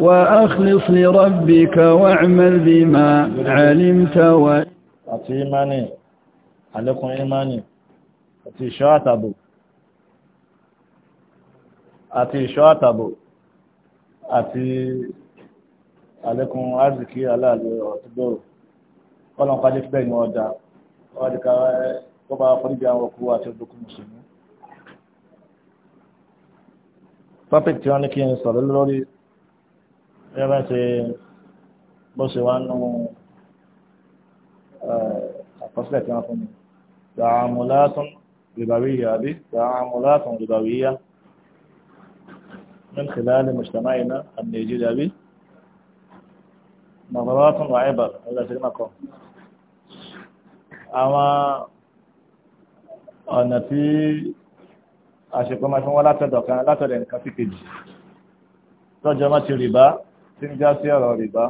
وأخلص لربك واعمل بما علمت و... àti imani alẹ́kùn imani àti ìṣọ́ àtàbò àti ìṣọ́ àtàbò àti alẹ́kùn arziki aláàlẹ́ ọ̀tígbòrò kọ́lọ̀ pàdé fẹ́ ìmọ̀ ọ̀dá ọdíká kọba fọ́nìbí àwọn ọkú àti ọdúnkù mùsùlùmí tọ́pìkì tí wọ́n ní kí n sọ̀rọ̀ lórí ẹ bá ṣe bó ṣe wá nù àkọsílẹ̀ tí wọ́n fún mi tààmùlátún rìbàwíyà àbí tààmùlátún rìbàwíyà من خلال مجتمعنا النيجيري àbí نظرات وعبر إلى سلمكم àwọn ọ̀nà tí àṣepọ̀ máa fún wọn látọ̀dọ̀ kan látọ̀dọ̀ nǹkan sí kejì lọ́jọ́ máa ti rìbá tí ń já sí ọ̀rọ̀ rìbá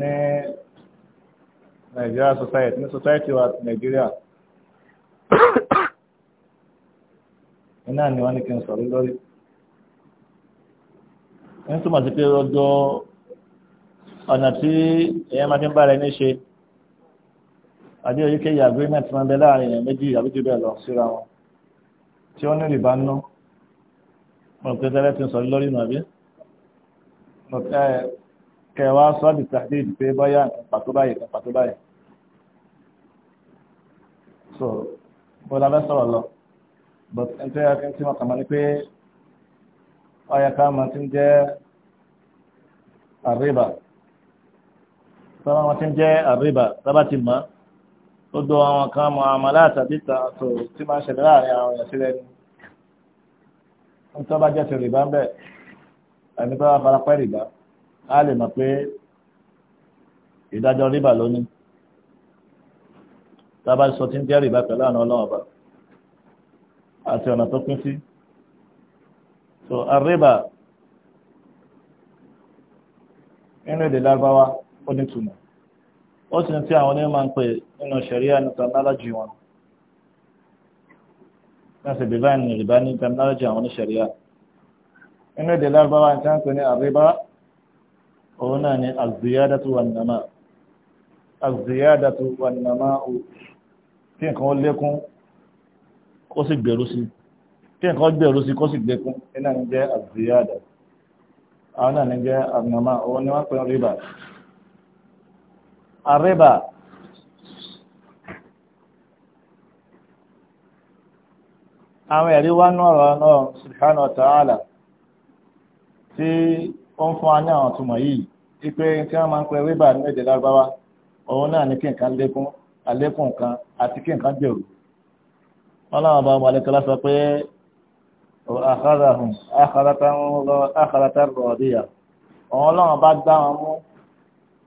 ní Nigeria society ní society wa Nigeria iná ni wọ́n ní kí n sọ̀rọ̀ lórí ń túmọ̀ sí pé ọjọ́ ọ̀nà tí èèyàn máa fi ń bára ẹni ṣe àbí oríkèyí agreement máa ń bẹ láàrin èèyàn méjì àbí jù bẹ́ẹ̀ lọ síra wọn tí ó ní rìbá nú wọn pẹ tẹlẹ ti sọ lórí nù àbí eh, kẹwàá sọ di tàbí ìdìpé bọ́yá pàtó báyìí so bó la bẹ sọ̀rọ̀ lọ but n tẹ́ ẹni tí wọ́n kà máa ní pé ọyà ká máa ti ń jẹ́ àríbà sábà wọn ti ń jẹ́ àríbà sábà ti mọ́ ó do àwọn kan mọ́ àmàlà àtàbí tà tí máa ń ṣẹlẹ̀ láàrin àwọn èèyàn sílẹ̀ tó bá jẹ́ ti rìbá ń bẹ̀ ẹni tó bá fara pẹ́ rìbá á lè mọ̀ pé ìdájọ́ rìbá lónìí tá a bá sọ ti ń jẹ́ rìbá pẹ̀lú àná ọlọ́run ọba àti ọ̀nà tó pín sí. so àríbà nínú èdè lárúbáwá ó ní túmọ̀ ó sì ń tí àwọn onímọ̀ ń pè nínú ṣẹ̀ríà nítorí alájì wọn wọ́n sì define rìbá ní terminology àwọn oníṣẹ̀ríà inú èdè lárúbáwá ní sáńpẹ̀ ní àríbá òun náà ni aziyadatu wa nama aziyadatu wa nama o tí nǹkan ó lékún kó sì gbèrú sí tí nǹkan ó gbèrú sí kó sì lékún iná ní jẹ́ aziyada àwọn náà ní jẹ́ anama òun ni wọ́n pè ń rìbá àríbá. àwọn ẹ̀rí wá nọ́rọ̀ náà subhanahu wa ta'ala tí ó ń fún wa ní àwọn túmọ̀ yìí ipe tí wọ́n máa ń pẹ́ rébà ní èdè lárúbáwá òun náà ní kí nǹkan lékún àlékún kan àti kí nǹkan gbèrú wọn láwọn ọba ọmọ alẹ́kọ́lá sọ pé àkàràhùn àkàràtà rọ̀ọ̀dìyà òun láwọn bá gbá wọn mú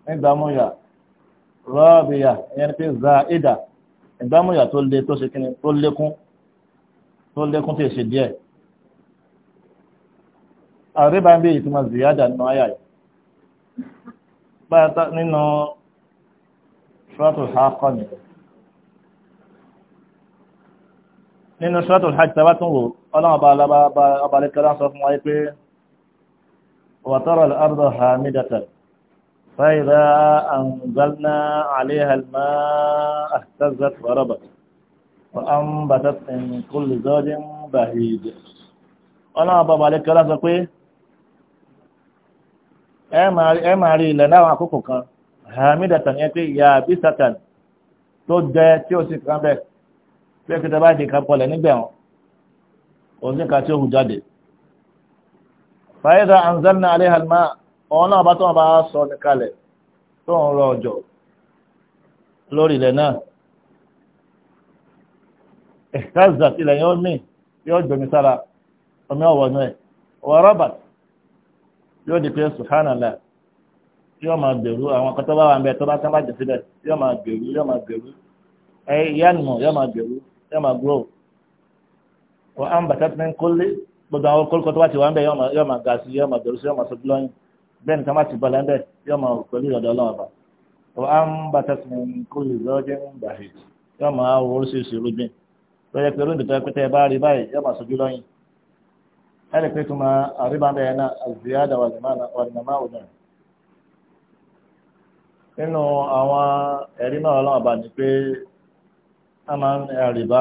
nígbàmúyà rọ̀ọ̀dìyà ìyẹn ni pé za ìdà ìgbàmúyà tó le tó ṣe kíni tó lékún. tó lékún tí ṣe díẹ̀ bá ń bí ìtumọ̀ ziyada nínú ayà yìí báyàtọ̀ nínú ṣúrọ́tù ṣáàkọ́ nìyẹn nínú ṣúrọ́tù hajj tàbá tún wò ọlọ́run ọba alẹ́kẹ́lá sọ fún wa pé وترى الأرض هامدة فإذا أنزلنا عليها الماء اهتزت وربت وأنبتت من كل زوج بهيج ọlọ́run bàbá alẹ́kẹ́ ọlá sọ pé ẹ máa rí ilẹ̀ láwọn àkókò kan hamidatan yẹn pé ya àbí satan tó jẹ tí ó sì kan bẹ́ẹ̀ pé kí tẹ́lá ìdè kan pọlẹ̀ nígbẹ̀wọ̀n òun sì ka tí ó hù jáde. fàyẹ́dà anzalna alẹ́ halma ọlọ́run bá tó wọn bá sọ ní kalẹ̀ tó ń rọ òjò lórí ilẹ̀ náà. ìkàzà ilẹ̀ yóò mí yóò jọmi sára omi ọ̀wọ̀nú ẹ̀ wọ robert yóò di pé subhanallah yóò máa gbèrú àwọn akọ́tọ́ bá wà ń bẹ tó bá tán bá jẹ síbẹ̀ yóò máa gbèrú yóò máa gbèrú ẹ yánnù yóò máa gbèrú grow wọ ambata ti ń kólé gbogbo àwọn kólókó tó bá ti wà ń bẹ yóò máa ga sí yóò máa lọ́yẹ pé lónìí tó yẹ pé tẹ́ ẹ bá rí báyìí yóò máa sojú lọ́yìn ẹnì pé tó máa àríbáńdà yẹn náà àzíyáda wà nínú máa òdà nínú àwọn ẹ̀rí náà ọlọ́run bá ní pé a máa ń àríbá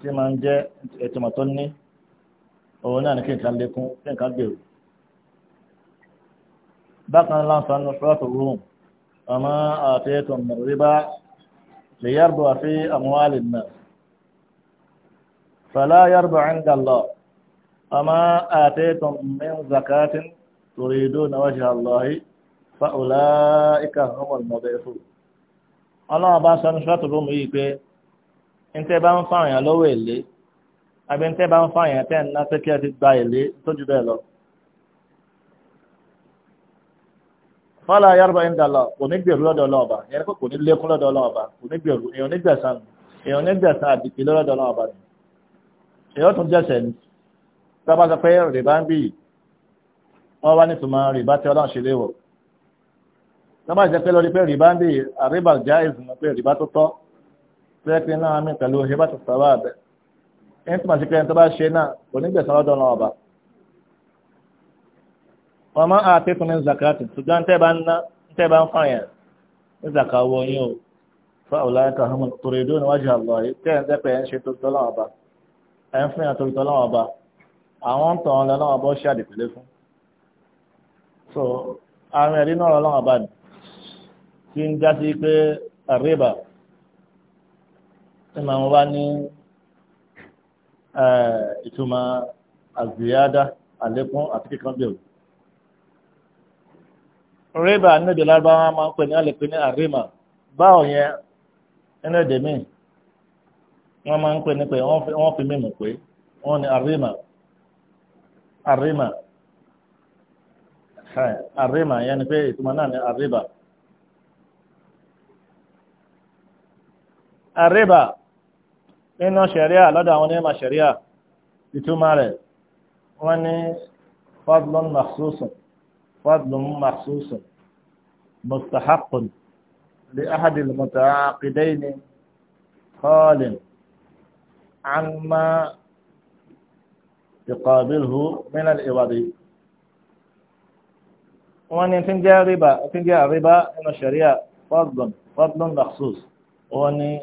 tí máa ń jẹ́ ìtumọ̀ tó ní òun náà ní kí nǹkan lékún kí nǹkan gbèrú bákan láǹfààní fúlọ́tò rome ọmọ àti ètò mẹ̀rẹ̀ríbá lè yàgbọ́ àfi àwọn àlè فلا يربع عند الله وما آتيتم من زكاة تريدون وجه الله فأولئك هم المضيفون ọlọ́run bá sọ ní ṣọ́ọ̀tù rúmù yìí pé ntẹ́ bá ń fààyàn lówó èlé àbí ntẹ́ bá ń fààyàn tẹ́ ń ná pé kí ẹ ti gba èlé tó jù bẹ́ẹ̀ lọ. fọ́lá yàrá ń dàlọ́ kò ní gbèrú lọ́dọ̀ èyàn tún jẹ́sẹ̀ ní tábà sọ pé rìbá ń bì wọ́n wá nítumọ̀ rìbá tí ọlọ́run ṣe léwọ̀ tábà jẹ́ pé lórí pé rìbá ń bì àríbà já ìsìn pé rìbá tó tọ́ tó yẹ pé náà mi pẹ̀lú rìbá tó sọ̀rọ̀ àbẹ̀ ẹni tí mà sí pé ẹni tó bá ṣe náà kò ní gbẹ̀sán lọ́dọ̀ náà ọba wọ́n máa ń àti fún zakati ṣùgbọ́n tẹ́ bá ń ná tẹ́ bá ń fàyàn ní zakawo yín o fáwọn láyé kan hàn mọ́ torí ìdó níwájú àlọ́ yìí tẹ́ ẹ̀ ń tẹ́ pẹ́ ń ṣe tó tọ́lọ́ ọba ẹ̀ ń fún yàn torí tọ́lọ́wọ́ ọba àwọn ń tàn lọ́wọ́ ọba ó ṣe àdìpẹ́lẹ́ fún so àwọn ẹ̀rí náà lọ́wọ́ ọba ti ń já sí pé àríbà tí màá wá ní ìtumọ̀ àzíyádá àlékún àti kíkan bẹ̀rù ríbà níbi lárúbáwá máa ń pè ní àlèpé ní àrímà báwo yẹn nínú èdè míì wọ́n máa ń pè ní pé wọ́n fi mímọ̀ pé wọ́n ní àrímà àrímà àrímà yẹn ni pé ìtumọ̀ náà ní àríbà. àríbà nínú ṣẹ̀ríà lọ́dọ̀ àwọn onímọ̀ ṣẹ̀ríà ìtumọ̀ rẹ̀ wọ́n ní fadlun makhsusun fadlun makhsusun mustahaqqun li ahadi al-muta'aqidaini عما يقابله من الإبادي وأن تنجا ربا تنجا ربا إن الشريعة فرض فرض مخصوص وأن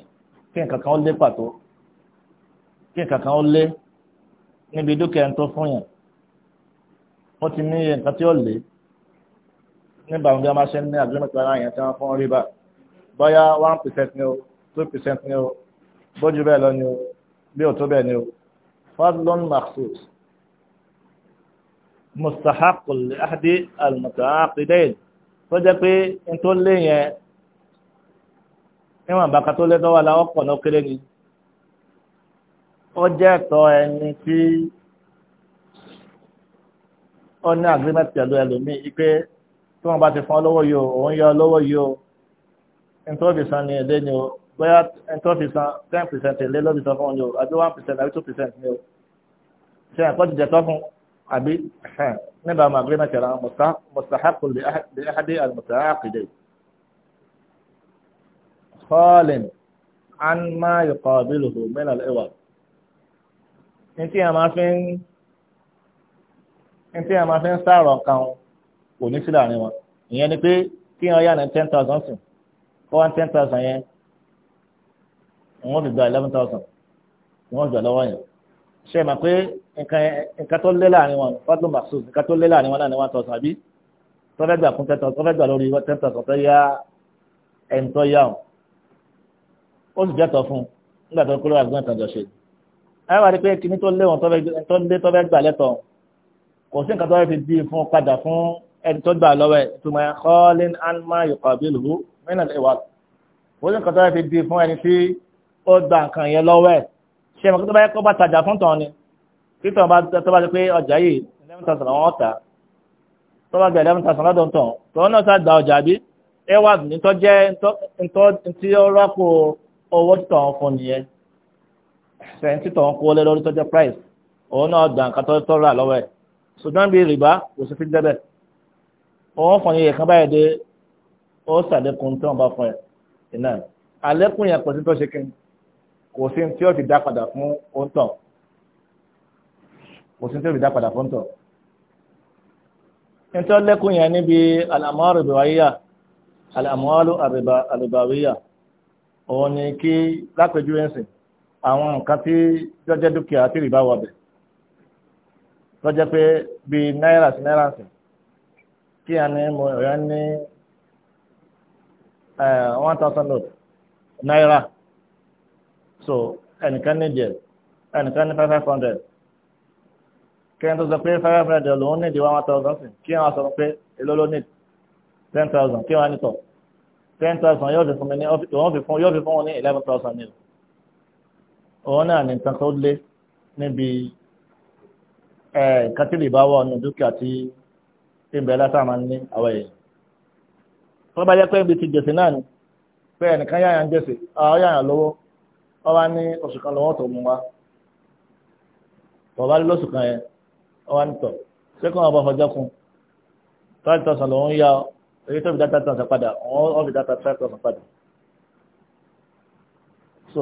كان كان لي باتو كان كان لي níbi dúkìá tó fún yàn ó ti ní nǹkan tí ó lè nígbà wọn bí wọn bá ṣe ní àdúrómẹ́ta ara yẹn tí wọn fún rí bá bóyá one percent ni o two percent ni o bójú bẹ́ẹ̀ lọ ni o bí ò tó bẹ́ẹ̀ ni o fadlun makhsus mustahakul ahdi almutaaqidain tó jẹ́ pé n tó lé yẹn níwọ̀n bàkà tó lé lọ́wọ́ làwọn pọ̀ náà kéré ni ó jẹ́ ẹ̀tọ́ ẹni tí ó ní agreement pẹ̀lú ẹlòmíì ipe tí wọ́n bá ti fún ọ lọ́wọ́ yìí o òun yọ ọ lọ́wọ́ yìí o n tó fi san ni èdè ni o bóyá ẹ̀ńtọ́ fi san ten percent èlé ló fi san fún ọ̀yọ́ àbí one percent àbí two percent ni o ṣe àpọ́jù jẹ̀tọ́ fún àbí níbà máa gbé mẹ́tẹ̀ẹ̀rẹ̀ mustahakul bi ahadi al-mutaaqidin kọ́ọ̀lìn an ma yuqabiluhu min al-iwad ntí a máa fi ń ntí a máa fi ń sáàrọ̀ kan kò ní sí láàrin wọn ìyẹn ni pé kí wọn yá ní ten thousand sìn kó wá ten thousand yẹn wọ́n fi gba eleven thousand wọ́n gbà lọ́wọ́ yẹn ṣe mà pé nǹkan tó lé láàrin wọn fadlo masu nǹkan tó lé láàrin wọn náà ni one thousand àbí tọ́fẹ́ gbà fún ten thousand tọ́fẹ́ gbà lórí ten thousand tó yá ẹni tó yá o ó sì jẹ́tọ̀ fún un nígbà tó ń kúrò àgbọn ìtàjọ ṣe ẹ wá rí pé kíní tó lé wọn tó lé tọ́fẹ́ gbà lẹ́tọ̀ kò sí nǹkan tó fẹ́ fi bí fún padà fún ẹni tó gbà lọ́wọ́ ẹ̀ tó máa kọ́ lẹ́nu anma yuqabiluhu mẹ́nà bí fún ẹni ó gba nǹkan yẹn lọ́wọ́ ẹ̀ ṣe mọ̀ kí tó bá yẹ kó bá tajà fún tàn ni kí tàn bá tó bá ti pé ọjà yìí eleven thousand àwọn ọ̀tà tó bá gba eleven thousand lọ́dọ̀ tàn tòun náà sá gba ọjà bí ẹ wà ní tó jẹ́ tí ó rọ́pò owó títàn fún nìyẹn ṣẹ́yìn títàn kó lé lórí tó price òun náà gba nǹkan tó tọ́ rà lọ́wọ́ ẹ̀ ṣùgbọ́n bí rìbá kò sí fi débẹ̀ òun fún iye kan báyìí dé ó ṣàlékún tí wọ́n bá fún ẹ̀ ìnáà àlékún yẹn pẹ̀sí tó ṣe kí kò sí tí ó fi dá padà fún òǹtọ̀ kò sí tí ó fi dá padà fún òǹtọ̀ nítorí lẹ́kùn yẹn níbi àlàmọ́rù ìbáwíyà àlàmọ́rù àrìbáwíyà òun ni kí lápẹjúwe ń sìn àwọn nǹkan tí jọjẹ́ dúkìá tí rìbá wọbẹ̀ lọ́jọ́ pé bí náírà sí náírà sí kí a ní mo ọ̀yọ́ ní eh, one thousand naira so ẹnìkan ní díẹ̀ ẹnìkan ní five hundred kí ẹni tó sọ pé five hundred lòún ní di one thousand sí kí ẹni sọ pé èló ló ní ten thousand kí wọ́n á ní tọ̀ ten thousand yóò fi fún mi ní òun fi fún yóò fi fún wọn ní eleven náà ní nǹkan lé níbi nǹkan tí lè bá dúkìá tí ìbẹ̀ lásán ní àwọn èèyàn tó bá jẹ́ pé ibi ti gbèsè náà ni pé ẹnìkan yáyàn gbèsè àwọn yáyàn lówó wọ́n wá ní oṣù kan lọ́wọ́ tó mú wa bàbá lóṣù kan yẹn wọ́n wá ní tọ̀ sẹ́kọ̀n ọba ọjọ́ kun five thousand lòún yá ọ èyí tó fi dá thirty thousand padà wọ́n ó fi dá thirty thousand padà so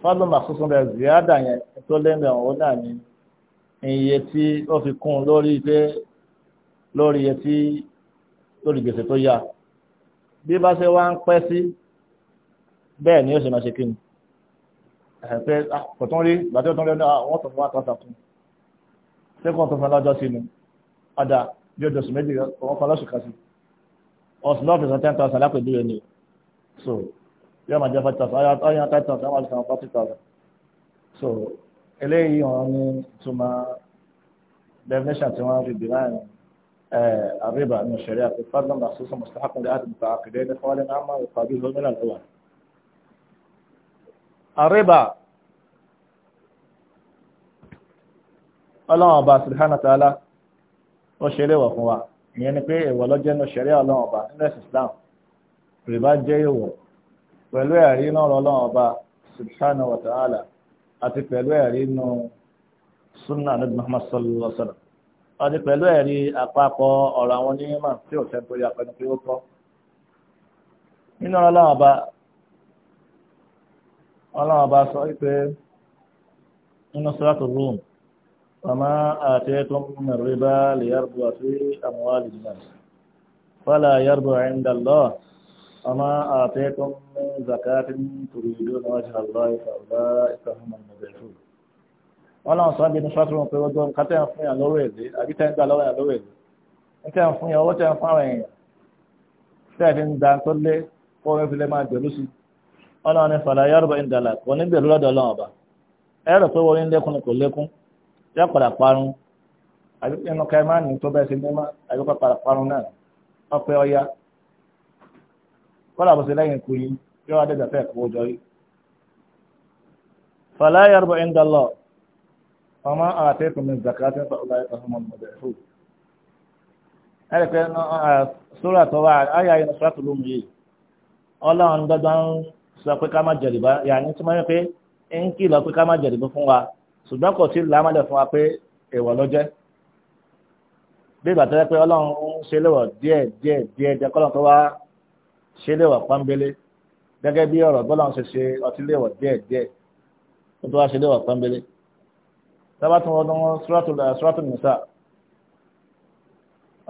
fọ́dún màkúsùn rẹ̀ ziyada yẹn tó lẹ́nu ọ̀hún náà ni iye tí ó fi kún lórí pé lórí iye tí lórí gbèsè tó yá bí bá ṣe wá ń pẹ́ sí. Si, bẹ́ẹ̀ ni ó sì máa ṣe kíni ẹ̀fẹ́ ah, kọ̀tún rí gbàtí ó tún rí ah, wọ́n tún wá tọ́ta fún ṣé kò tún fún lọ́jọ́ sí ni ọ̀dà bí ó dọ̀sùn méjì wọ́n kọ́ lọ́sùn kan sí ọ̀sùn lọ́ọ̀fì sọ ten thousand lápèjúwe ni so yóò máa jẹ́ five thousand ọ̀yàn ten thousand wọ́n á lè san forty thousand so eléyìí wọn ní túmọ̀ definition tí wọ́n fi bì láàrin الربا من الشريعة فضلا مخصوصا مستحق لآدم متعاقدين قولا عما يقابله من الأول àríbà ọlọ́run ọba subhanahu wa ta'ala ó ṣe léwọ̀ fún wa ìyẹn ni pé èèwọ̀ lọ́jẹ́ ní ṣẹ̀ríà ọlọ́run ọba nílẹ̀ Islam rìbá jẹ́ èèwọ̀ pẹ̀lú ẹ̀rí náà ọlọ́run ọba subhanahu wa ta'ala àti pẹ̀lú ẹ̀rí nù sunna nabi muhammad sallallahu alaihi wa sallam àti pẹ̀lú ẹ̀rí àpapọ̀ ọ̀rọ̀ àwọn onímọ̀ tí ò ọlọ́run bá sọ wípé nínú sọ́tò rome ọmọ àti ẹ̀tọ́ mẹ́rin bá lè yàrbù àti àmúwá lè jìnà fọ́lá yàrbù ẹ̀ndà lọ ọmọ àti ẹ̀tọ́ zakatin turidu na wajen allah ìfàwọ́lá ìfàwọ́mọ̀ mọ̀bẹ̀tù ọlọ́run sọ bí ní sọ́tò rome pé ọjọ́ kátẹ́ fún yà lọ́wọ́ èdè àbí tẹ́ ń gbà lọ́wọ́ yà lọ́wọ́ èdè tẹ́ ń fún yà owó tẹ́ ń fún àwọn èèyàn tẹ́ fi ń da tó lé fọ́ọ̀rẹ́ fi lè máa jẹ̀lú sí i ọlọ́run ní fàlàyé kò ní bẹ̀rù lọ́dọ̀ ọlọ́run ọba ẹ̀rọ wọlé kò yẹ parun àbí ẹnu ká ẹ má ní tó bẹ́ẹ̀ ṣe ní àbí parun náà ọya kọ́lá àbọ̀sẹ̀ lẹ́yìn ikú yín yọ adẹ́gbẹ̀ fẹ́ kó jọ yìí. fàlàyé ọ̀rọ̀ ọmọ àtẹ́kùn mi sọ pé ká má jẹ̀rìbá yàní tí wọ́n yẹ pé ń kìlọ̀ pé ká má jẹ̀rìbá fún wa ṣùgbọ́n kò sí làmọ́lẹ̀ fún wa pé èèwọ̀ ló jẹ́ bí ìgbà tó yẹ pé ọlọ́run ń ṣe léwọ̀ díẹ̀ díẹ̀ díẹ̀ díẹ̀ kọ́lọ́n tó wá ṣe léwọ̀ pọ́nbélé gẹ́gẹ́ bí ọ̀rọ̀ bọ́lọ́run ṣe ṣe ọtí léwọ̀ díẹ̀ díẹ̀ tó tó wá ṣe léwọ̀ pọ́nbélé eh, suratul nisa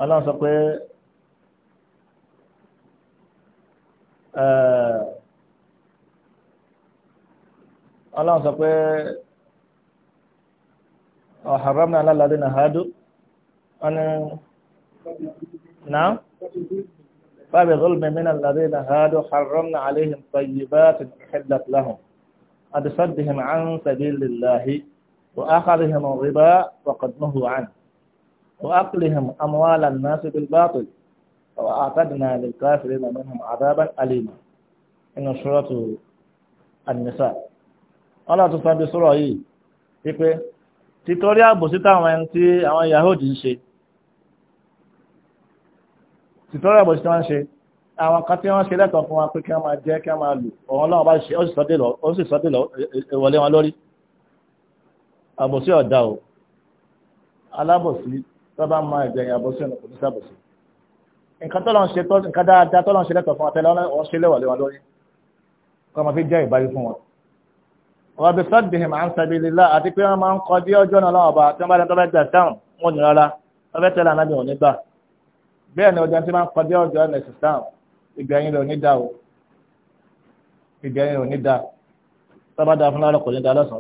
ọlọ́run sọ pé eh, Allah sọ pé ọ̀hàrọ́mù alálàdé nà hádù ọ̀nà náà fàbí zulmi mìíràn alálàdé nà hádù ọ̀hàrọ́mù aléhìn tàyíbá ti xiddat lahùn àdìsọ́dìhìn àn sàbílìláhi wa ákàdìhìn rìbá wàkàdùnúhù àn wa ákìlìhìn amwálà nàásì bilbaatul wa àtàdìnà lìkàfìrì nà mìíràn àdábà alìmà inú ṣúrọ̀tù النساء ọlọ́tún sọ bí sọ́rọ̀ yìí wípé títorí àbòsí táwọn ẹni tí àwọn Yahudi ń ṣe títorí àbòsí tí wọ́n ń ṣe àwọn kan tí wọ́n ṣe lẹ́tọ̀ọ́ fún wa pé kí wọ́n máa jẹ kí wọ́n máa lù ọ̀hún Ọlọ́run bá ṣe ó sì sọ́dẹ̀ ìwọlé wọn lórí àbòsí ọ̀dà o alábòsí tó bá máa jẹyìn àbòsí ọ̀nà kò ní sábòsí nǹkan tó lọ́n ṣe tó nǹkan dáadáa tó lọ́n ṣe lẹ́tọ̀ọ́ fún wa tẹ́lẹ̀ wọ́n ṣe lẹ́wọ̀lé wọn lórí kọ́ máa fi jẹ́ ìbáyé fún wọn wọ́n bí sọ́dìhìm à ń sabilillah àti pé wọ́n máa ń kọ́ dí ọjọ́ náà lọ́wọ́ bá tí wọ́n bá tọ́ bẹ́ẹ̀ tẹ̀sán wọn ní rárá wọ́n bẹ́ẹ̀ tẹ̀lé ànábì òní gbà bẹ́ẹ̀ ni ọjọ́ tí máa ń kọ́ dí ọjọ́ ní ìsìsán ìgbẹ̀yìn rẹ̀ òní dá o ìgbẹ̀yìn rẹ̀ òní dá tọ́ba dá fún lálẹ́ kò ní dá lọ́sàn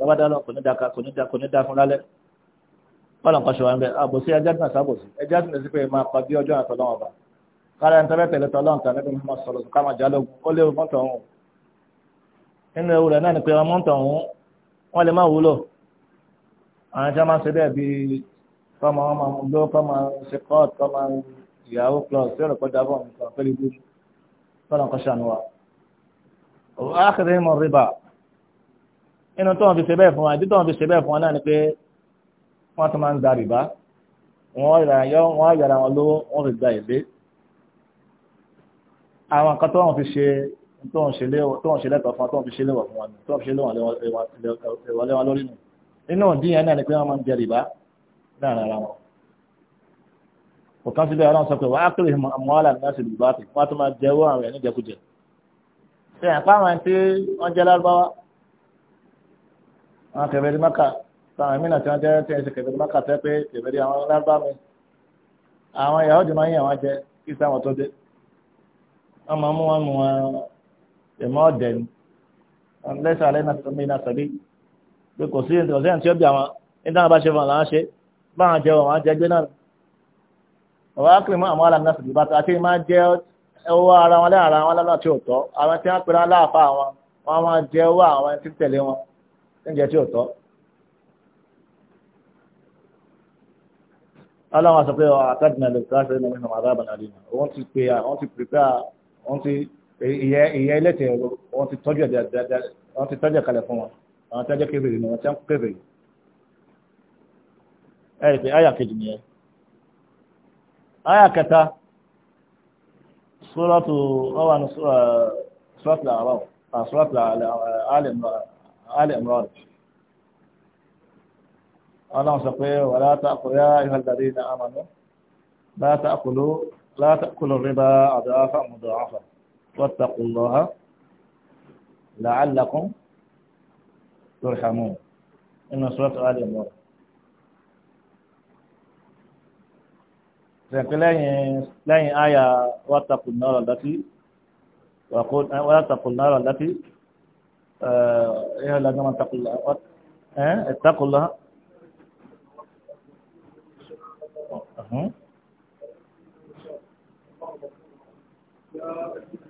tọ́ba dá kò nínú ewu rẹ̀ náà ni pé ọmọ ń tàn wọ́n wọ́n lè má wúlò àwọn ẹja máa ń ṣe bẹ́ẹ̀ bíi fọmọ ọmọ ọmọdé fọmọ ṣe kọ́ọ̀tù fọmọ ìyàwó plus tí ọ̀rọ̀ kọjá bọ̀ nǹkan pẹ̀lú ibi tọ́nà kan ṣàánú wa. òwò ákèrè mọ̀ rìbà inú tó wọn fi ṣe bẹ́ẹ̀ fún wa ìdí tó wọn fi ṣe bẹ́ẹ̀ fún wa náà ni pé wọ́n tún máa ń gba rìbá wọ́n yàrá wọn lówó wọ́n fi gba èlé àwọn kan wọn fi ṣe tó ń ṣe lẹ́tọ̀ fún wọn tó ń fi ṣe lẹ́wọ̀ fún wọn tó ń fi ni pé wọ́n máa ń jẹ rìbá láàrin ara wọn kò kán síbẹ̀ ọlọ́run sọ pé wọ́n á kéré àmúhálà ní láti rìbá pé wọ́n á tó máa jẹ́wọ́ àwọn ẹ̀ níjẹkújẹ ṣe àpá àwọn tí wọ́n jẹ́ lárúbáwá àwọn kẹfẹ́rí mọ́kà táwọn mínà tí wọ́n jẹ́ tí wọ́n ṣe kẹfẹ́rí mọ́kà tẹ́ di máa ẹ̀mọ́ ọ̀dẹ̀ ni ọ̀nlẹ́sẹ̀ alẹ́ náà tó mìíràn sàbí pé kò sí ẹ̀ǹtì ọ̀sẹ̀ àti ọ̀bì àwọn nígbà bá ṣe fún àwọn ṣe bá àwọn jẹ àwọn jẹgbẹ́ náà ọ̀rọ̀ ákìrìmọ́ àwọn alàmìnà sàbí bàtà àti máa jẹ owó ara wọn lẹ́yìn ara wọn lọ́nà tí ò tọ́ àwọn tí wọ́n pèrè aláàfáà wọn wọn máa jẹ owó àwọn tí tẹ̀lé wọn níjẹ tí ò tọ́ ọlọ́run sọ pé ọ̀ àtàdínà lè kọ́ ìyẹ́ ìyẹ́ ẹlẹ́tẹ̀ wọ́n ti tọ́jú ẹ̀ wọ́n ti tọ́jú ẹ̀ fún wọn àwọn tẹ́jọ́ kébèrè ni wọ́n ti kébèrè ẹ̀ ẹ̀ àyà kejì nìyẹn àyà kẹta sóràtù ọwà ní sóràtù àrọ̀ sóràtù alẹ́ mìíràn ọlọ́run sọ pé wàlá ìhàlẹ́dàdé ní واتقوا الله لعلكم ترحمون إن سورة آل عمران سنك لين لين آية واتقوا النار التي وقول واتقوا النار التي آه، إيه لما تقول اتقوا الله Thank you. إيه؟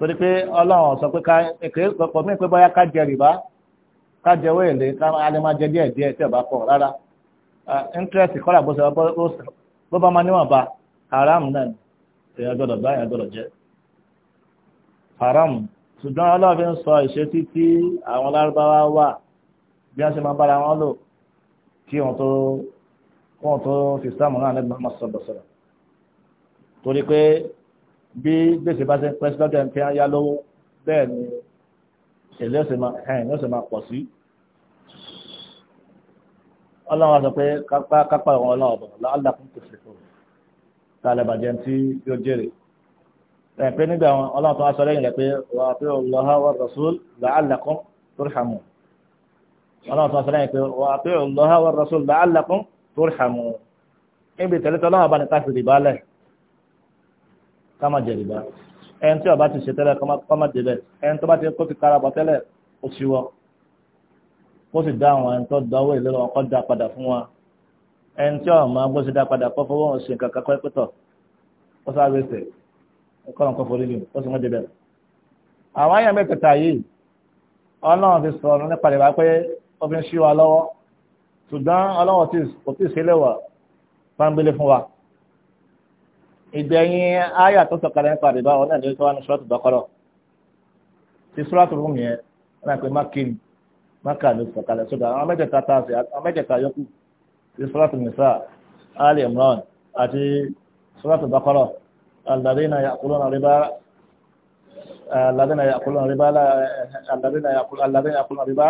torí pé ọlọ́run sọ pé kékeré pọ̀ mí pé bóyá ká jẹ rìbá ká jẹ owó èlé ká alẹ́ máa jẹ díẹ̀ díẹ̀ tí ò bá pọ̀ rárá interest kọ́là bó ṣe bó bá máa níwọ̀nba haram náà èèyàn gbọ́dọ̀ bá èèyàn gbọ́dọ̀ jẹ́ haram ṣùgbọ́n ọlọ́run fi ń sọ ìṣesí tí àwọn lárúbáwá wà bí wọ́n ṣe máa bára wọn lò kí wọ́n tó wọ́n tó fi sáàmù náà lẹ́gbẹ̀ẹ́ bí gbèsè bá ṣe ń pẹ́sí lọ́dọ̀ ẹni tí wọ́n yá lọ́wọ́ bẹ́ẹ̀ ni èlé ọ̀sẹ̀ máa hẹ́n ní ọ̀sẹ̀ máa pọ̀ sí. ọlọ́run sọ pé kápá àwọn ọlọ́run ọ̀bọ̀ alákùn tó ṣe fún un kálẹ̀ bàjẹ́ tí yóò jèrè. ẹ̀ pé nígbà wọn ọlọ́run tó wá sọ lẹ́yìn rẹ̀ pé wà á pé ọlọ́ha wà rasul la'allakum turhamun. ọlọ́run tó wá sọ lẹ́yìn pé wà á pé ọlọ́ha wà rasul la'allakum turhamun. níbi tẹ̀lé tọ́lọ́run bá ní káfíìrì bá ká má jẹ rìbá ẹn tí ọba ti ṣe tẹ́lẹ̀ ká má jẹ bẹ́ẹ̀ ẹn tó bá ti kó ti kára bọ̀ tẹ́lẹ̀ ó ti wọ́ kó sì dá àwọn ẹn tó dáwọ́ ìlera wọn kọ́ da padà fún wọn ẹn tí ọ̀ma bó ṣe dá padà kọ́ fọwọ́ wọn ṣe nǹkan kakọ́ pẹ́tọ̀ ó sáré sè é kọ́ nǹkan forí yìí ó sì má jẹ bẹ́ẹ̀. àwọn àyàn mẹ́tẹ̀ẹ̀ta yìí ọlọ́run ti sọ̀rọ̀ nípa rẹ̀ wá pé ó fi ń wa lọ́wọ́ ṣùgbọ́n ọlọ́run kò tí ì ṣe lẹ́wà pàǹbélé fún wa ìgbẹ̀yìn àyà tó sọ̀kalẹ̀ nípa àdìbá ọ̀nà ìdílé tó wà ní sọ́ọ̀tù bọ́kọ́rọ̀ ti sọ́ọ̀tù rúm yẹn wọn àpè mákìn mákà ló sọ̀kalẹ̀ sódà àwọn mẹ́tẹ̀ẹ̀ta tààsì àwọn mẹ́tẹ̀ẹ̀ta yòókù ti sọ́ọ̀tù nìsà ali imran àti sọ́ọ̀tù bọ́kọ́rọ̀ alladhina ya'kuluna riba alladhina ya'kuluna riba alladhina ya'kuluna riba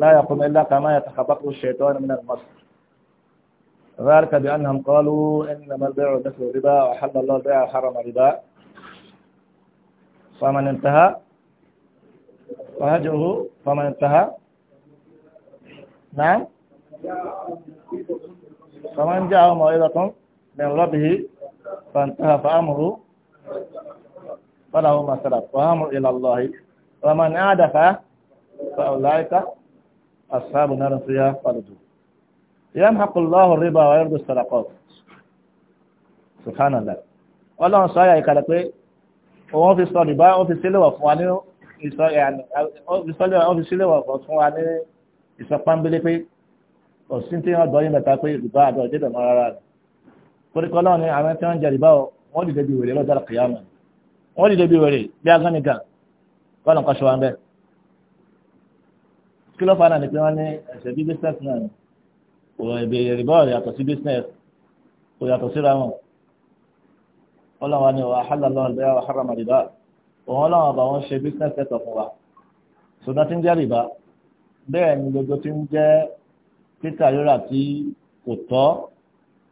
la yaqumuna illa kama yatakhabbathu ash-shaytanu min al-mas ذلك بأنهم قالوا إنما البيع مثل الربا وحل الله البيع وحرم الربا فمن انتهى فهجره فمن انتهى نعم فمن جاءه موعظة من ربه فانتهى فأمره فله ما سلف وأمر إلى الله ومن أعدف فأولئك أصحاب النار فيها خالدون yamhaqu Allahu ar-riba wa yarbi as-sadaqat subhanallah ọlọ́run sọ ayà ìkàlẹ̀ pé òun fi sọ rìbá ó fi sílẹ̀wọ̀ fún wa ní ìsọpámbélé pé òsín tí wọ́n dọ́yìn mẹ́ta pé rìbá àdó ìdídọ̀ mọ́ rárá rẹ̀ toríkọ́ náà ni àwọn tí wọ́n ń jẹ rìbá wọ́n dìde bí wèrè lọ́jọ́ kìyàmù wọ́n dìde bí wèrè bí agánigà wọ́n lọ́n kọ́ ṣọ́ wa ń bẹ́ẹ̀ kí ló fa náà ni pé wọ́n ní ẹ̀sẹ̀ bí bísẹ̀sì náà ìbéèrè rìbá ò yàtọ̀ sí business ò yàtọ̀ síra wọn ọlọ́wọ́n ni wà hálàlọ́ ìbẹ́yà wà háràmà rìbá òun ọlọ́wọ́n bá wọn ṣe business sector fún wa ṣùgbọ́n tí ń jẹ́ rìbá bẹ́ẹ̀ ni gbogbo tí ń jẹ́ títà rírà tí kò tọ́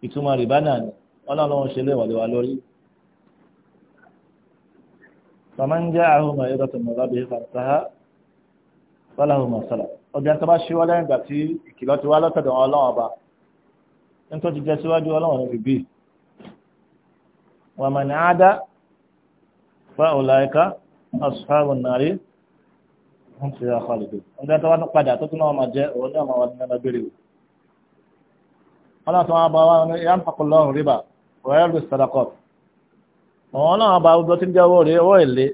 ìtumọ̀ rìbá náà ni ọlọ́wọ́n ṣe léwàléwà lórí. فمن جاءه موعظة من ربه فانتهى wàláhùn mọ̀sálà obìnrin tó bá ṣíwọ́ lẹ́yìn ìgbà tí ìkìlọ̀ ti wá lọ́tọ̀dọ̀ ọlọ́run ọba ní tó ti jẹ́ síwájú ọlọ́run níbi bíi wà mà ní àádá fa ọ̀làyíká asùfáàrùn nàrí ń fi àkọlùdù obìnrin tó wá ní padà tó tún náà máa jẹ́ òun náà máa wà nínú wa ní yá ń pàkọlọ́run rìbà bá gbogbo tí ń jẹ́ owó rẹ̀ owó èlé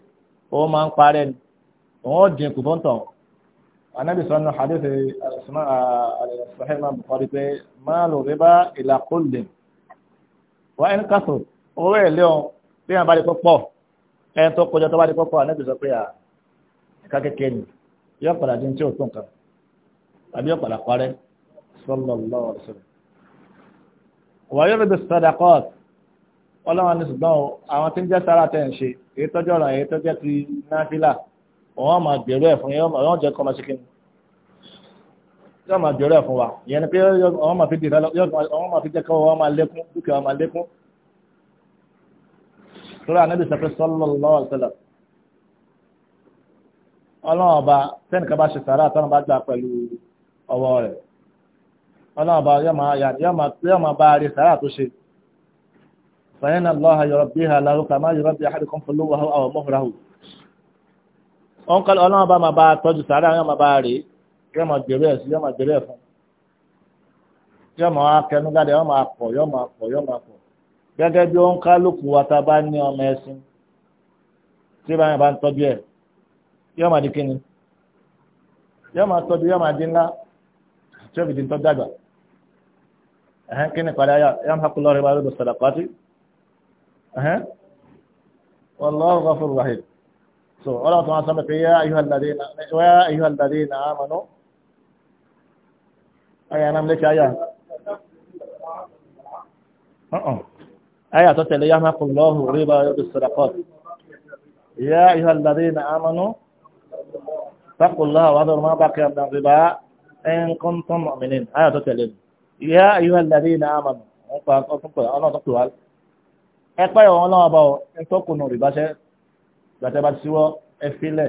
anabi sọ nù hadith sahih ma bukhari pé máàlù rìbá ìlà kúndìn wọ́n ẹni kásò owó èlé o bí wọ́n bá di pọ́pọ́ ẹni tó kọjá tó bá di pọ́pọ́ anabi sọ pé à ẹ̀ka kékeré ni yóò padà di tí o tó nǹkan tàbí yóò padà parẹ́ sallallahu alaihi wasallam. wàá yóò rìbí sadaqat ní ṣùgbọ́n àwọn tí ń jẹ́ sára tẹ̀ ń ṣe èyí tọ́jú ọ̀ràn èyí tọ́jú ti náfìlà wọ́n máa gbèrú ẹ̀ fún yẹn wọ́n jẹ́ kọ́ máa ṣe kíni yóò máa gbèrú ẹ̀ fún wa ìyẹn ni pé wọ́n máa fi dìrẹ́ wọ́n máa fi jẹ́ kọ́ wọ́n máa lékún dúkìá wọ́n máa lékún. lórí anábì sọ pé sallallahu alaihi wasallam ọlọ́run ọba tẹ́nìkan bá ṣe sàrà àtọ́nà bá gbà pẹ̀lú ọwọ́ rẹ̀ ọlọ́run ọba yóò máa bá rí sàrà tó ṣe fàyẹ́nà lọ́ha yọ̀rọ̀ bí wọn kọ́ ọlọ́run bá máa bá a tọ́jú sàárà yóò máa bá a rèé yóò máa gbèrú ẹ̀ sí yóò máa gbèrú ẹ̀ fún yóò máa kẹnu jáde yóò máa pọ̀ yóò máa pọ̀ yóò máa pọ̀ gẹ́gẹ́ bí wọn kálukú wa ta bá ní ọmọ ẹ̀sìn tí báyìí bá ń tọ́jú ẹ̀ yóò máa di kíni yóò máa tọ́jú yóò máa di ńlá tí ó fi di tọ́jú àgbà kíni padà yóò máa kú lọ́rẹ́ bá lọ́dọ̀ sàdàkọ́tì ẹ̀hẹ́n so ọlọ́run tó wá sọ pé yá ayúhà ládé àmànú ayà náà lẹ́kẹ́ ayà ọ̀ọ̀n ayà tó tẹ̀lé yá máa kò lọ́hùn rí bá yá ayúhà ládé àmànú sákòlá wà lọ́rùn máa bá kí ọ̀dà rí bá ẹn ayà tó tẹ̀lé yá ayúhà ládé na àmànú ọ̀pọ̀ ọ̀pọ̀ ọ̀nà tó pè wá ẹ̀pẹ́ ìwọ̀n ọlọ́run bá ọ gbàtẹ́ bá síwọ́ ẹ filẹ̀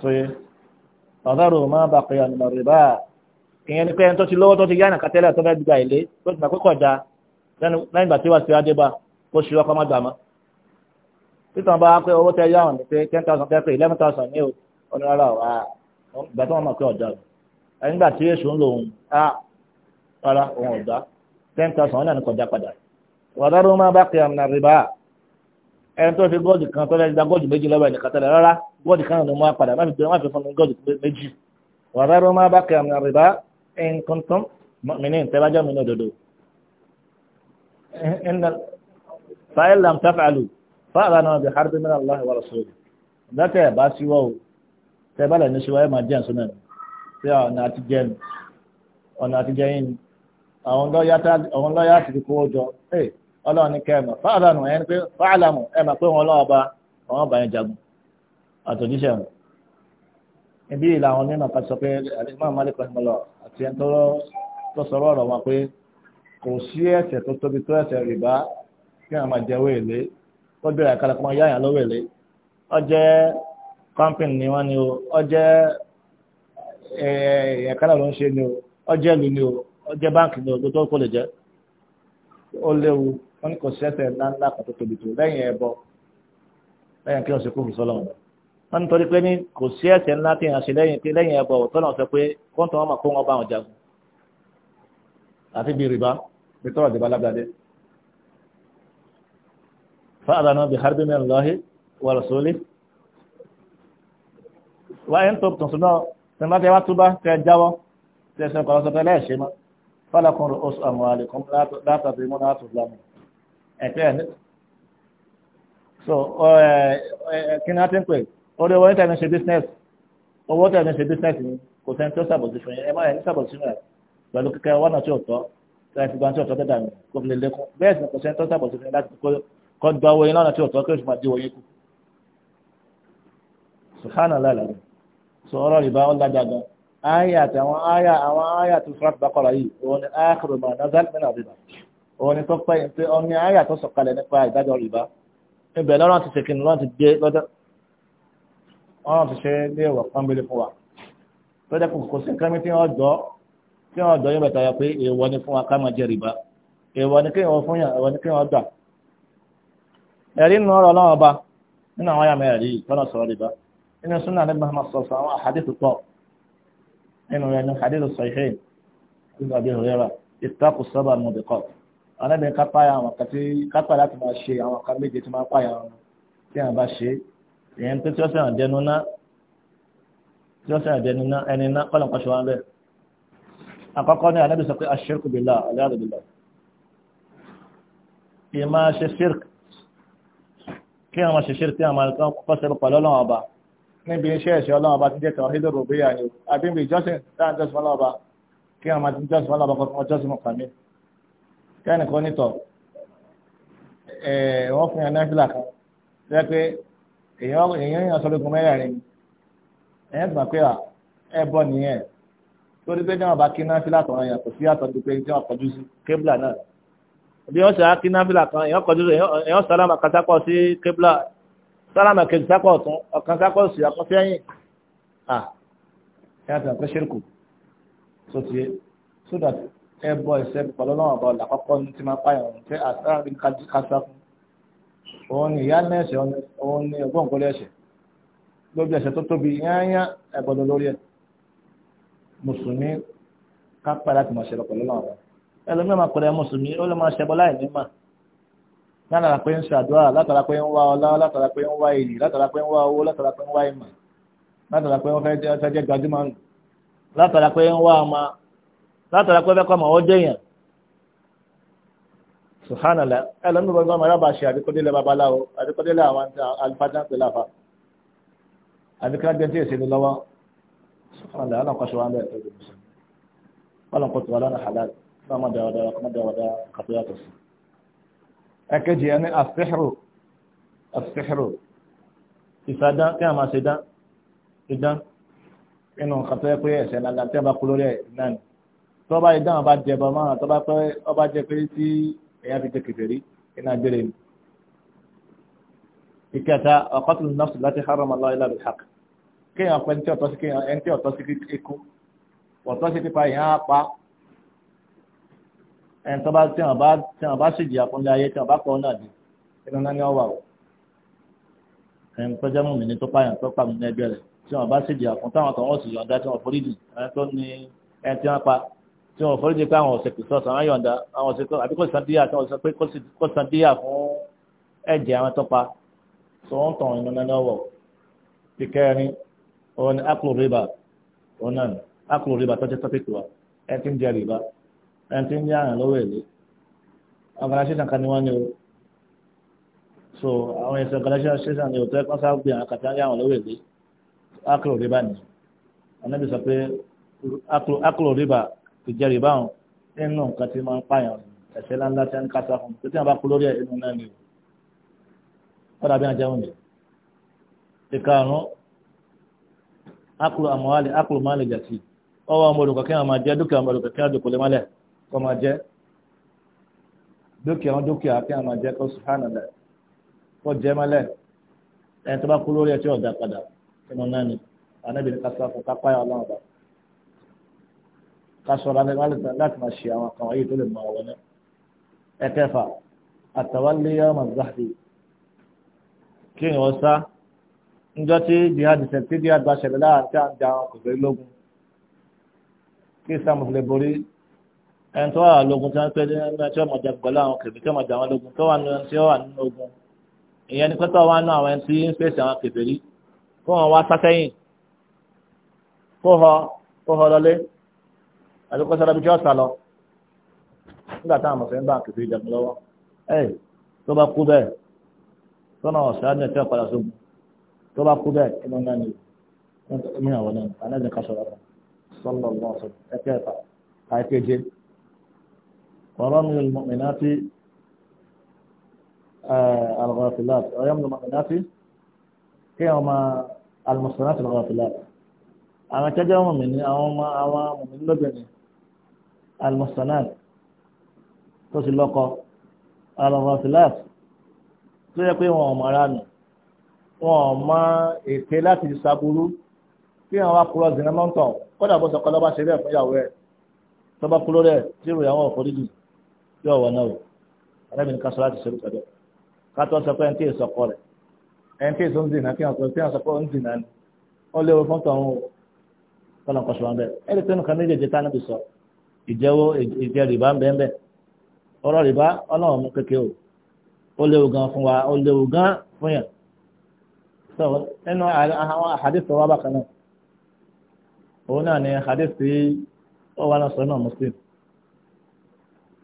sóye ọ̀dọ́rò máa bá pè ọ̀nà rìbá ìyẹn ni pé ẹni tó ti lówó tó ti yánà kátẹ́lẹ̀ tó fẹ́ gba ìlé tó ti gbà pé kọjá lẹ́yìn ìgbà tí wàá ti adé bá kó ṣe ọkọ̀ má gbà mọ́ títàn bá pé owó tẹ yáwọn ní pé ten thousand tẹ pé eleven thousand ní ọ̀nà rárá wa ìgbà tí wọ́n mọ̀ pé ọ̀dà ẹni gbà tí èṣù ń lò òun á rárá òun ọ̀dà ten thousand ọ̀nà ni kọjá padà ọ̀dọ́rò máa bá pè ọ̀nà rìbá ẹni tó ṣe gọ́ọ̀dì kan tọ́lá ẹni dá gọ́ọ̀dì méjì lọ́wọ́ ẹnìkan tẹ́lẹ̀ rárá gọ́ọ̀dì kan ló máa padà má fi gbé má fi fún mi gọ́ọ̀dì méjì wàrà ló máa bá kẹ́ àmì àrìbá nǹkan tán mi ní ìtẹ́lájọ́ mi ní òdodo. fàyẹ̀ làm tafàlù fàlà náà bí harbi min Allah wa rasul dátẹ̀ ẹ̀ bá síwọ́ o tẹ́ bá lẹ̀ ní síwọ́ ẹ̀ máa jẹ́ ǹsọ́nà mi pé ọ̀nà ọlọ́run ní kẹ́ẹ̀mà fáàlánù ẹ̀ ní pé fáàlámù ẹ̀ mà pé wọn lọ́wọ́ bá jagun àtòjíṣẹ́ wọn. ibi kan sọ pé àti ẹni tó sọ̀rọ̀ ọ̀rọ̀ wọn pé kò sí tó tóbi tó rìbá kí wọn máa èlé ó bẹ̀rẹ̀ àkàlà kan lọ́wọ́ èlé jẹ́ ni wọ́n ni o Ọ jẹ́ ẹ̀ẹ̀kálà ló ń ṣe ni o Ọ jẹ́ ìlú ni o ó jẹ́ báńkì ni o gbogbo tó lè wọ́n ní kò sẹ́sẹ̀ ńláńlá kan tó tóbi tó lẹ́yìn ẹbọ lẹ́yìn kí wọ́n ṣe kúrò sọ́lọ́ wọn wọ́n ní torí pé ní kò sí ẹ̀ṣẹ̀ ńlá tí yàn ṣe lẹ́yìn pé lẹ́yìn ẹbọ ọ̀tọ̀ náà sọ pé kọ́ńtà wọn máa kó wọn bá wọn jagun àti bíi rìbá bí tọ́wọ́ dìbò alágbàdé fáàdà náà bí harbi min Allahi wa rasulih wáyé ń tó tuntun náà tí wọ́n ti wá túbá tẹ jáwọ́ tẹ ṣe kọ́ lọ́sọ̀ pé lẹ́ẹ̀ṣẹ̀ látàbí mọ́ tó lámù ẹ̀pẹ́ ẹ̀ so kí ni a ti ń pè ọdẹ owó tẹ̀mí ṣe business owó tẹ̀mí ṣe business ni kò sẹ́ni tó ṣàbòsí fún yín ẹ má yẹ ní ṣàbòsí fún yín pẹ̀lú kíkẹ́ wọ́n náà tí ò tọ́ láti gbọ́n tí ò tọ́ dẹ́dà mi kò fi lè lékún bẹ́ẹ̀ sì kò sẹ́ni tó ṣàbòsí fún yín láti kọ́ gba owó yín lọ́nà tí ò tọ́ kí oṣù máa di owó yín kù. subhanallah alayi so ọ̀rọ̀ rìbá ó lájà gan áyà àtàwọn áyà àwọn áyà tó fúrọ́ọ̀tì bá kọ́ra yìí òun ni áyà kúrò mọ́ òun ni tó pẹ́ yẹn pé ọ̀nì àyà tó sọ̀kalẹ̀ nípa ìdájọ́ rìbá ibẹ̀ lọ́rọ̀ ti ṣèkìnnì lọ́rọ̀ ti dé lọ́dọ̀ ọ̀rọ̀ ti ṣe lé ìwọ̀ pọ́nbélé fún wa lọ́dọ̀ kò kò sí nǹkan mi tí wọ́n jọ tí wọ́n jọ yín bẹ̀tà yà pé èèwọ̀ ni fún wa ká máa jẹ rìbá èèwọ̀ ni kéèyàn fún yàn èèwọ̀ ni kéèyàn gbà ẹ̀rí nínú ọ̀rọ̀ ọlọ́run ọba nínú àwọn àyàmẹ́ ẹ̀rí tọ́nà sọ̀rọ̀ rìbá nínú súnà ní Muhammad sọ̀sọ̀ àwọn àhàdìsù pọ̀ nínú rẹ̀ ní àhàdìsù sọ̀hìn nínú àbí ìrora ìtàkùsọ́bà mọ̀dẹ́kọ̀ọ́ anábìrin ká páyà àwọn kan tí ká páyà láti máa ṣe àwọn kan méje tí máa páyà wọn tí àwọn bá ṣe ìyẹn pé tí ó sẹ̀ràn dẹnu ná tí ó sẹ̀ràn dẹnu ná ẹni ná kọ́lọ̀ kan ṣe wá bẹ́ẹ̀ àkọ́kọ́ ní anábìrin sọ pé aṣírkù bìlá aláàdù bìlá ìyẹn máa ṣe ṣírk kí àwọn ṣe ṣírk tí àwọn máa kọ́ kọ́ sẹ́rù pẹ̀lú ọlọ́run ọba níbi iṣẹ́ ẹ̀ṣẹ́ ọlọ́run ọba ti jẹ́ tàwọn hídòrò bí i àyè àbí ibi ìjọsìn táà jọ́sìn ọlọ́run ọba kí àwọn máa ti jọ́sìn ọlọ́run ọba kọ́ jọ́sìn ọkàn mi kẹ́nìkan nítọ̀ wọ́n fún yàn nẹ́fìlà kan jẹ́ pé èèyàn èèyàn sọ́dọ̀gùn mẹ́rẹ̀ẹ̀rin ẹ̀yẹ́ tó máa pé ẹ bọ́ nìyẹn torí pé ní wọn bá kí nẹ́fìlà kan yàn kò sí àtọ́jú pé tí wọn kọjú sí kébìlà náà bí wọ́n ṣe á kí nẹ́fìlà kan èèyàn kọjú sí èèyàn sálámà kan sápọ̀ sí kébìlà sálámà kejì sápọ̀ ọ̀tún ọ̀kan sápọ̀ sí ọ̀kan sẹ́yìn à ẹ̀yà tó máa pé ṣírkù sótìyé sódàtì ẹbọ ẹsẹ pọlọlọrun ọba làkọkọ ní tí máa pààyàn ọhún tẹ àtàrí kásá fún òun ni ìyá náà ẹsẹ òun ni ọgbọ́n kọ́lé ẹsẹ lóbi ẹsẹ tó tóbi yányá ẹgbọ́dọ̀ lórí ẹ mùsùlùmí ká pàdé àti màṣẹ lọ pọlọlọrun ọba ẹlòmíràn máa pẹ̀lẹ́ mùsùlùmí ó lè máa ṣẹbọ láì ní mà látara pé ń ṣàdúrà látara pé ń wá ọlá látara pé ń wá èyí látara pé ń wá owó látara pé ń wá ìmọ̀ látara pé ń fẹ́ jẹ́ gbajúmọ̀ látara pé ń wá ọmọ látara pé fẹ́ kọ́ ọmọ ọjọ́ yẹn subhanallah ẹlẹ́nu bọ́ gbọ́n mọ́ra bá ṣe àdékọ́délé babaláwo àdékọ́délé àwọn alifájà ń pè láfa àdékọ́délé tí èsì ni lọ́wọ́ subhanallah ọlọ́kọ̀ṣọ́ wa ń bẹ̀rẹ̀ tó dùn sí ọlọ́kọ̀tù wa lọ́nà halal náà mọ̀ dáadáa kọ́ mọ̀ dáadáa kàtó yàtọ̀ sí tọ́ba yìí dáhùn bá jẹba márùn tọ́ba pẹ́ ọba jẹ pé tí ẹ̀yà fi jẹ kẹfẹ́rí iná gbére ni. ìkẹta ọ̀kọ́tún nọ́ọ̀sì láti haram Allah illa bil haqq kéèyàn pẹ́ ntí ọ̀tọ́ sí kéèyàn ẹntí ọ̀tọ́ sí ikú ọ̀tọ́ sí pípa ìyá apá ẹn tọ́ba tí wọn bá tí wọn bá sì jìyà fún ilé ayé tí wọn bá pọ̀ náà di inú náà ní ọ̀wà o ẹn tọ́jà mú mi ní tó pààyàn tó pàmì ní ẹgbẹ́ rẹ̀ tí wọn bá sì jìyà fún tó wọn sì yọ̀ǹda tí wọn fọlọ́jì pé àwọn ọ̀sẹ̀ kìsọ́ sàn án yọ̀ǹda àwọn ọ̀sẹ̀ kọ́ àbí kọ́sàn díyà tí wọ́n sọ pé kọ́sàn díyà fún ẹ̀jẹ̀ àwọn tọ́pa tó ń tàn ìnáná lọ́wọ́ ti kẹrin òun ni aklo riba òun náà ni aklo riba tọ́jú tọ́pìkì wa ẹ̀ ti ń jẹ rìbá ẹ̀ ti ń yá lọ́wọ́ èlé organisation kan ni wọ́n ní o so àwọn ẹ̀sìn organisation ni òtún ẹ̀kọ́ sáà gbé àwọn kàtà riba ni anábì sọ pé aklo riba kò jẹ́rìí báwọn nínú nǹkan tí máa ń pààyàn ẹ̀sẹ̀ ńláńlá tí wọ́n ń kásá fún tó tí wọ́n bá kú lórí ẹnu náà ni wọ́n dàbí àjẹ́ wọn nìyẹn. ìkarùn-ún akulu àmọ́wálé akulu máa lè jàsí ọwọ́ ọmọ olùkọ́ kí wọ́n máa jẹ́ dúkìá ọmọ olùkọ́ kí wọ́n jòkó lé mọ́lẹ̀ kó máa jẹ́ dúkìá wọn dúkìá kí wọ́n máa jẹ́ kó subhanallah kó jẹ́ mọ́lẹ̀ ẹni tó bá kú lórí ẹ̀ tí ọ̀dà padà sínú ká sọ̀rọ̀ alẹ́ láti máa ṣe àwọn kan wáyé tó lè máa wọlé ẹ̀kẹfà àtàwálé yàrá mazahdi kí ni wọ́n sá njọ́ tí jihad ṣẹ̀tí jihad bá ṣẹlẹ̀ láàrin tí a ń ja àwọn kò kí islam fi borí ẹni wà lógun tí wọ́n pẹ́ ní ẹni tí wọ́n mọ̀ jà pẹ̀lú àwọn kèfì tí wọ́n mọ̀ jà wọn lógun tó wà nínú ẹni nínú ogun ìyẹn ni pẹ́tọ́ wà nínú àwọn ẹni tí ń fèsì àwọn kèfì rí kó wọn wá sákẹ́yìn kó họ kó họ lọlé àti kọ́ sára bí jọ́ọ̀sà lọ nígbà táwọn ọmọ fẹ́ ń bá kìfì ìjàgbọ́n lọ́wọ́ ẹ tó bá kú bẹ́ẹ̀ tọ́nà ọ̀sán ní ẹ̀tẹ́ ọ̀padà sógun tó bá kú bẹ́ẹ̀ kí ló ń dání mí àwọn náà anáàjẹ ká sọ̀rọ̀ kan sọ́lọ̀ lọ́sọ̀ ẹ̀kẹ́ ẹ̀fà àìkéje ọ̀rọ̀ mi mọ̀mìnàtì alghafilati ọ̀rọ̀ mi mọ̀mìnàtì kí ọmọ almọ̀sánàtì alghafilati àwọn akẹ́jọ́ mọ̀mìnì àwọn ọmọ àwọn mọ̀mìnì lóbìnrin almusanat tó sì lọ́kọ alọ́fàṣìláàtì tó yẹ pé wọn ò mọ ara nù wọn ò mọ ète láti ṣàbúrú kí àwọn akúrọ̀ zìnnà mọ́tò kọ́dà bó sọ̀kọ́ lọ́ba ṣe bẹ́ẹ̀ fún ìyàwó ẹ̀ tọ́ba kúrò rẹ̀ tí ìròyìn àwọn òforíjì yóò wọ̀ náà o arábìnrin kan sọ láti ṣerú pẹ̀lú kátó sọ pé ẹni tí èso kọ rẹ̀ ẹni tí ń zìnnà kí wọn sọ pé wọn sọ ń zìnnà ni ó léwu fún tọ̀hún o kọ́nà kọ́ṣọ́ wọn bẹ́ẹ̀ ẹ̀rí pé nǹkan méjèèjì tá ìjẹ́wọ́ ìjẹ́ rìbá ń bẹ́ẹ̀ ọ̀rọ̀ rìbá ọlọ́run mú kéke o ó léwu gan fún wa ó léwu gan fún yàn so nínú àwọn àhàdìsí wa bákan náà òun náà ni àhàdìsí ó wà lọ́sọ̀ náà muslim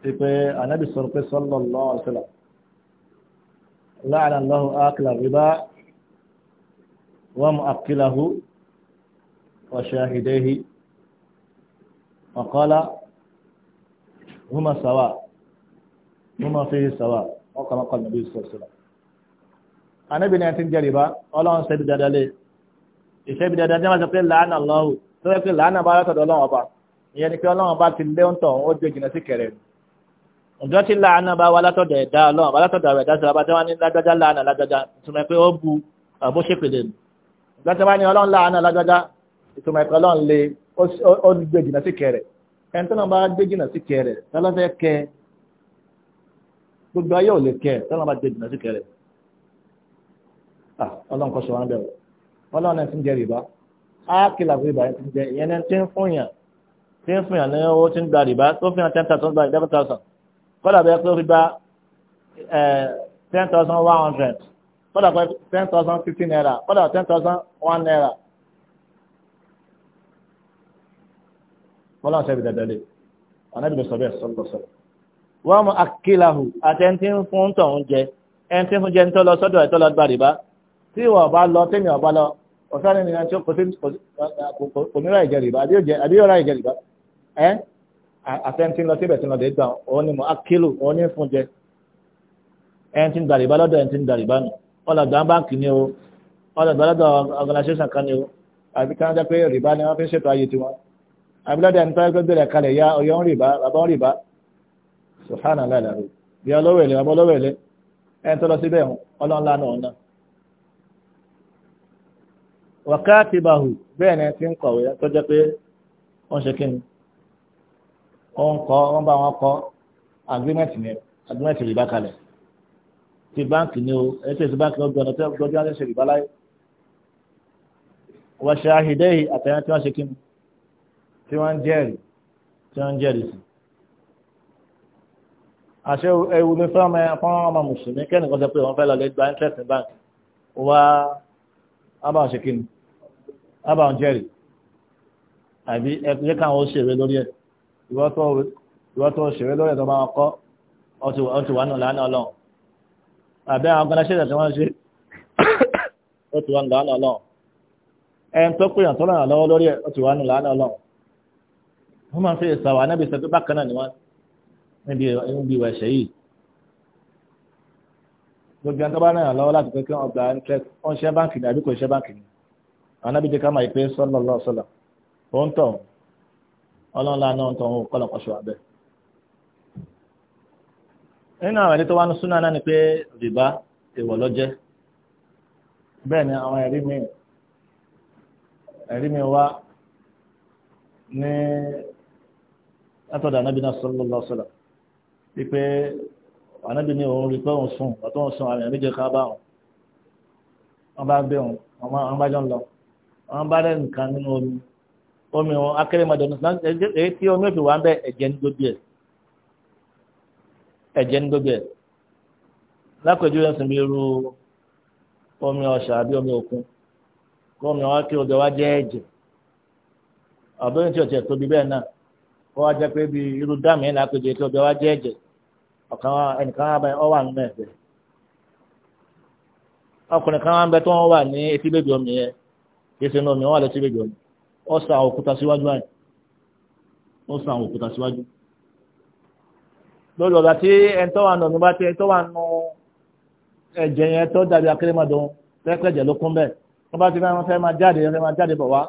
ti pé anabi sọ̀rọ̀ pé sallallahu alaihi wasallam la'ana Allahu akila rìbá wa mu'akkilahu wa shahidehi wa qala. هما سواء هما فيه سواء أو كما قال النبي صلى الله عليه وسلم أنا بني أنتين جريبا الله سيب دادالي ìṣẹ́bi dandan jẹ́ máa sọ pé làánà lọ́hùn tó yẹ pé làánà bá látọ̀dọ̀ ọlọ́run ọba ìyẹn ni pé ọlọ́run ọba ti lé ńtọ̀ ó ju ìjìnà sí kẹrẹ ǹjọ́ tí làánà bá wá látọ̀dọ̀ ẹ̀dá ọlọ́run ọba látọ̀dọ̀ ẹ̀dá sọ̀rọ̀ bá tẹ́wọ́n ní lágbájá làánà lágbájá ìtumọ̀ pé ó bu bó ṣe pèlè nù ìgbà tẹ́wọ́n ní ọlọ́run làánà lágbájá ìtumọ̀ pé ọlọ́run lé ó ju ìjìnà sí kẹrẹ ẹni tó náà bá gbé jìnnà sí kẹ rẹ̀ tálọ́fẹ́ kẹ gbogbo ayé ò lè kẹ tálọ́ bá gbé jìnnà sí kẹ rẹ̀ ọlọ́run kọ́ sọ wọn bẹ̀rẹ̀ ọlọ́run ẹ̀ ti ń jẹ rìbá á kìlà fún rìbá ẹ̀ ti ń jẹ ìyẹn ti ń fún yàn ti ń fún yàn ní owó ti ń gba rìbá tó fi hàn ten thousand gba eleven thousand kọ́dà bẹ́ẹ̀ tó fi gba ten thousand one hundred kọ́dà ten thousand fifteen naira kọ́dà ten thousand one naira. wọ́n láwọn sẹ́bi dandan lé anábì ló sọ bẹ́ẹ̀ sọ́lọ́sọ́lọ́ wọ́n mú akílahu àtẹ̀ntì fún tọ̀hún jẹ ẹ̀ntì fún jẹ ńtọ́ lọ sọ́dọ̀ ẹ̀tọ́ lọ gbàdìbá tí wọ́n bá lọ tẹ́mi ọ̀bá lọ ọ̀sán ní ìrìnàjò kò ní ra ìjẹrìbá àbí yóò ra ìjẹrìbá ẹ́ àtẹ̀ntì lọ síbẹ̀ tí wọ́n lè gbà òun ni mú akílu òun ní fún jẹ ẹ̀ntì gbàdìbá lọ́dọ̀ ẹ̀ntì gbàdìbá nù ọlọ́dọ̀ báńkì ni o ọlọ́dọ̀ ọlọ́dọ̀ organisation kan ni o àbí kánájà pé rìbá ni wọ́n fi ń ṣètò ayé tiwọn abilada ní táwọn gbẹdẹrẹ kalẹ̀ ya ọyọ ń rìbá bàbá ń rìbá sùhánà lálàrú bí ọlọ́wẹ̀lẹ̀ bàbá ọlọ́wẹ̀lẹ̀ ẹ̀ ń tọ́lọ síbẹ̀ ọlọ́nlá náà náà wàkátìbàhù bẹ́ẹ̀ ni ti ń kọ̀wé tó jẹ́ pé wọ́n ṣe kí ni wọ́n kọ́ wọ́n bá wọn kọ́ agreement ọ̀nà wọ́n ṣe àhìdẹ́yì àtẹ̀yẹ́ tí wọ́n ṣe kí ni tí wọ́n ń jẹ́rìí tí wọ́n ń jẹ́rìí sí. àṣẹ ewu ni fún ọmọ fún ọmọ mùsùlùmí kẹ́ni kan sọ pé wọ́n fẹ́ lọ lè gba interest ní bank wá ábà ṣe kí ni ábà ń jẹ́rìí àbí ẹgbẹ́ káwọn ó ṣèrè lórí ẹ̀ ìwọ́ tó ṣèrè lórí ẹ̀ tó máa kọ́ ọ ti wà nù lánàá ọlọ́run àbí àwọn ọgbọ́n ṣẹ̀dá tí wọ́n ṣe ó ti wà nù lánàá ọlọ́run ẹni tó pè yàn tó ràn lọ́wọ́ lórí ẹ̀ ó ti wà nù lánàá ọlọ́run wọ́n máa ń fẹ́ ìsàwọ̀ anábì sọ pé bákan náà ni wọ́n níbi níbi ìwà ẹ̀ṣẹ̀ yìí gbogbo ẹni tó bá náà lọ́wọ́ láti pé kí wọ́n gba interest wọ́n ṣe báǹkì ni àbí kò ṣe báǹkì ni anábì jẹ́ ká máa pé sọ́lọ́lọ́ sọ́lọ́ ó ń tọ̀ ọlọ́run lánàá ń tọ̀ òun kọ́lọ̀ kọ́ṣọ́ abẹ́ nínú àwọn ẹ̀rí tó wá ní súnà náà ni pé rìbá èèwọ̀ ló jẹ́ bẹ́ẹ̀ ni àwọn ẹ̀rí mi ẹ̀rí mi wá ní látọ̀dọ̀ anábì náà sọ́lọ́ lọ sọ́lọ́ wípé anábì ní òun rí pé òun sùn ọ̀tọ́ òun sùn àwọn èèyàn méje ká bá òun wọ́n bá bẹ́ òun wọ́n bá jọ ń lọ wọ́n bá rẹ̀ nǹkan nínú omi omi òun akérèmọdé èyí tí omi òfin wà ń bẹ ẹ̀jẹ̀ ní gbogbo ẹ̀ ẹ̀jẹ̀ ní gbogbo ẹ̀ lápẹjú ẹ̀ sìn bí omi ọ̀sà àbí omi òkun kó omi ọ̀hún kí ọjọ́ wa jẹ́ ẹ̀jẹ̀ àbẹ́yìn tí ọ̀tí kó wá jẹ́ pé bí irú dáàmì yẹn lápèjẹ tó ọbẹ̀ wá jẹ́ ẹ̀jẹ̀ ọ̀kan ẹnìkan wá báyìí ọ wà nínú ẹ̀fẹ̀ ọkùnrin kan wá ń bẹ tó wọ́n wà ní etí bèbè omi yẹn kí ṣe náà omi wọ́n wà létí bèbè omi ó sa òkúta síwájú àyè ó sa òkúta síwájú lórí ọ̀gá tí ẹni tó wà nù omi bá ti ẹni tó wà nù ẹ̀jẹ̀ yẹn tó dàbí akérèmọdún tẹ́kẹ̀jẹ̀ ló kún bẹ́ẹ̀ tó bá ti fẹ́ máa jáde fẹ́ máa jáde bọ̀ wá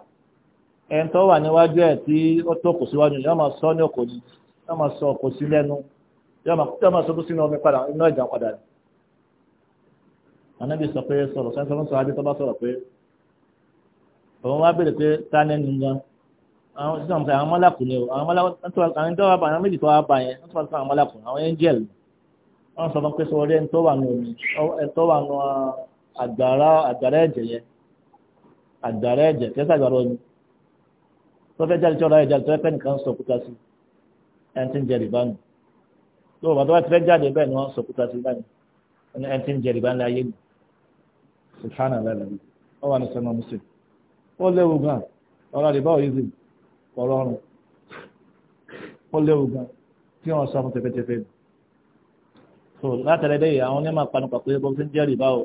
ẹni tó wà níwájú ẹ̀ tí ó tó kò síwájú yóò máa sọ ní òkò ní yóò máa sọ òkò sí lẹ́nu yóò máa sọ tó sínú omi padà iná ìjà padà ni. ànábì sọ pé sọ̀rọ̀ sẹ́ńtọ́ ló ń sọ adé tó bá sọ̀rọ̀ pé òun wá béèrè pé ta ni ẹni gan àwọn sísè àwọn àwọn mọ́làkù ni o àwọn mọ́làkù àwọn tó wà bá méjì tó wà bá yẹn wọ́n sọ àwọn mọ́làkù àwọn angel wọ́n sọ fún pé sọ orí ẹni wà nù omi ẹni wà nù àgbàrá àgbàrá ẹ̀jẹ̀ yẹn àgbàrá ẹ̀jẹ̀ kẹsàgbàrá omi tó fẹ́ jáde tí ọ̀rọ̀ ẹ̀jáde tó ẹ̀pẹ́ nìkan sọ̀kúta sí ẹni tí ń jẹ rìbá nù tó o bá tó bá ti fẹ́ jáde bẹ́ẹ̀ ni wọ́n sọ̀kúta sí báyìí ẹni tí ń jẹ rìbá ńlá yé mi sùhánà lẹ́lẹ́bí ọ wà ní sẹ́nu muslim ó léwu gan ọ̀rọ̀ rìbá òyìnbí ọ̀rọ̀ ọ̀run ó léwu gan tí wọ́n sọ fún tẹfẹ́tẹfẹ́ mi so látàrí bẹ́ẹ̀ àwọn onímọ̀ panupọ̀ pé bó ti ń jẹ rìbá o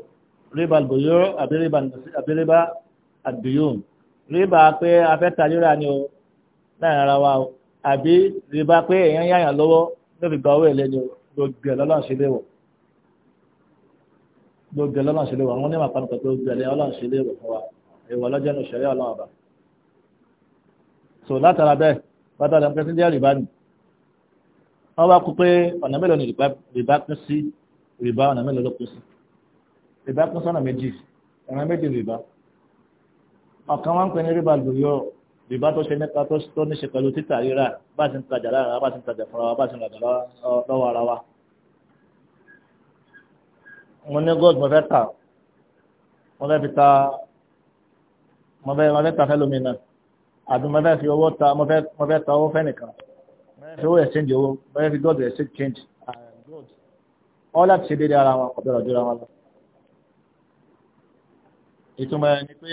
rìbá àbí rìbá rìbá pé afẹ́tàlérà ni o láàrin ara wa o àbí rìbá pé èèyàn yáyàn lọ́wọ́ ló fi gba owó èlé ni o gbogbo ẹ̀ lọ́lọ́run ṣe léwọ̀ gbogbo ẹ̀ lọ́lọ́run ṣe léwọ̀ àwọn onímọ̀ àpamọ́ pẹ̀lú gbogbo ẹ̀ lọ́lọ́run ṣe léwọ̀ fún wa èèwọ̀ lọ́jọ́ ní òṣèré ọlọ́run ọba so látara bẹ́ẹ̀ bàtà lẹ́nu pẹ́sí díẹ̀ rìbá nì wọ́n wá kú pé ọ̀nà mélòó ni rìbá pín sí rìbá ọ̀nà mélòó ló pín sí rìbá pín sí ọ̀nà méjì ọ̀nà méjì rìbá ọ̀kan wọn ń pè ní rìbá lòyọ rìbá tó ṣe nípa tó ní ṣe pẹ̀lú títà rírà bá ti ń tajà lára bá ti ń tajà fúnra wa bá ti ń rajà lọ́wọ́ ara wa. mo ní gold mo fẹ́ tà mo fẹ́ fi ta mo fẹ́ mo fẹ́ ta fẹ́ lómi náà àbí mo fẹ́ fi owó ta mo fẹ́ mo fẹ́ ta owó fẹ́ nìkan mo fẹ́ fi owó exchange owó mo fẹ́ fi gold exchange change uh, gold all that ṣe déédéé ara wọn kò bẹ̀rẹ̀ wọn lọ. ìtumọ̀ ẹni pé.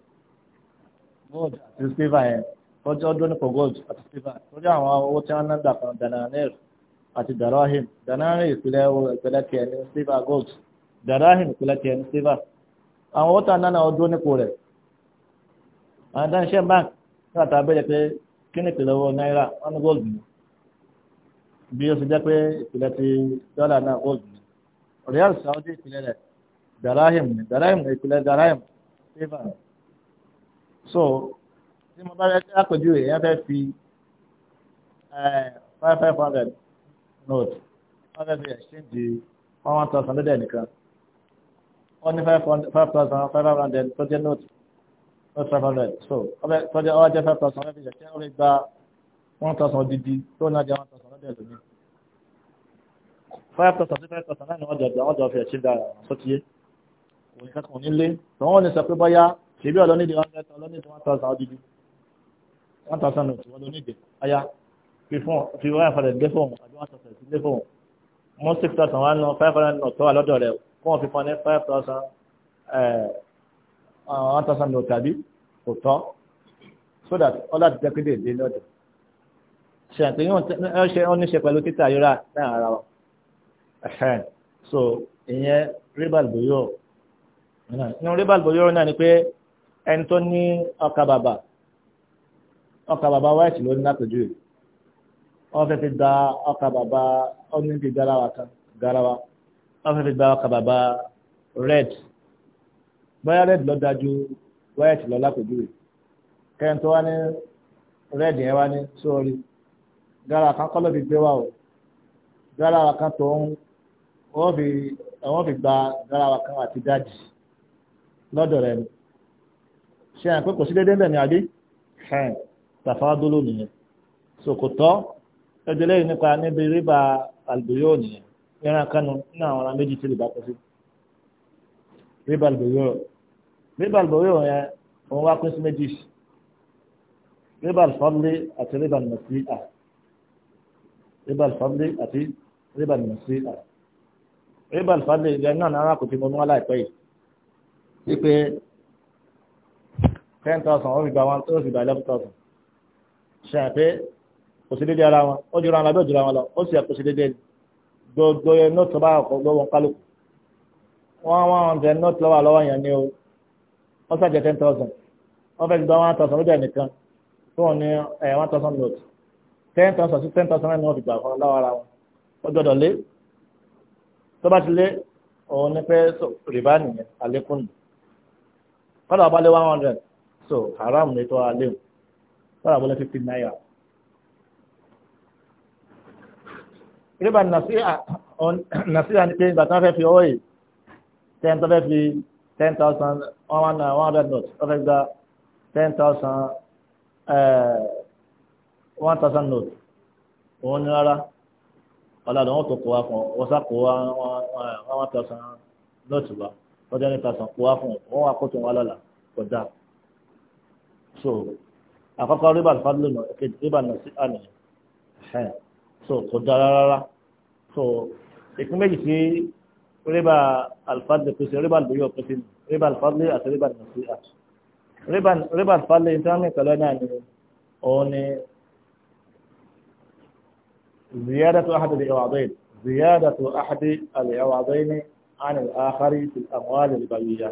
gold àti silver yẹn tọ́jú ọdún gold àti silver torí àwọn owó tí wọ́n kan dananir àti darahim ìpìlẹ̀ ìpìlẹ̀ tiẹ̀ ní silver gold darahim ìpìlẹ̀ tiẹ̀ ní silver àwọn owó tí wọ́n ọdún rẹ̀ àwọn bank pé kí ni so tí mo bá fẹ́ ṣe àpèjúwe èèyàn fẹ́ fi eh, five five hundred note wọ́n fẹ́ fi exchange one thousand lọ́dẹ̀ nìkan wọ́n ní five thousand five hundred project note not five hundred so project ọwọ́ five thousand wọ́n fi exchange wọ́n lè gba one thousand odidi tó náà jẹ́ one thousand lọ́dẹ̀ lónìí five thousand five thousand náà hundred wọ́n jọ fi exchange dára sọ́tìyé òun kankan ò ní lé tọ́wọ́n ní sọ pé bọ́yá ṣe bí ọlọ́nídìí one hundred ọlọ́nídìí one thousand odidi one thousand note wọn lónídìí aya fi one hundred lé fóun àbí one thousand lé fóun mú six thousand one five hundred note tó wà lọ́dọ̀ rẹ̀ kó wọn fi fún ọ ní five thousand eh, one thousand note tàbí kò tọ́ so that ọlá ti jẹ́ pé lè dé lọ́dọ̀ ṣe àti yóò ṣe ó ní ṣe pẹ̀lú títà yóra náà ara wa so ìyẹn rebal boyo nínú rebal boyo náà ni pé ẹni tó ní ọkà bàbà ọkà bàbá white ló ní látọ̀jú rẹ̀ wọ́n fẹ́ fi gba ọkà bàbá ọ́nìdì garawa kan garawa wọ́n fẹ́ fi gba ọkà bàbá red bóyá red ló dájú white lọ látọ̀jú rẹ̀ kẹ́ni tó wá ní red yẹn wá ní sórí garawa kan kọ́ ló fi gbé wá o garawa kan tó ń wọ́n fi gba garawa kan àti dájì lọ́dọ̀ rẹ̀ ni ṣe àyàn pé kò sí dédé bẹ̀mí àbí ṣẹ́yìn tàfádólò nìyẹn so kò tọ́ ẹjọ́ lẹ́yìn nípa níbi rìbá àlùbẹ̀yọ́ nìyẹn ìran kanu ní àwọn ará méjì tí rìbá kọ sí rìbá àlùbẹ̀yọ́ rìbá àlùbẹ̀yọ́ yẹn òun wá pín sí méjì rìbá àlùfáàlì àti rìbá àlùmọ̀síà rìbá àlùfáàlì àti rìbá àlùmọ̀síà rìbá àlùfáàlì ìgbà náà ní arákùnrin mọ́nú aláìpẹ́ yìí wípé ten thousand ó fi gba one ó fi gba eleven thousand ṣe é pé kò sí déédéé ara wọn ó jura wọn lábẹ́ òjura wọn lọ ó sì yẹ kò sí déédéé gbogbo yẹn nóòtù bá kọ gbogbo kálukú wọn wọn wọn jẹ nóòtù lọ́wọ́ lọ́wọ́ yẹn ni o wọn sàjẹ ten thousand wọn fẹẹ gba one thousand lójú ẹnìkan tó wọn ní ẹ one thousand note ten thousand sí ten thousand náà ni wọn fi gbà fún lọ́wọ́ ara wọn ó gbọ́dọ̀ lé tó bá ti lé òun ní pé rìbá nìyẹn àlékún nù kọ́dà ọba lé one hundred so haram ní tó alẹ́ o fọ́nà bọ́lá fifty naira. ìrìbà nàṣíà ni pé ìgbà tí wọ́n fẹ́ fi owó yìí ten tó fẹ́ fi ten thousand one one nine one hundred note wọ́n fẹ́ gba ten thousand one thousand note òun ní rárá ọ̀làdàn wọn tó kó wa fún ọ wọ́n sá kó wa one one thousand note wa wọ́n jẹ́ ní thousand kó wa fún ọ wọ́n wá kó tó wọn lọ́la kò dáa so àkọ́kọ́ ribal fadlu nà èkejì ribal nà sí àná ẹ̀ so kò dára rárá so ìpín méjì sí riba alfadlu pèsè riba albuyo pèsè riba alfadlu àti riba nà sí àná riba alfadlu ìtàmì pẹ̀lú náà ni òun ni زيادة أحد العوضين زيادة أحد العوضين عن الآخر في الأموال البوية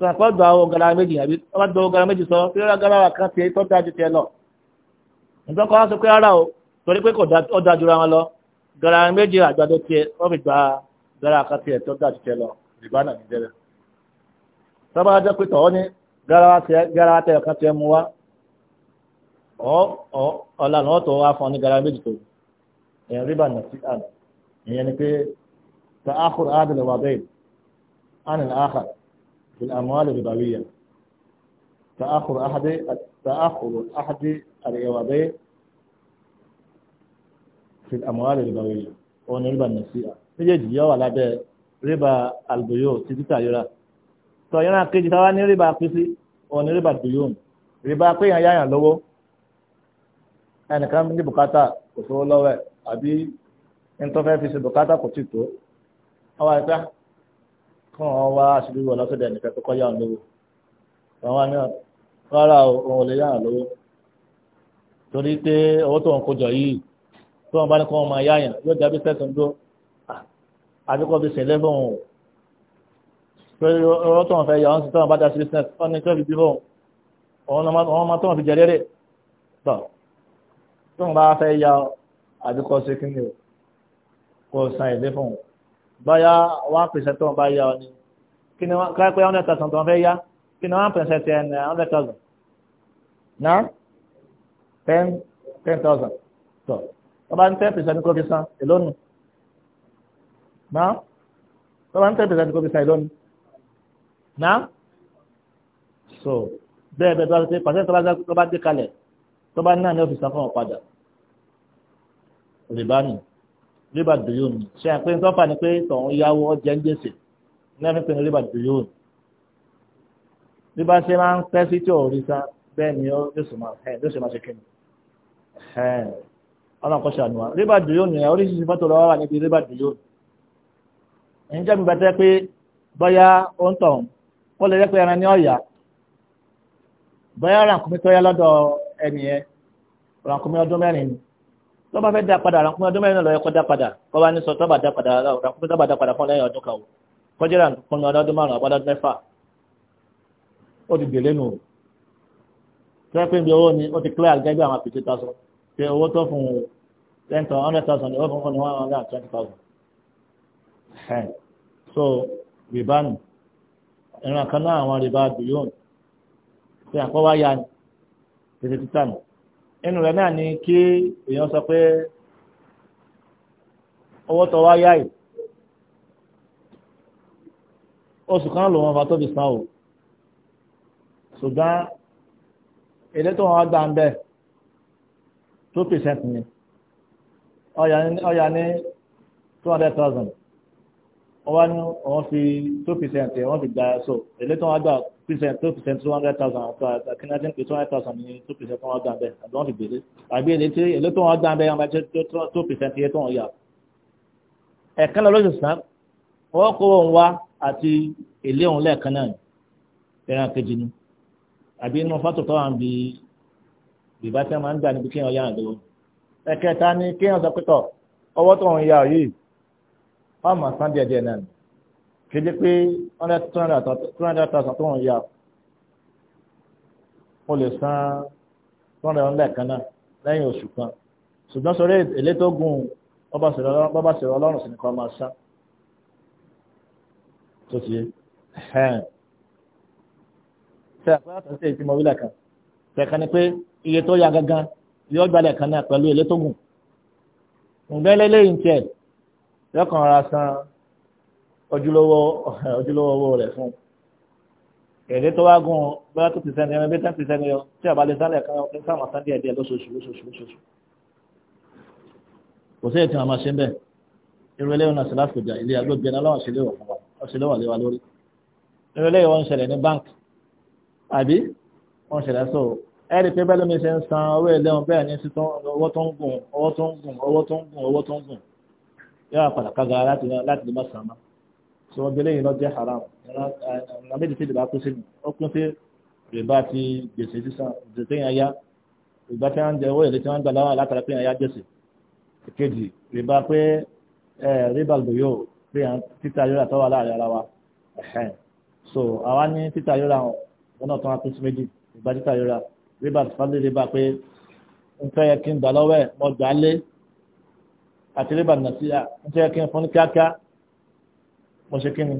sọ̀rọ̀ gba owó gara méjì àbí ọba gba owó gara méjì sọ pé ó gara wà kan tiẹ̀ tó dájú tiẹ̀ lọ ìtọ́kọ̀ wá sọ pé rárá o torí pé kò dá jura wọn lọ gara méjì àgbàdo tiẹ̀ wọ́n fi gba gara kan tiẹ̀ tó dájú tiẹ̀ lọ rìbá náà nìjẹ́rẹ́ sábà jẹ́ pé tọ̀ọ́ ní gara tẹ̀ kan tiẹ̀ mú wá ọ̀lànà ọ̀tọ̀ wá fún ọ ní gara méjì tó ẹ̀yìn rìbá nà sí àná ìyẹn ni pé ta áhùr wà bẹ́ẹ̀ بالأموال الربوية تأخر أحد تأخر أحد العوضين في الأموال الربوية وأن ربا النسيئة méjèèjì yọ wà lábẹ́ rìbá albuyo ti títà yọra tọ yọra kejì táwa ní rìbá písí òun ní rìbá buyon rìbá pé yàn yáyàn lówó ẹnìkan ní bùkátà kò sówó lọ́wọ́ ẹ̀ àbí ntọ́fẹ́ fi ṣe bùkátà kò tí tó ọwọ́ àti kó wọn wá aṣojú wọn lọ́sọ̀dọ̀ ẹnìkan tó kọ́yà lówó wọn wá náà rárá òun ò lè yára lówó torí pé owó tó ń kójọ yìí tó wọn bá ní kó wọn máa yáyàn yóò jábí sẹ́sìn dó àbíkọ́ fi ṣẹlẹ̀ fún òun pé owó tó wọn fẹ́ yà wọn sì tó wọn bá dá sí business wọn ní tó fi bí fún òun òun máa tó wọn fi jẹ tó wọn bá fẹ́ yà àbíkọ́ ṣe kí o kó san ìdí fún báyá one percent tó wọn bá yá ọ ni kí ni wọn káyọ̀ pé hundred thousand tó wọn fẹ́ yá kí ni one percent ẹ̀ ní hundred thousand ten ten thousand tó wọn bá ní ten percent ní kó fi san èló nù náà wọn bá ní ten percent ní kó fi san èló so bẹ́ẹ̀ bẹ́ẹ̀ tó bá ti pàṣẹ tó bá dé kalẹ̀ tó bá ní náà ní ó fún ọ padà rìbá nìyí rìbá dùyún ṣe àpé sọ́fà ni pé tọ̀hún yáwó ọjà ń gbèsè lẹ́nu pé rìbá dùyún bí bá ṣe máa ń pẹ́ sí tí ò rí sá bẹ́ẹ̀ ni ó ṣe máa ṣe kíni ọlọ́kọ̀ ṣàánú wa rìbá dùyún ni oríṣiríṣi fọ́tò lọ́wọ́ wà níbi rìbá dùyún ìjọba ìgbà tẹ́ pé bọ́yá ó ń tọ̀hún ó lè jẹ́ pé ẹran ní ọ̀yà bọ́yá rànkúmi tó yá lọ́dọ̀ ẹnìyẹn rànkúmi ọdún mẹ́rin ni lọ́ba fẹ́ dá padà rànkúnmí ọdún mẹ́rin lọ́yẹ kọ́ dá padà kọ́ba ní sọ tọ́ba dá padà rànkúnmí tọ́ba dá padà fún lẹ́yìn ọdún kan o kọjá rànkúnmí ọdún márùn àbọ̀dá ọdún mẹ́fà ó ti gbèlé nù tẹ́ pé ibi owó ni ó ti clear gẹ́gẹ́ àwọn àpètè tá a sọ pé owó tó fún ten thousand hundred thousand owó fún twenty thousand so rìbá nù ìrìn àkànná àwọn rìbá bìlíọ̀nù pé àkọ́wá yá ni tètè títà nù inú rẹ̀ náà ni kí èèyàn sọ pé owó tó wá yáì oṣù kan lò wọn fa tó fi san o ṣùgbọ́n èdè tó wọn gbà ń bẹ̀ two percent ni ọ̀yà ní two hundred thousand wọ́n wá ní wọ́n fi two percent wọ́n fi gba so èlé tó wá gbà percent two percent two hundred thousand akínnájú pé two hundred thousand ní two percent tó wá gbà bẹ́ẹ̀ àbí wọ́n fi gbèlé àbí èlé tí èlé tó wá gbà bẹ́ẹ̀ wọ́n bá jẹ́ two percent iye tó wọ́n yà. ẹ̀ẹ̀kan lọ lóṣù sàn wọ́n kó òun wá àti èlé òun lẹ́ẹ̀kan náà ẹ̀ràn kejì ni àbí inú fátò tó wà ń bi bìbá tí máa ń gbà níbi kéèyàn yára lọ́wọ́ ẹ̀kẹta ni kéèyàn sọ pé tọ̀ ọwọ́ tó ń yà yìí wọ́n mọ̀ sán díẹ̀ díẹ̀ náà ni kéde pé hundred two hundred two hundred thousand tó ń yá o lè san two hundred hundred kan náà lẹ́yìn oṣù kan ṣùgbọ́n sọ èlé tó gùn bọ́bá ṣèrọ ọlọ́run sí ni kọ́ máa san tó ti ṣe àpẹẹrẹ àtúnṣe ìtìmọ̀ orílẹ̀ kan tẹ̀ka ni pé iye tó ya gangan yóò gbalẹ̀ kan náà pẹ̀lú èlé tó gùn ǹgbẹ́lẹ́lẹ́yìn tiẹ̀ lọ́kàn ara san ojúlówó ojúlówó owó rẹ̀ fún èdè tó wá gùn bóyá tó ti sẹ́ni ẹni bí ten percent yọ tí a bá lè sálẹ̀ kan ní sáwọn sán díẹ̀ díẹ̀ lóṣooṣù lóṣooṣù lóṣooṣù kò sí ètò àmọ́ ṣe ń bẹ̀ irú eléyìí náà sì láfùjà ilé agbègbè náà lọ́wọ́ sí léwọ̀ fún wa ó sì léwọ̀ lé wa lórí irú eléyìí wọ́n ń ṣẹlẹ̀ ní báńkì àbí wọ́n ń ṣẹlẹ̀ sọ̀rọ̀ ẹ̀rí pé bẹ́ẹ̀ lómi ṣe ń san owó ẹlẹ́wọ̀n bẹ́ẹ̀ ní owó tó ń gùn owó tó ń gùn owó tó ń gùn owó tó ń gùn yóò padà kága láti láti lè má sàn má so wọn gbélé yìí lọ jẹ haram ẹran méjì tí ìdìbò akúnṣe ni ó kún sí rìbá ti gbèsè sísan gbèsè yẹn yá rìbá tí wọn ń jẹ owó èlé tí wọn ń gbà láwọn látara pé yẹn yá gbèsè ìkejì rìbá pé rìbá gbòòyò pé yẹn títà yóò àtọwà láàrin ara wa so àwa ní títà yóò ra wọn náà tán akúnṣe méjì rìbá títà yóò ra rìbá fàlẹ́ rìbá pé ń fẹ́ yẹ kí n gbà lọ́wọ́ mọ́ gbà lé àti rébà nàṣíà ń tẹ́ kí n fún ní kíákíá mo ṣe kí ni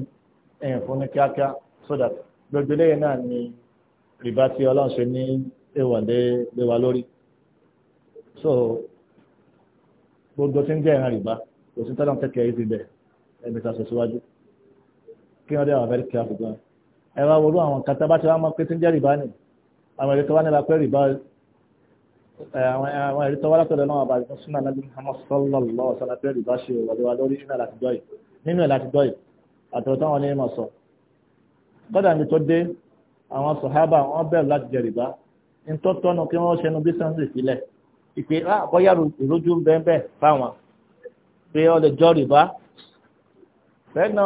ẹ̀yìn fún ní kíákíá so gbogbo eléyìí náà ni rìbá tí ọlọ́run ṣe ní ìwọ̀nde lé wa lórí so gbogbo tí ń jẹ́ ìran rìbá kò sí tọ́lọ́n kẹ́kẹ́ yìí ti bẹ̀ ẹ̀mí ta sọ síwájú kí wọ́n dé àwọn very careful gan ẹ wá wọlé àwọn kata bá ti wá mọ pé tí ń jẹ́ rìbá ni àwọn èdè tó wá nílá Eh, àwọn ẹ̀rí tọ́wọ́ látọ̀dọ̀ náà bá ìfún súnà nàbí Muhammad sallallahu alaihi wasallam pẹ̀lú ìbáṣe wàlúwà lórí nínú ẹ̀ láti dọ́ yìí nínú ẹ̀ láti dọ́ yìí àtọ̀rọ̀ táwọn ní ìmọ̀ sọ. kọ́dà mi tó dé àwọn sọ̀hábà wọ́n bẹ̀rù láti jẹ rìbá ń tọ́ tọ́nu kí wọ́n ṣẹnu bísíǹsì sílẹ̀ ìpè ah, bóyá ìrójú bẹ́ẹ̀ fáwọn pé ọ lè jọ rìbá. bẹ́ẹ̀ náà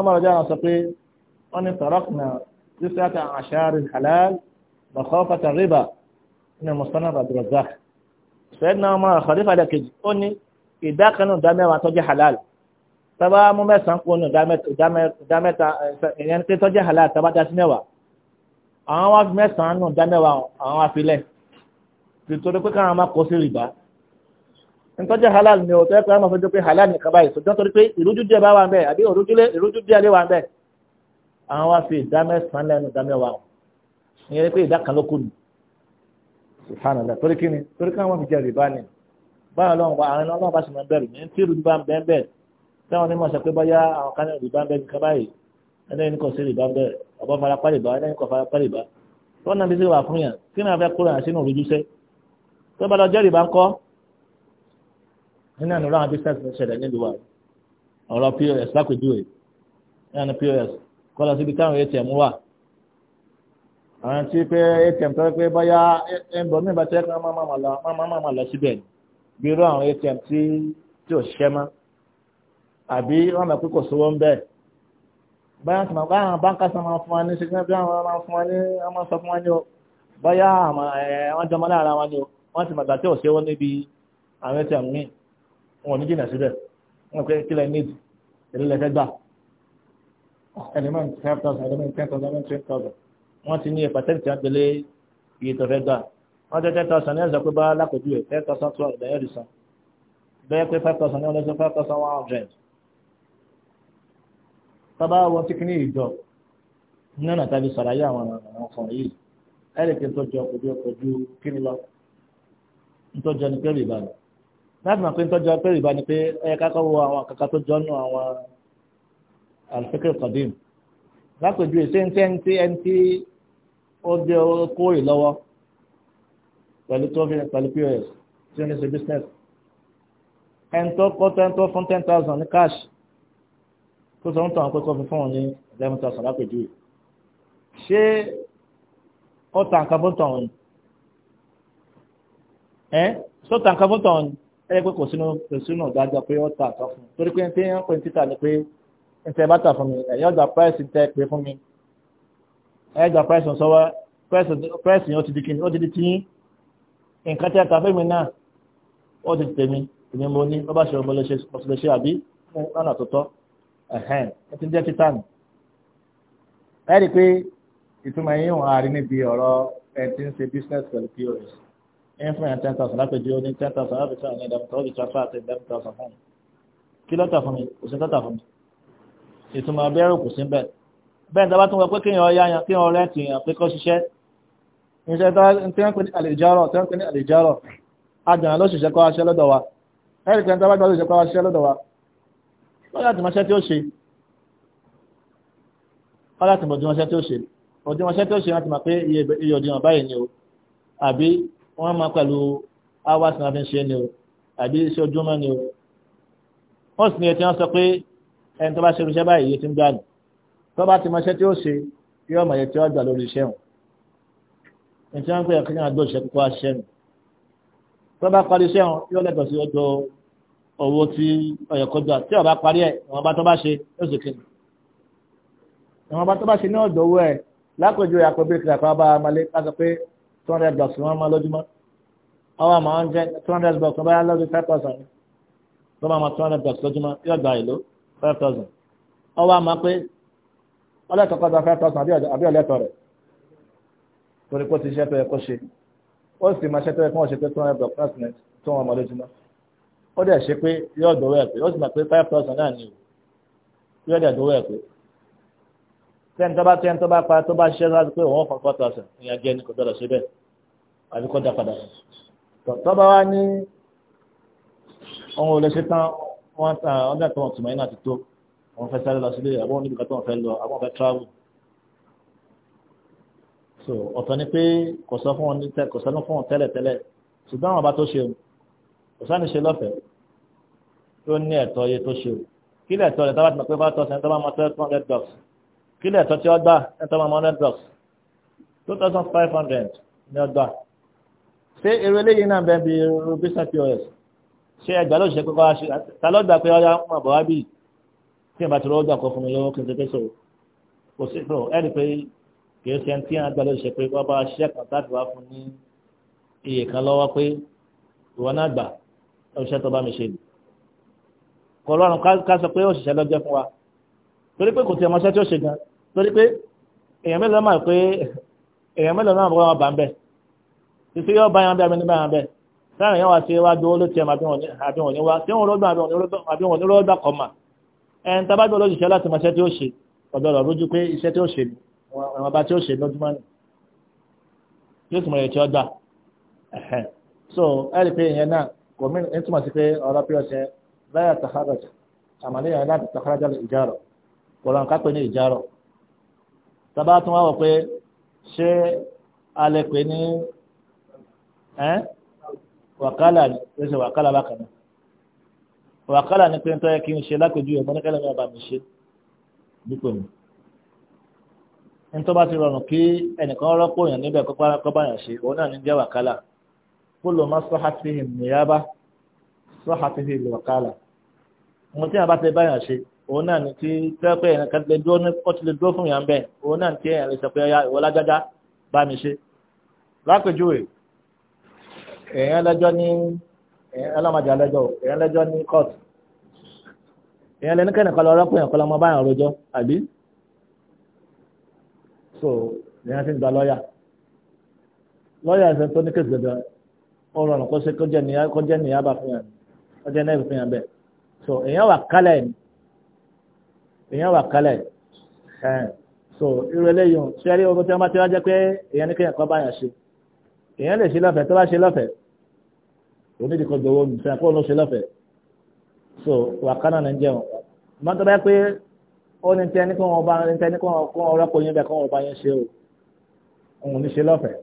wọ́n ní sẹ́dínà ọmọ àkọ́dífà lẹ́kejì ó ní ìdá kan náà dámẹ́wàá tó jẹ́ halal tábà mú mẹ́sàn-án kó nù dámẹ́ta ìyẹn pé tó jẹ́ halal tábà dá sí mẹ́wàá àwọn wá fi mẹ́sàn-án nù dámẹ́wàá àwọn wá fi lẹ̀ nítorí pé káwọn máa kó sí rìbá ntọ́jà halal ni òtọ́ ẹ̀kọ́ àmọ́ fojú pé halal nìkan báyìí ṣùgbọ́n torí pé ìrújú bá wà ń bẹ̀ àbí ìrújú díẹ̀ wà ń bẹ̀ subhanallah torí kí ni torí ká wọn fi jẹ rìbá ni báyọ̀ lọ́wọ́ bá àwọn ọlọ́wọ́ bá sì máa bẹ̀rù ní tí rìbá ń bẹ́ẹ̀ bẹ́ẹ̀ táwọn onímọ̀ sọ pé báyá àwọn kan náà rìbá ń bẹ́ẹ̀ nǹkan báyìí ẹlẹ́yìn kò sí rìbá ń bẹ́ẹ̀ ọba fara pálí bá ẹlẹ́yìn kò fara pálí bá wọn náà fi sí wà fún yàn kí náà fẹ́ kúrò àṣínú òrùjúṣe tó bá lọ jẹ́ rìbá ń nínú àná ráwọn business ṣẹlẹ̀ nílùú wa ọ̀rọ̀ pos lápèjúwe ní àná pos kọ́ lọ síbi táwọn atm wà àwọn tí pé atm tó pé bóyá ẹnbọn mi bá tẹ́ pé máa máa lọ máa máa lọ síbẹ̀ bí irú àwọn atm tí tí ò ṣiṣẹ́ mọ́ àbí wọ́n mọ̀ pé kò sówó ń bẹ̀ bóyá tí wọ́n báyà báńkà sọ máa fún wa ní ṣẹ́gbẹ́ bí wọ́n máa fún wa ní wọ́n máa sọ fún wa ní o bóyá eh, wọ́n jọmọ lára wọn ni o wọ́n ti mọ̀gbà tí ò ṣe wọ́n níbi àwọn atm míì wọn ò ní jìnnà síbẹ̀ wọn pé kílẹ̀ níìdì èlé lẹ́fẹ́ gbà ẹ̀lẹ́mọ̀ five thousand ẹ̀lẹ́mọ̀ ten thousand ẹ̀lẹ́mọ̀ twenty thousand wọ́n ti ní ẹ̀ pàtẹ́kì tí wọ́n pèlè iye tó fẹ́ gbà wọ́n tẹ́ ten thousand ní ẹ̀sán pé bá lápòjú ẹ̀ ten thousand two hundred ẹ̀rì san bẹ́ẹ̀ pé five thousand ní wọ́n lẹ́sẹ̀ five thousand one hundred. tábà wọn ti kíní ìjọ nínú àtàbí sàlàyé àwọn àwọn ọkàn yìí ẹ̀rì kí n tó jọ kojú kojú kíní lọ n tó jọ ní pé rìbá ni láti mọ̀ pé n tó jọ pé rìbá ni pé ẹ̀yẹ kákọ́ wo àwọn àkàkà tó jọ nù àwọn àlùfẹ́kẹ̀ kọ̀dín lápòjú ẹ̀ ṣé ń tẹ́ ń tẹ́ ń tẹ́ ó dé kórè lọ́wọ́ pẹ̀lú tó fi pẹ̀lú pos tí ó ní ṣe business ẹni tó kọ́ ten fún ten thousand ní cash tó sọ ń tàn pé kó fi fún òun ní eleven thousand lápèjúwe ṣé ó tàn kan fún tàn òun ẹ sọ tàn kan fún tàn òun ẹ pé kò sínú kò sínú ìdájọ́ pé ó tà kan fún un torí pé ní tí wọ́n pè ní títà ni pé ní tẹ́ bá tà fún mi ẹ̀yọ́ ọjà price tẹ́ pé fún mi ẹgbà pẹ́sùn sọ́wọ́ pẹ́sùn yóò ti di kíni ó ti di tíyín nǹkan tí a kà fẹ́mi náà ó ti tèmi èmi mo ní bọ́bá ṣe ọmọlẹ́ ṣe àbí lọ́nà tó tọ́ ẹ̀hẹ́n ẹ ti jẹ́ títàn ẹ rí i pé ìtumọ̀ yín wọn àárín níbi ọ̀rọ̀ ẹ ti ń ṣe business pẹ̀lú pos ẹ ń fún yàn ten thousand lápẹjù ó ní ten thousand láti fún yàn ní ìdàmú tọ́jú transfer àti ìdàmú thousand fún mi kí lọ́tà fún mi kò sí lọ́tà fún mi ìtumọ̀ abẹ́rù kò sí bẹ́ẹ̀ bẹ́ẹ̀ tó bá tún wọ pé kéèyàn yá yan kéèyàn rẹ́ǹtì yàn pé kó ṣiṣẹ́ iṣẹ́ tí wọ́n pè ní àlèjárọ̀ tí wọ́n pè ní àlèjárọ̀ àjọyàn ló ṣiṣẹ́ kó wá ṣiṣẹ́ lọ́dọ̀ wa ẹ̀rì pé tó bá gbà ló ṣiṣẹ́ kó wá ṣiṣẹ́ lọ́dọ̀ wa lọ́yà tí mọṣẹ́ tí ó ṣe lọ́yà tí mọṣẹ́ tí ó ṣe òdiwọ̀nṣẹ́ tí ó ṣe láti mọ̀ pé iye òdiwọ̀n báyìí ni o àbí wọ́n máa pẹ̀lú hours náà fi ń ṣe ni o àbí iṣẹ́ ojúmọ́ ni o wọ́n sì ní ẹ̀ tí wọ́n sọ pé ẹni tó bá ṣe irúṣẹ́ báyìí iye ti ń gbà nù tó bá ti mọṣẹ́ tí ó ṣe yóò mọ̀ yẹ tí ó gbà lórí iṣẹ́ wọn ìtí wọn ń pè é kínyàn àdó ìṣẹ́ kókó aṣẹ́ mi tó bá parí iṣẹ́ wọn yóò lẹ́tọ̀ọ́ sí ọjọ́ owó tí ọ̀yọ̀ kó gbà tí ó bá parí ẹ̀ ìwọ̀nba tó bá ṣe yóò sì kíni ìwọ̀nba tó bá ṣe ní ọ̀dọ̀ owó ẹ̀ lápèjọ ìyàpọ̀ bí kìlà kan bá ọlẹ́tọ̀kọ́dọ̀ five thousand àbí ọlẹ́tọ̀ rẹ̀ torí kó ti ṣe tó yẹ kó ṣe ó sì máa ṣe tó yẹ kó wọ́n ṣe pé two hundred block president tó wọn mọ̀lẹ́júmọ́ ó dẹ̀ ṣe pé yóò dọ̀wọ́ ẹ̀ pé ó sì máa pé five thousand náà ni o yóò dẹ̀ dọ̀wọ́ ẹ̀ pé ten tó bá ten tó bá pa tó bá ṣe láti pé òun fọ four thousand ìyẹn jẹ́ ní kò gbọ́dọ̀ ṣe bẹ́ẹ̀ àbí kó dá padà tó bá wá ní ohun ò lè ṣe tán wọ́n àwọn fẹ́ sáré lọ sílé àbọ̀ níbi kan tó ń fẹ́ lọ àbọ̀ fẹ́ travel so ọ̀tọ̀ ni pé kò sọ fún wọn kò sọ fún wọn tẹ́lẹ̀ tẹ́lẹ̀ ṣùgbọ́n àwọn ọba tó ṣe kò sáni ṣe lọ́fẹ̀ẹ́ tó ní ẹ̀tọ́ iye tó ṣe kí lẹ̀tọ́ rẹ̀ tábà ti mọ̀ pé bá tọ́ sẹ́ni tábà mọ́ twelve hundred dogs kí lẹ̀tọ́ tí ó gbà ẹ̀ tọ́ mọ́ hundred dogs two thousand five hundred ni ó gbà ṣé eré eléyìí náà bẹ́ẹ̀ bí irú business pos ṣé ẹgbẹ́ ló ṣe pé kọ́ ta tí ẹ bá ti rọ́ọ̀dà kọ́ fún mi lọ́wọ́ kí n tẹ́tẹ́ sọ̀rọ̀ kò sí sọ ẹ̀rí pé kì í ṣe ẹni tí a gbà lóṣù pé wọ́n bá ṣiṣẹ́ kan láti wá fún ní iye kan lọ́wọ́ pé ìwọ náà gbà òṣìṣẹ́ tó bá mi ṣe lò kọ́ lọ́rùn ká sọ pé òṣìṣẹ́ lọ́jọ́ fún wa torí pé kò tí ọmọṣẹ́ tí ó ṣe gan torí pé èèyàn mélòó máa pé èèyàn mélòó náà wọ́n bá ń bẹ̀ ẹn tabájọ́ lójúṣẹ́ láti mọ̀ṣẹ́ tí ó ṣe ọ̀dọ̀rọ̀ rójú pé iṣẹ́ tí ó ṣe àwọn ọba tí ó ṣe lójúmọ́ ni yóò sì mọ̀ ẹ̀ tí ó dà so ẹ̀rì pé ìyẹn náà kò mí ní túmọ̀ sí pé ọ̀rọ̀ pé ọ̀ṣẹ́ láyà tàkàràjà àmàlẹ́yìn láti tàkàràjà ìjárọ̀ kò ràn ká pé ní ìjárọ̀ tabá tún wá wọ pé ṣé a lè pè ní wàkálà ní ṣe wàkálà bákan náà wàkàlà ní pé ń tọ́yẹ kí n ṣe lápèjú ẹ̀ mọ́ni kẹ́lẹ́ mi ọba mi ṣe dípò mi. ń tọ́ bá ti rọrùn kí ẹnìkan rọ́pò èèyàn níbẹ̀ kọ́ bá yàn ṣe òun náà ní jẹ́ wàkàlà kúlò má sọ́hátìhìm nìyábá sọ́hátìhìm wàkàlà. ohun tí a bá ti bá yàn ṣe òun náà ní tí tẹ́pẹ́ ẹ̀yàn kan lè dúró ó ti lè dúró fún yàn bẹ́ẹ̀ òun náà ti ẹ̀yàn lè sọ pé ọya ìwọ lájájá bá mi ṣe. lápèjúwe èèyàn lẹ́jọ́ ní ọlọ́mọdé ọlẹ́jọ́ èèyàn lẹ́jọ́ ní court èèyàn lẹ́nu kẹ́nìkan lọ rọ́pò yàn kọ́ lọ́mọ báyàn rojọ́ àbí so èèyàn ti ń gba lọ́ọ̀yà lọ́ọ̀yà ẹ̀sẹ̀ tó ní kéèsì dandan ó rọrùn kó ṣe kó jẹ́ níyà kó jẹ́ níyà bá fún yàn kó jẹ́ náà fún yàn bẹ́ẹ̀ so èèyàn wà kálẹ̀ èèyàn wà kálẹ̀ ẹ̀ so irú eléyìí ṣé rí ogun tí wọ́n bá ti wá jẹ́ pé èèyàn ní kéèyàn kọ́ báyàn ṣe èèyàn onídìí kan gbowó mi sẹ́yìn kó ló ṣe lọ́fẹ̀ẹ́ so wàkánà ní jẹun mọ́tò bá yẹ pé ó ní tẹ́ ní kó wọn bá ní tẹ́ ní kó wọn rọ́pò yín bẹ́ẹ̀ kó wọn bá yín ṣe o òun ní ṣe lọ́fẹ̀ẹ́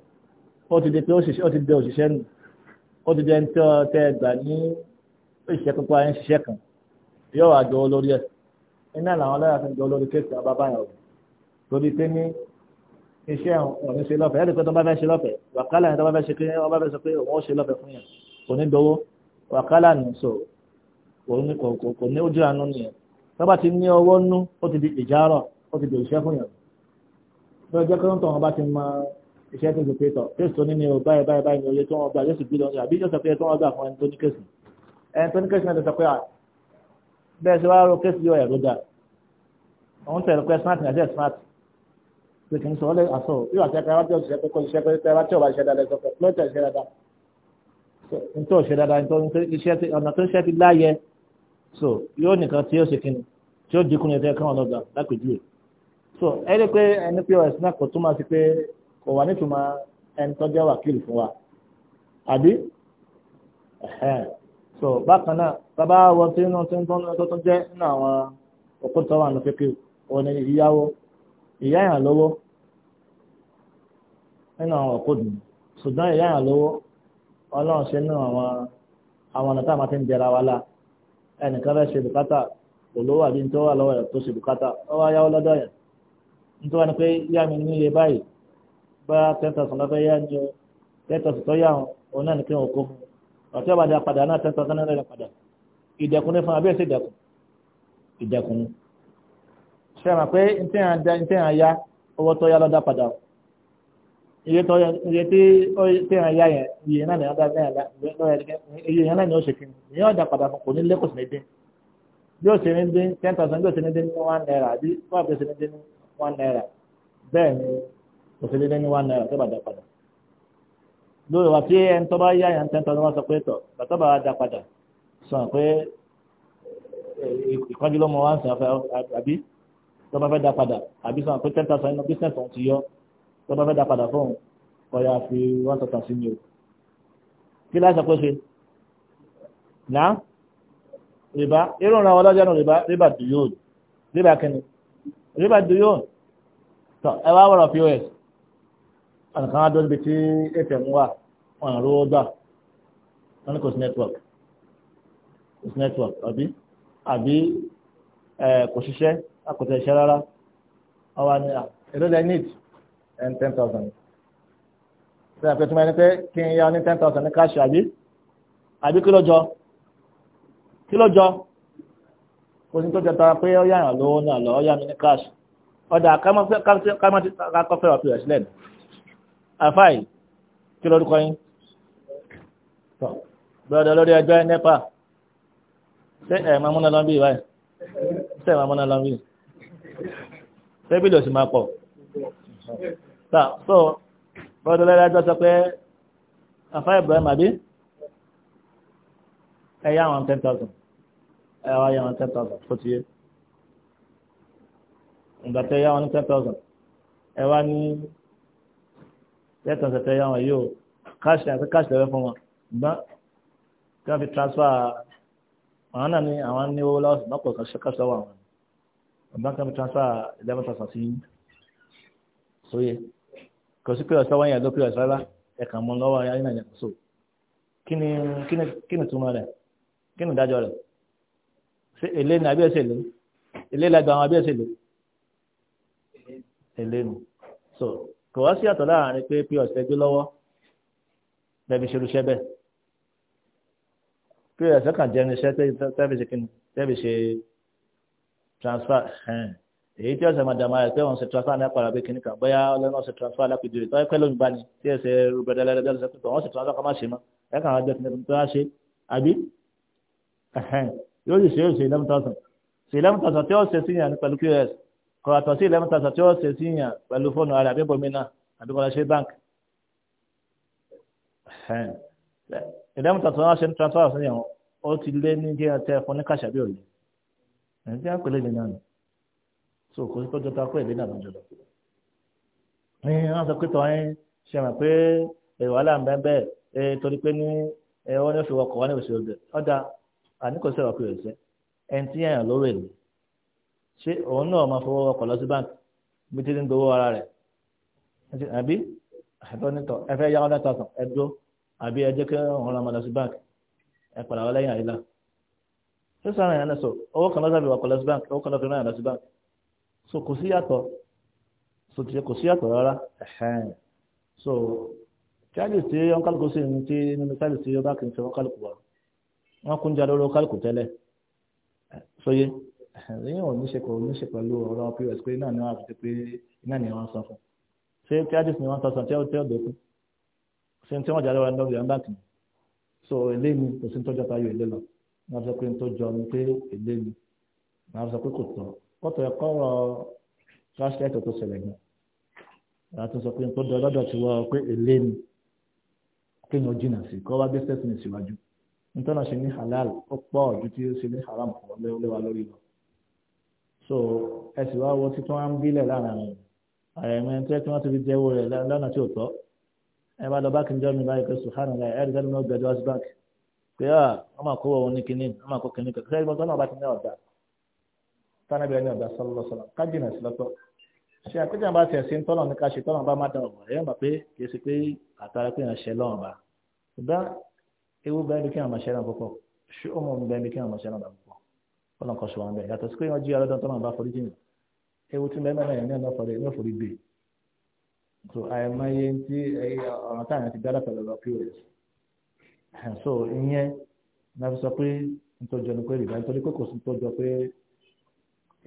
ó ti di pé ó ti di òṣìṣẹ́ nù ó ti di ẹni tó tẹ́ gbà ní òṣìṣẹ́ pípa yín ṣiṣẹ́ kan yóò wá jọ olórí ẹ̀ iná làwọn lọ́yà fi jọ olórí kéèkì ọba báyọ̀ torí pé ní iṣẹ́ òun ní ṣe lọ́fẹ̀ẹ́ ẹ̀ kò ní dọwọ́ wàkálà ní so kò ní kò ní ojú àánú nìyẹn tọ́ba ti ní ọwọ́ nú ó ti di ìjárọ̀ ó ti di òṣìṣẹ́ fún yàn lọ́wọ́ jẹ́ kọ́ńtọ̀ wọn bá ti mọ iṣẹ́ tó ti pé tọ̀ kéèsì tó ní ní o báyìí báyìí báyìí ní oye tó wọn gbà yóò sì bí lọ́nà àbí yóò sọ pé tó wọn gbà fún ẹni tó ní kéèsì ẹni tó ní kéèsì náà ti sọ pé à bẹ́ẹ̀ ṣe wá rò kéèsì yóò yà ló dáa òun tẹ̀lé pé smart nàìjíríà smart pé kì í sọ ọ́ lẹ́ àsọ yóò àti ẹ̀ka ẹ̀rọ tí ó nítorí òṣè dáadáa nítorí ọ̀nà tó ń ṣe ti láyẹ so yóò nìkan tí yóò ṣe kíni tí yóò dínkù ní ẹjọ́ káwọn lọ́gbà lápèjúwe so ẹ rí i pé ẹni pọ́s náà kò túmọ̀ sí pé kò wà nítumọ̀ ẹni tó jẹ́ wákìlì fún wa àbí so bákan náà bàbá wọn tí inú tí ń tọ́ tó tó jẹ́ nínú àwọn òkúta wà ní pépé òun ni ìyáwó ìyá ìrànlọ́wọ́ nínú àwọn òkúta ṣùgbọ́n ìyá ìrànlọ́wọ́ ọlọ́run ṣe náà àwọn àwọn ọ̀nà táwọn ti ń jẹra wa la ẹnìkan fẹ́ ṣe bùkátà olówó àbí tó wà lọ́wọ́ rẹ̀ tó ṣe bùkátà ó wá yáwó lọ́dọ̀ yẹn nítorí wọn ni pé yá mi níye báyìí bá ten thousand lọ́fẹ́ yá ni o ten thousand tó yá wọn òun náà ní kí wọn kó fún un ọ̀tí ọ̀bàdà padà náà ten thousand náà padà ìdẹ̀kùn ní fún abẹ́ ìdẹ̀kùn ìdẹ̀kùn iye tó iye tí ó tẹ̀yàn yá yẹn iye náà ni ọ̀dà ni ó ṣe kíni ìyẹn ọ̀dà padà fún kò ní lẹ́kọ̀ọ́ sí ní dín yóò ṣe ní dín ten thousand yóò ṣe ní dín ní one naira àbí five yóò ṣe ní one naira bẹ́ẹ̀ ni kò ṣe one naira tó bá dá padà lórí wa tí ẹni tó bá yá yẹn ten thousand wọ́n sọ pé tọ̀ bàtọ́ bá dá padà sàn pé ìkọ́jú ló mọ wá ń sàn àbí tó fẹ́ dá padà àbí sàn pé ten thousand inú bísíǹsì òun ti yọ tó bá fẹ́ dá padà fóun ọ̀yà fi wọ́n tọ̀tà sí ni o kí láì pé ṣe náà rìbá irú ìran ọlọ́jà náà rìbá rìbá rìbá kẹ́ni rìbá dùyóòn tọ ẹ wá pọ́s àǹkan adó níbi tí atm wà wọn àrò ó wọn kò sí network kò sí network àbí àbí kò ṣiṣẹ́ àkòtẹ̀ iṣẹ́ rárá ọwọ́ ni èrò lẹ́ ẹni ten thousand ṣe àpẹẹrẹ tí mo ní pé kí n yá ní ten thousand ní káṣí àbí àbí kí ló jọ kí ló jọ kò sí tó jẹ tara pé ó yàrá lówó náà lọ ó yá mi ní káṣí ọjà kámọ́fẹ́ ọ̀pẹ̀ rẹ̀ sílẹ̀ àfáì kí lórúkọ yín bọ́ọ̀dọ̀ lórí ẹjọ́ nẹ́pà ṣé ẹ̀ máa múná lọ́nbí ìwáyé ṣé ẹ̀ máa múná lọ́nbí ṣé bílò sì máa pọ̀ ta so bọ́dọ̀ lẹ́lẹ́jọ́ sọ pé afá Ibrahim àbí ẹ̀yà àwọn 10,000 ẹ̀wà yà àwọn 10,000 tó ti yé ìgbàtẹ̀ yà àwọn 10,000 ẹ̀wà ní lẹ́tọ̀ọ̀sẹ̀ tẹ̀ yà àwọn yóò káṣì àti káṣì lẹ́wẹ́ fún wọn gbọ́n kí wọ́n fi transfer àwọn náà ní àwọn ní owó lọ́wọ́ ṣùgbọ́n kò kàṣẹ́ kàṣẹ́ wà wọn gbọ́n kí wọ́n fi transfer 11,000 sí sóyè. So, yeah kò sí pé ọ̀sán wáyà ló pé ọ̀sán rárá ẹ̀kan mọ́ lọ́wọ́ ayé náà so kí ni kí ni kí ni túmọ̀ rẹ̀ kí ni ìdájọ́ rẹ̀ ṣé èlé ni àbí ẹ̀sẹ̀ èlé la àwọn àbí ẹ̀sẹ̀ èlé nu so kò wá sí àtọ̀ láàrin pé pé ọ̀sẹ̀ gbé lọ́wọ́ lẹ́bi ṣe irúṣẹ́ bẹ́ẹ̀ pé ọ̀sẹ̀ kan jẹ́ irinṣẹ́ tẹ́bi ṣe kíni tẹ́bi ṣe transfer èyí tí ọ̀sẹ̀ màdàmà rẹ̀ pé wọ́n ṣe transfer ní apàrà bíi kìnnìkan bóyá ọlọ́run ọ̀sẹ̀ transfer lápèjì rẹ̀ tọ́wọ́ pẹ́ lóyún bá ní tí ẹ̀sẹ̀ rúbẹ̀dẹ̀ lẹ́rẹ̀ bẹ́ẹ̀ pé wọ́n ṣe transfer kọ́ má ṣe mọ́ ẹ̀ka àwọn ẹgbẹ́ tuntun tó wá ṣe àbí yóò sì ṣe yóò ṣe eleven thousand ṣe eleven thousand tí ó ṣe síyàn ní pẹ̀lú pos kọ́ àtọ̀ sí eleven thousand tí ó ṣe síyàn pẹ̀lú fóònù rẹ̀ àbí bòmínà àbí kọ́lá ṣe bank eleven thousand wọ́n ṣe ní transfer síyàn ó ti lé ní jẹ́ ẹ̀tẹ́ fún ní kàṣàbí òye so kò sí pé jọta kó èdè náà ló jọlọ. ní wọ́n sọ pé tọ́ ẹ ṣe mọ̀ pé wàhálà ń bẹ́ẹ̀ bẹ́ẹ̀ torí pé ní wọ́n ní oṣù wọkọ̀ wọ́n ní oṣù ọdẹ ọ̀dà àníkò sí ọ̀pẹ̀ ẹ̀ṣẹ́ ẹni tí yẹn lówó èlé ṣé òun náà máa fowó ọkọ̀ lọ sí báńkì bí tí ń gbowó ara rẹ̀ àbí àtọ́ nítọ̀ ẹ fẹ́ yáwó lẹ́tọ̀ sàn ẹ àbí ẹ jẹ́ kí òun máa lọ sí báńkì ẹ padà wọlé yàn àyílá. sísan àyàn sọ owó kan lọ́sàbí ọkọ̀ lọ sí báńkì owó kan lọ́ so kò sí yàtọ̀ so tiẹ̀ kò sí rárá so charges tí wọn kálukú sí ní tí nínú charges tí wọn bá kì í fẹ́ wọn kálukú wa wọn kún jà lórí kálukú tẹ́lẹ̀ sóye ìyẹn ò ní ṣe pẹ̀lú ní ṣe pẹ̀lú ọ̀rọ̀ pos pé náà ni wọn àti pé náà ni wọn sọ fún ṣé charges ni wọn sọ sàn tí wọn tẹ́ ọ̀dọ̀ fún ṣé tí wọn jà lórí ọ̀dọ̀ yàrá báńkì so eléyìí kò sí ní tọ́jú àtàyò ilé lọ wọn sọ pé ní tó jọ ní pé eléyìí wọn sọ pé kò tọ́ wọ́n tọ̀ ẹ̀kọ́ ọ̀rọ̀ translate tó ṣẹlẹ̀ gan àwọn tó sọ pé tó dọ̀ lọ́dọ̀ tí wọ́n pé èlé ni kéèyàn jìnnà sí kọ́ wá business ní síwájú nítorí ṣe ní halal ó pọ̀ ju tí ó ṣe ní haram kọ́ léwa lórí lọ so ẹ sì wá wo tí wọ́n ń bílẹ̀ láàrin àwọn ààrẹ mi tí wọ́n ti fi jẹ́wọ́ rẹ̀ lọ́nà tí ò tọ́ ẹ bá lọ báàkì níjọ́ mi báyìí pé sùhánà láì ẹ̀rí sẹ́ni náà gbẹ̀dọ̀ wá sí báàkì pé ah, ọmọ àkówó òun ní kinní ọmọ àkó kinní kẹ́kẹ́ náà bá ti ní ọ̀dà tánàbí ẹni ọ̀dà sọlọ́sọlọ́ kájìnà sí lọ́tọ̀ ṣe àpéjọ bá tiẹ̀ sí ń tọ́nà ní ká ṣe tọ́nà bá má da ọ̀rọ̀ ẹ̀yẹ́ bà pé kì í ṣe pé àtàrà pé yàn ṣẹ lọ́wọ́n bá ṣùgbọ́n ewu bẹ́ẹ̀ ni kí àwọn àṣẹ náà púpọ̀ ṣé ó mọ̀ bẹ́ẹ̀ ni kí àwọn àṣẹ náà púpọ̀ ọ̀nà kan ṣùgbọ́n bẹ́ẹ̀ yàtọ̀ sí pé wọ́n jí ọlọ́dún tọ́nà bá forí jìnnà ewu tí bẹ́ẹ̀ mẹ́rin ní ọ̀nà so àìmọye tí ọ̀ràn táwọn ti dára pẹ̀lú ọ̀rọ̀ pos so ìyẹn náà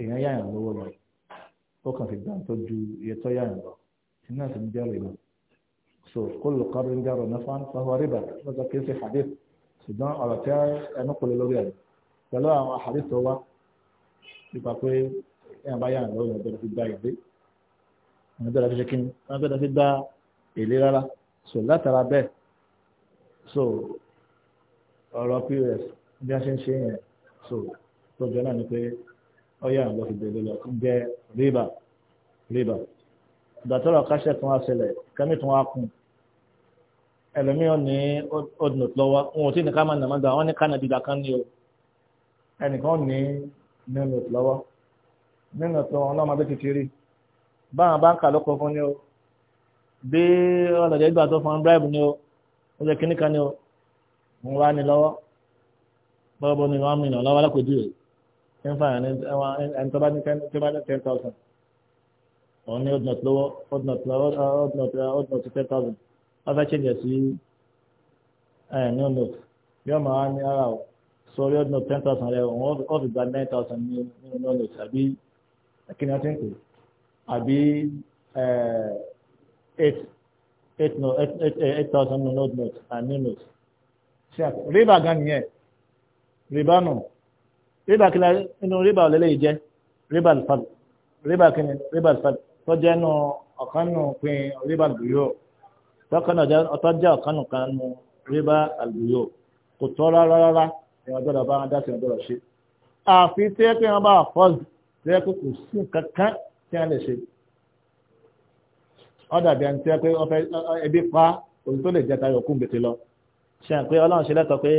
èèyàn yáyàn lówó lọ ó kàn fi gbàǹtó ju iye tó yáyàn lọ iná sì ń jẹ́rìí lọ so kólú kọ́rí ń jẹ́rìí náà fún àwọn àríbà lọ́jọ́ kìí ṣe hadith ṣùgbọ́n ọ̀rọ̀ tí ẹnu kò lè lórí ẹ̀ pẹ̀lú àwọn hadith tó wá nípa pé èèyàn bá yáyàn lówó lọ fi gba ìgbé wọn bẹ̀rẹ̀ fi ṣe kí wọn bẹ̀rẹ̀ fi gba èlé rárá so látara bẹ́ẹ̀ so ọ̀rọ̀ pos bí a ṣe ń ṣe yẹn so tọ́jú náà ni pé ọyá àgbà fi bẹ̀rẹ̀ lọ jẹ rìbá rìbá ìgbàtọ́rọ̀ káṣẹ́ tí wọ́n ṣẹlẹ̀ kẹ́mí tí wọ́n á kún ẹlòmíràn ní ọdún lọ́wọ́ wọn ò tí ní ká máa nàmọ́dà wọn ní kánàdì dàkan ní o ẹnìkan ní nínú lọ́wọ́ nínú tó wọn náà máa bẹ́ títí rí báwọn báńkà ló kọ fún ní o bí ọlọ́dẹ gbà tó fún bíráìbù ní o ó jẹ́ kíníkan ní o wọn wá ní lọ́wọ́ bọ́ọ̀bọ́ ní wọn mìíràn lọ́wọ́ alákòjú rẹ̀ ń fa ẹni tó bá ní ten thousand òun ní odnot lówó odnot uh, odnot uh, ten thousand wọ́n fẹ́ change sí new note yóò máa ní ara o sórí odnot ten thousand rẹ òun ó fi gba nine thousand ní new note àbí kí ni wọ́n ti ń pè àbí eight eight no eight eight eight thousand no note and new note. riba gan yẹn riba nù. No rébà kí inú rébà ọ̀lẹ́lẹ́ yìí jẹ́ rébà alfad rébà kí ni rébà alfad tó jẹ́ nù ọ̀kan nù pin rébà albuyó tọ́kànnà ọ̀tọ́ jẹ́ ọ̀kan nù kan nù rébà albuyó kò tọ́ rárá rárá ìwọ̀n gbọ́dọ̀ bá wọn dá sí ìwọ̀n gbọ́dọ̀ ṣe. àfi tí ẹ pé wọn bá fọ́ọ̀sì tí ẹ pé kò sí kankan tí wọn lè ṣe. ọ̀dà bí ẹni tí ẹ pé ẹbí pa òun tó lè jẹ tayọ̀ kú gbèsè lọ ṣe à ń pé ọlọ́run ṣe lẹ́tọ̀ọ́ pé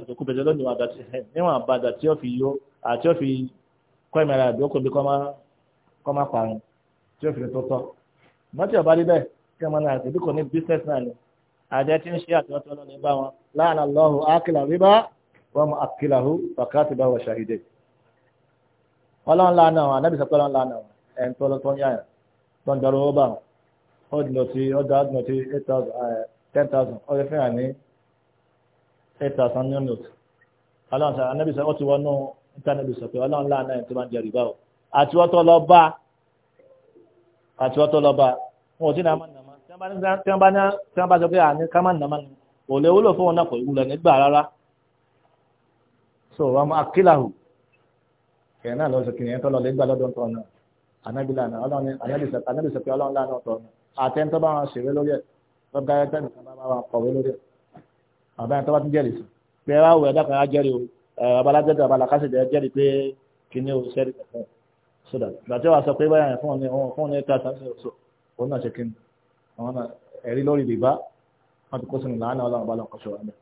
ìjòkó bẹ̀rẹ̀ lónìí wọn àdàtì ẹ̀ níwọ̀n àbàdà tí ó fi yó àti ó fi kọ́ ìmọ̀ràn àbí okòbí kọ́ má parun tí ó fi tó tọ́ mọ́tì ọ̀bá dé kí ọmọ náà tẹ̀bí kò ní business náà ni àjẹ tí ń ṣe àti ọtọ́ lọ́nà bá wọn láàánú lọ́hùn ákìlà rírá wọn mọ àkìlà hù bàkátì bá wọ ṣàhídé ọlọ́run lánà wọn anábìsọ̀ pé ọlọ́run lánà wọn ẹ̀ ń tọ́ lọ́tọ́ yáyàn tó ń darúgbó bá wọn ó dùn lọ sí ọjà ó dùn lọ sí thousand eh, ten eight thousand new note ọlọ́run sọ anábì sọ wọ́n ti wọ́n nú ìtànẹ́bì sọ pé ọlọ́run láàánú ẹ̀ tó máa ń jẹ rìbá o àti wọ́n tó lọ bá àti wọ́n tó lọ bá wọn ò sí náà máa nàmá tí wọ́n bá ní tí wọ́n bá sọ pé àní ká máa nàmá ni ò lè wúlò fún wọn náà kò wúlò nígbà rárá so wọn akílàhù kẹ̀yìn náà lọ sọ kìnìyàn tó lọ lè gbà lọ́dọ̀ tọ̀ náà anábì lánàá ọlọ́run anábì sọ pé ọlọ́run láàánú tọ̀ àtẹ́ńtọ́ bá wọn ṣèwé lórí ẹ̀ lọ́gbà ẹ̀ tẹ́nìkan bá wọn kọ̀wé lórí ẹ̀ àbáyé tó bá tún jẹ́rìí sí pé ẹ bá wọ kan á jẹ́rìí o abalájẹ́dẹ́ abalakásẹ̀dẹ́ jẹ́rìí pé kíní o ṣẹ́rí kankan sódà gbàtí wàá sọ pé báyà yẹn fún ọ ní fún ọ ní ká sáfẹ́ ọ̀ṣọ́ òun náà ṣe kíni àwọn náà ẹ̀rí lórí rìbá wọn ti kó sínú làánà ọlọ́run bá lọ́kọ̀ ṣọ́ra mẹ́.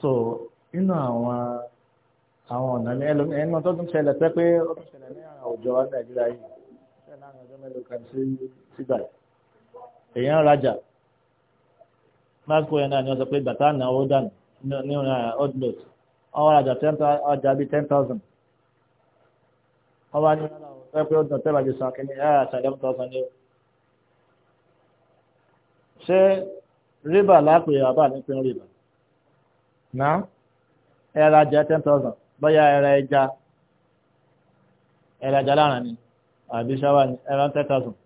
so inú àwọn àwọn ọ̀nà ní ẹlòmíì ẹnu tó tún ṣẹlẹ̀ pẹ́ pé ó tún ṣẹlẹ̀ ní àwùjọ Nàìjíríà yìí ṣẹlẹ̀ àwọn ọjọ́ mélòó lásìkò yẹn náà ni wọ́n sọ pé bàtà náà ó dànù ní odlot uh, ọwọ́ ọjà bíi ten thousand ọwọ́ ní wọ́n pé odlot tẹ́lẹ̀ àjọsọ akínní ẹ̀ ah, àti eleven thousand ni o. ṣé rìbá lápè àbá ní pín rìbá? ná ẹ̀rọ ajá ten thousand bóyá ẹ̀rọ ẹja ẹ̀rọ ajá lára ni àbí ṣáwá ni ẹ̀rọ ten thousand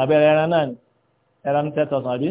àbí ẹ̀rọ ẹran náà ni ẹ̀rọ ten thousand àbí.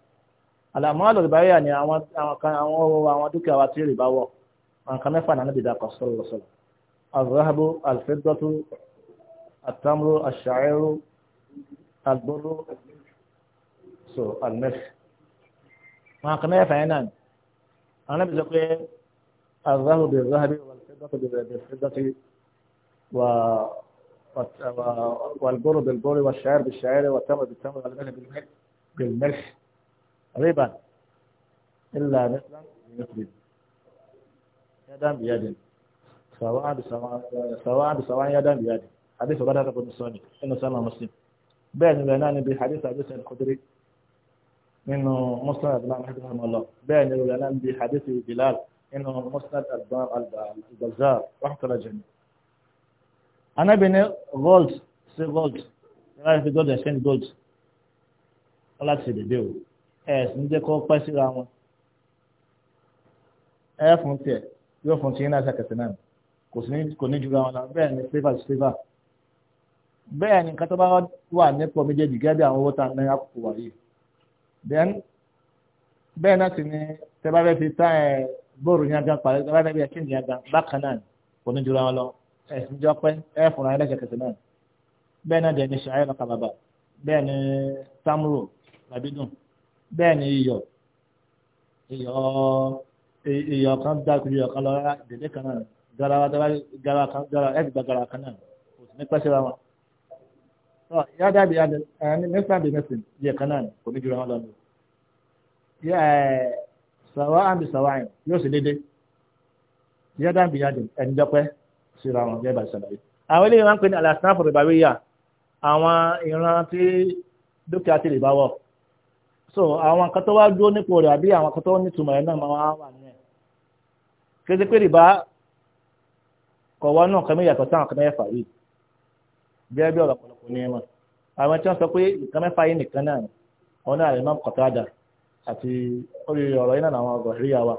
àlàmọ́ àlòrìbáyà ni àwọn ọwọ́ àwọn dúkìá wa tí rí bá wọ̀ kan mẹ́fà náà níbi ìdàkọ̀ sọ̀rọ̀ sọ̀rọ̀ alzahabu alfiddatu atamru asha'iru alburu so almef kan mẹ́fà yẹn náà àwọn náà bí sọ pé alzahabu bi zahabi walfiddatu bi fiddati wa والبر بالبر والشعير بالشعير والتمر بالتمر والملح بالملح ربا إلا مثلا بمثله يدا بيد سواء بسواء سواء بسواء يدا بيد حديث بدر بن سوني إنه سلم مسلم بين بينان بحديث أبي سعيد الخدري إنه مسند بن أحمد رحمه الله بين بينان بحديث بلال إنه مسند البزار رحمة الجميع أنا بين غولد سي غولد أنا في غولد عشان غولد الله تسيدي ديو ẹ̀sìn jẹ́ kó pẹ́ síra wọn ẹ fún tiẹ̀ yóò fún tiẹ̀ náà ṣàkẹsẹ̀ náà kò sí kò ní jura wọn lọ bẹ́ẹ̀ ni flavour sí flavour bẹ́ẹ̀ ni nǹkan tó bá wà nípò méjèèjì gẹ́gẹ́ bí àwọn owó tá a náírà kò wà yìí then bẹ́ẹ̀ náà sì ni tẹ́ bá fẹ́ fi tá ẹ bóòrù yín agan pàdé tẹ́ bá fẹ́ fi ẹkí yín agan bákan náà kò ní jura wọn lọ ẹ̀sìn jọ pẹ́ ẹ fún ara ẹ lẹ́sẹ̀kẹsẹ̀ náà náà bẹ́ẹ̀ ni iyọ̀ iyọ̀ iyọ̀ kan dákúrú iyọ̀ kan lọ rárá dèdè kan náà garawa garawa kan garawa ẹ̀dùgbà garawa kan náà kò sí ní pẹ́ṣẹ́ ra wọn. yá dàbí ẹni mẹ́sàn bí mẹ́sàn yẹ kan náà kò ní jùlọ wọn lọ lọ. sàwa àmì sàwa yẹn yóò sì dédé yá ẹni dọ́pẹ́ síra wọn gẹ́gẹ́ bá ṣàlàyé. àwọn eléyìí máa ń ní alasanafu rẹ̀ bàbá yà àwọn ìran tí dúkìá ti lè bá wọ̀ so àwọn kan tó wá dúró nípò rẹ̀ àbí àwọn kan tó ní ìtumọ̀ ẹ̀ náà máa wà nínú ẹ̀ kéde pé rìbá kọ̀ wọ́n náà kàmí yàtọ̀ sáwọn kan mẹ́fà yìí gẹ́gẹ́ bí ọ̀rọ̀ pọ̀lọpọ̀ ní ẹ̀mọ́ àwọn tí wọ́n sọ pé nǹkan mẹ́fà yìí nìkan náà wọn náà lè má kọ̀tàdà àti orí ọ̀rọ̀ yìí náà àwọn ọ̀rọ̀ rí wa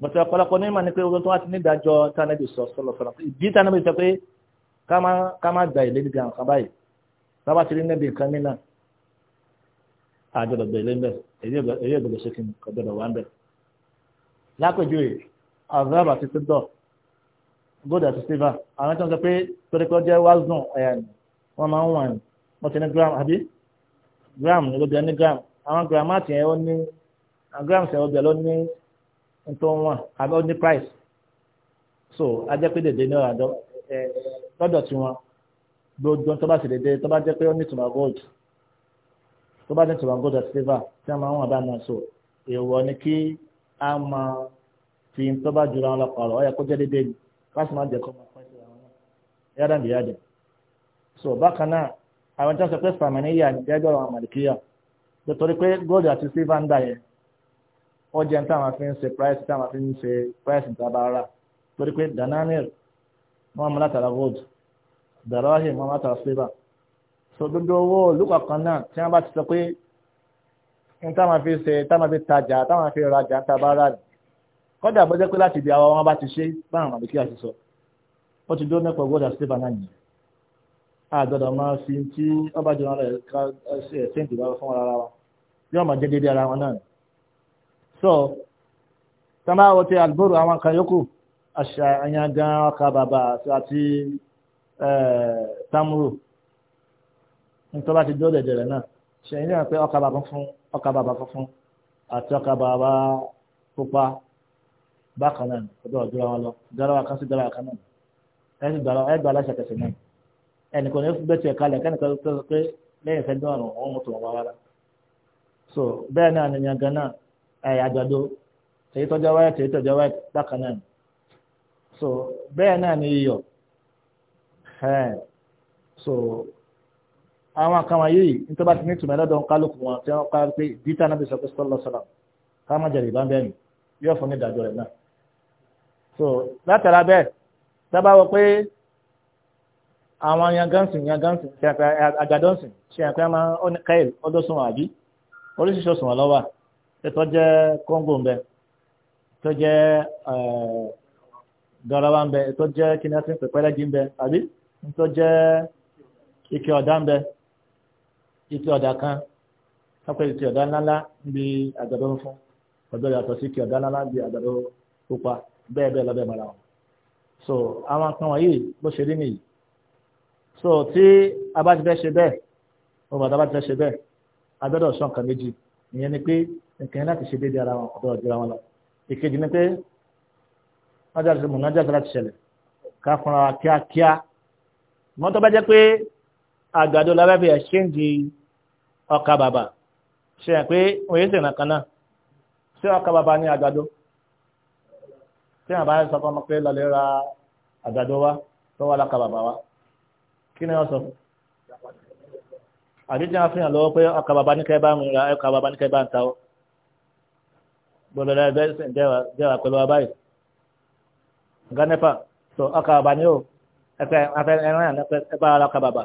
bọ̀tẹ̀ ọ̀pọ̀lọpọ̀ ní ìmọ̀ ni pé ogun tó wá ti nídàájọ́ tánẹ́bì sọ sọlọ sọlọ ìdí àjọ̀dọ̀ gbẹ̀lẹ́ ń bẹ̀ èyí ìgbẹ̀lẹ́ ṣe kìnnì kọjọ́dọ̀ wà ń bẹ̀. lápèjúwe azab àti sidor gold àti silver àwọn tí wọ́n sọ pé pẹ̀lẹ́pẹ̀ jẹ́ wazun ẹ̀yà ni wọ́n máa ń wà ní ti ní gram àbí gram ni ló bẹ̀ ní gram àwọn gramati yẹn ó ní grams yẹn ó bẹ̀ ló ní ntọ́ wọn àbí ó ní price so ajẹ́pẹ́dẹ̀ dé ní ọ̀rọ̀ àjọ lọ́dọ̀ tiwọn gbogbo tó bá sì dédé tó bá jẹ́ pé ó ní tùmọ̀ gold tó bá dẹ̀ tobacco dot flavor tí a máa ń wà bá máa so èèwọ̀ ni kí a máa fi tó bá jura wọn lọ pààrọ̀ ọ̀yà kó jẹ́ dédé ni káṣí máa jẹ́ kó máa pẹ́ sí àwọn náà yára bí yára so bákan náà àwọn tí wọ́n sọ pé fàmìlíyà ni gẹ́gẹ́ ọ̀rọ̀ àmàlìkíyà nítorí pé gold àti silver ń dà yẹn ó jẹ́ ní táwọn fi ń ṣe price táwọn fi ń ṣe price ìtabara torí pé dananir wọ́n mú látara gold darahim wọ́n mú látara silver so gbogbo owó olùkọ́ kan náà tí wọ́n bá ti sọ pé ní táwọn fi ṣe táwọn fi tajà táwọn fi rajà tábà rajà kọ́dà bó jẹ́ pé láti ibi àwọn wọn bá ti ṣe báwọn màlìkí àti sọ ó ti dó nípa gbọ́dọ̀ sí bàbá yìí àgbọ̀dọ̀ máa fi tí ọba jọ rẹ̀ ká ṣe ẹ̀sìn ìdìbò fún ara wa yóò máa jẹ́ déédéé ara wọn náà so tọ́lá wo ti àlùbọ́rù àwọn kan yókù àṣà àyàngán ọkà bàbà àti tamuru nítorí bá ti dúró dẹ̀dẹ̀ rẹ̀ náà ṣe ní àpé ọkà bàbá fún ọkà bàbá funfun àti ọkà bàbá pupa bákan náà ọdún ọdún wa lọ garawa kan sí garawa kan náà ẹ sì gbàlá ẹ gbàlá ṣàkẹsẹ náà ẹnìkan ní bẹ́ẹ̀ tiẹ̀ kalẹ̀ kẹ́nìkan tó sọ pé lẹ́yìn ìfẹ́ dún àrùn ọ̀hún mọ̀tò wọn wára so bẹ́ẹ̀ náà ni yàn gánà ẹ̀ àgbàdo tèyí tọ́jọ́ wáyé tèyí tọ́jọ́ wáyé bákan náà so bẹ́ẹ̀ náà ni iyọ̀ so àwọn àkàwọn yìí nítorí bá ti ní tùmọ̀ ẹlọ́dọ̀ kálukú wọn tí wọ́n ká pé dítà náà bí sọpé sọlọ sọlọ ká má jẹrìí bá ń bẹ́ẹ̀ ni yóò fún ní ìdájọ́ rẹ̀ náà. so látara bẹ́ẹ̀ dábàá wọ pé àwọn yangansin yangansin ṣe àpẹ àjàdọ́nsìn ṣe àpẹ máa ń káyìl ọdọ́sùn àbí oríṣiríṣi òsùn wọn lọ́wọ́ tó jẹ́ kóńgò ń bẹ tó jẹ́ eh, garawa ń bẹ tó jẹ́ kíní ike ọ̀dà kan kápẹ́ ike ọ̀dà ńláńlá bí àgbàdo fún ọ̀dọ́ yàtọ̀ sí ike ọ̀dà ńláńlá bí àgbàdo pupa bẹ́ẹ̀ bẹ́ẹ̀ lọ́bẹ̀ mọ́ra wọn. so àwọn kan wọ̀nyí bó ṣe rí nìyí so tí a bá ti fẹ́ ṣe bẹ́ẹ̀ ọmọ àti a bá ti fẹ́ ṣe bẹ́ẹ̀ a gbọ́dọ̀ sọ nǹkan méjì ìyẹn ni pé nǹkan láti ṣe déédéé ara wọn ọ̀dọ̀ ọ̀dọ̀ wọn lọ ìkejì ni pé mọ́nájà láti ṣẹlẹ̀ ká fúnra kíákíá mọ́tọ́ bá jẹ́ pé àgbàdo lábẹ́bẹ̀ ẹ̀ṣẹ́ǹdì ọkà bàbà ṣe hàn pé òye sì ràn kan náà ṣé ọkà bàbà ní àgbàdo tí àwọn báyìí sọ fún pé lọlẹ́ ra àgbàdo wa tó wà lọ́kà bàbà wa kí ni wọ́n sọ fún àdíjẹ́ wọn fihàn lọ́wọ́ pé ọkà bàbà ní kẹ́ bá mi ra ọkà bàbà ní kẹ́ bá ń ta ó gbọdọ̀ ni ó ẹ̀fẹ̀ ẹ̀rọ ẹ̀fẹ̀ ẹ̀bá ara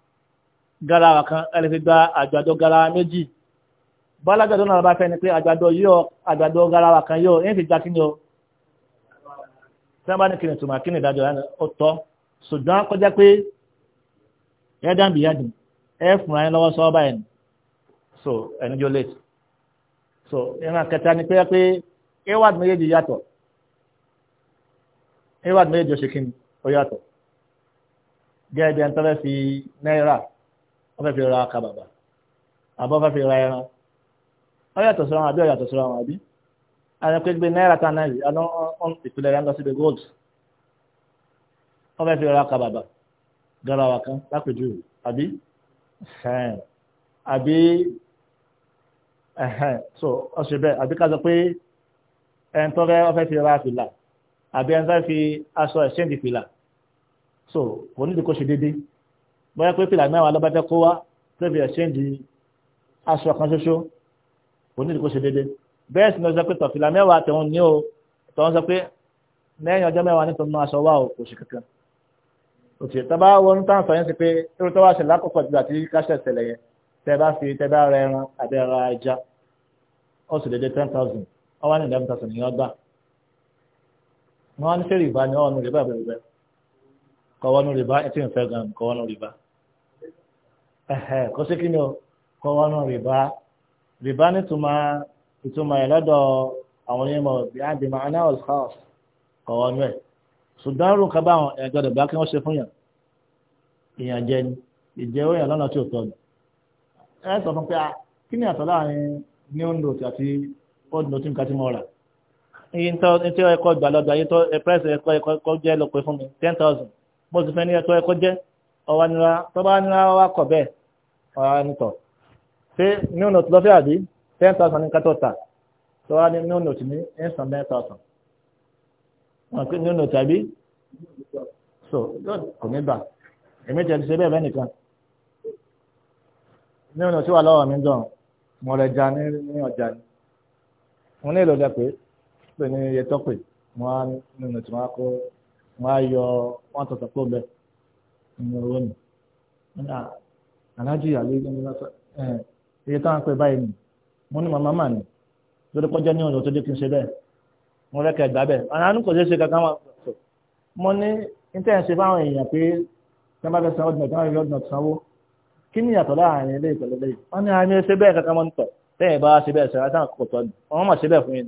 garawa kan ẹ lè fi gba àgbàdo garawa méjì bọ́lágbàdo náà bá fẹ́ ni pé àgbàdo yóò àgbàdo garawa kan yóò èyí fi gba kí ni o tí wọ́n bá ní kí ni tùmọ̀ kí ni ìdájọ́ rẹ̀ ó tọ́ ṣùgbọ́n kọjá pé yẹ́dàn bí yẹ́dàn ẹ fún ra lọ́wọ́ sọ́ọ́ báyìí ni so ẹni jó late so ìran kẹta ni pé pé ewad méjèèjì yàtọ̀ ewad méjèèjì ó ṣe kí ó yàtọ̀ gẹ́gẹ́ bí ẹni tọ́lẹ́ fi náírà wọ́n fẹ́ fi ra aka bàbà àbọ̀ fẹ́ fi ra ẹran wọ́n yàtọ̀ síra wọn àbí ọ̀yàtọ̀ síra wọn àbí àwọn ẹ̀kọ́ gbé náírà tá náà yìí àná ìpìlẹ̀ rẹ̀ ń lọ síbi gold wọ́n fẹ́ fi ra aka bàbà garawa kan lápèjú àbí àbí so ọ̀sẹ̀ bẹ́ẹ̀ àbí ká sọ pé ẹn tó fẹ́ wọ́n fẹ́ fi ra fìlà àbí ẹn fẹ́ fi aṣọ ẹ̀ṣẹ́ǹdì fìlà so kò ní ìdíkọ́ bóyá pé pìlà mẹ́wàá lọ́bàjẹ́ kó wá tẹ́bi ẹ̀ṣẹ́ di aṣọ kan ṣoṣo kò ní ìdíkó ṣe déédéé bẹ́ẹ̀ sì ni ó sọ pé tọ̀fìlà mẹ́wàá tẹ̀wọ̀n ní o tọ́wọ́n sọ pé lẹ́yìn ọjọ́ mẹ́wàá ní tọ́nu aṣọ wa kò ṣe kankan òtì tọ́ba wọn ń tàn sọyún sí pé irú tọ́wọ́ ṣe lákòókò àti àti káṣẹ̀ ṣẹlẹ̀ yẹn tẹ́ bá fi tẹ́ bá ra ẹran àbí ra ẹja ó sì déédéé ten thousand ó wá ní thousand ní ọgbà wọn ni ọ̀nù rìbá bẹ̀rẹ̀ bẹ̀rẹ̀ kọ̀wọ́nù rìbá etí ẹ̀hẹ̀ kó sí kí ni o kọ́ wọnú rìbá rìbá nítumọ̀ ìtumọ̀ ẹ̀ lọ́dọ̀ àwọn onímọ̀ bíi ma'ana al-khas kọ́ wọnú ẹ̀ ṣùgbọ́n rò kábà àwọn ẹ̀gbọ́dọ̀ bá kí wọ́n ṣe fún yàn èèyàn jẹ ni ìjẹ́ òyìn lọ́nà tí ò tọ́ ni ẹ sọ fún pé ah, kí ni àtọ̀ láàrin new note àti old note nǹkan tí mo rà iye tí ẹ̀kọ́ gbà lọ́dọ̀ ayé tó price ẹ̀kọ́ ẹ̀kọ́ jẹ́ lọ pé fún mi ten thousand mo sì fẹ́ ní ẹ̀kọ́ ẹ̀kọ́ jẹ́ ọwọ́ nira tó nira wá kọ̀ bẹ́ẹ̀ ọ̀rá nìtọ̀ ṣé ní ọ̀nà tó lọ́fẹ́ àbí ten thousand ní kátọ́ta tó wá ní ní ọ̀nà tó ní eight hundred ten thousand wọn pé ní ọ̀nà tàbí so kò ní bà èmi tẹ̀lé ṣe bẹ́ẹ̀ bẹ́ẹ̀ nìkan ní ọ̀nà tí wà lọ́wọ́ mi dán mo rẹ̀ ja ní ọjà ni mo ní ìlọ́jà pé pé ní iye tó pè mo á ní tí wọ́n kó mo á yọ one thousand kó bẹ́ẹ̀ nínú owó mi aláàjì àlẹ́ ìgbẹ́ni lásán ẹ̀ iye táwọn pẹ́ báyìí nì mo ní màmá mà ní lórí pọ́jọ́ ní ọ̀dọ̀ tó dé kí n ṣe bẹ́ẹ̀ mo rẹ́kẹ̀ gbà bẹ́ẹ̀ àánú kò ṣeé ṣe kankan wọn mo ní níta fáwọn èèyàn pé tí fẹ́ sanwó dùnà tí wọ́n yọ sanwó kí ni ìyàtọ̀ láàrin ilé ìpẹ̀lẹ̀ lẹ́yìn wọ́n ní àmì ṣe bẹ́ẹ̀ kankan mọ́ nítọ̀ bẹ́ẹ̀ bá ṣe bẹ́ẹ̀ ṣẹlẹ̀ àtàwọn ṣe bẹ́ẹ̀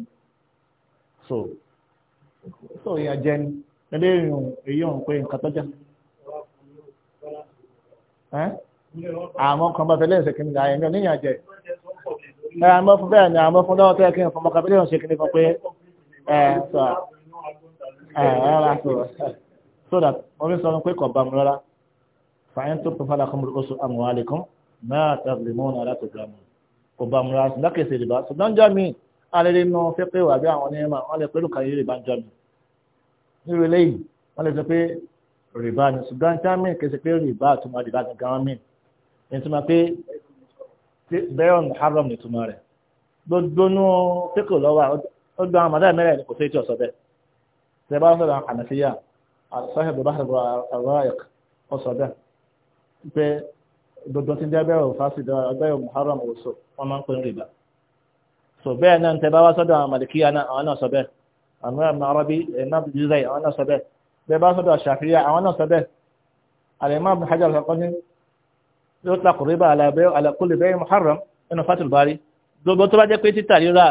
so so ìyà jẹ ni eléyìí èyí ò ń pè nǹkan àwọn kan bá tẹ́lẹ̀ ìṣẹ́kí ní àyẹ̀mí oníyàn jẹ́ ẹ̀rọ fún bẹ́ẹ̀ ni àwọn fún lọ́wọ́ tẹ́ẹ̀kí fún ọmọkà bílíọ̀n ṣe kìíní fún pé ẹ̀ẹ́sọ̀rọ̀ orí sọ pé kọ̀ bá mú rárá fàyín tó pè fàlà kọmùrù oṣù àmùwà àlekún náà tàbí mọ́nà aláàtò gbàmù kò bá mú rárá sí lákèsè rìbá ṣùgbọ́n jọ mi alẹ́lẹ́ inú fẹ́ pé wà bí àwọn onímọ̀ wọn lè pẹ́lú kàyé rìbá jọ mi nírú eléyìí wọn lè sọ pé rìbá ni ṣùgbọ́n jámì kèsè pé rìbá àtúmọ̀ rìbá gan ìtumọ̀ pé bẹ́ẹ̀rùn haram ní ìtumọ̀ rẹ̀ gbogbo nú pẹ́kọ̀ lọ́wọ́ ó gbọ́n àmàdá mẹ́rẹ̀ kò sí ìtì ọ̀sọ̀ bẹ́ẹ̀ tẹ́ bá sọ̀rọ̀ ànàfíà àṣọ́hẹ̀ bàbá àgbà àwọn ọ̀sọ̀ bẹ́ẹ̀ pé gbogbo ti ń dẹ́bẹ̀rù fásidọ̀ ọgbẹ́rù haram òṣò wọ́n máa ń pè ń rìbá so bẹ́ẹ̀ náà tẹ́ bá wá sọ́dọ̀ àwọn màlìkíyà náà àwọn náà sọ bẹ́ẹ̀ àwọn ọmọ يطلق الربا على بيع على كل بيع محرم انه فاتل باري gbogbo tó bá jẹ́ pé títà rírà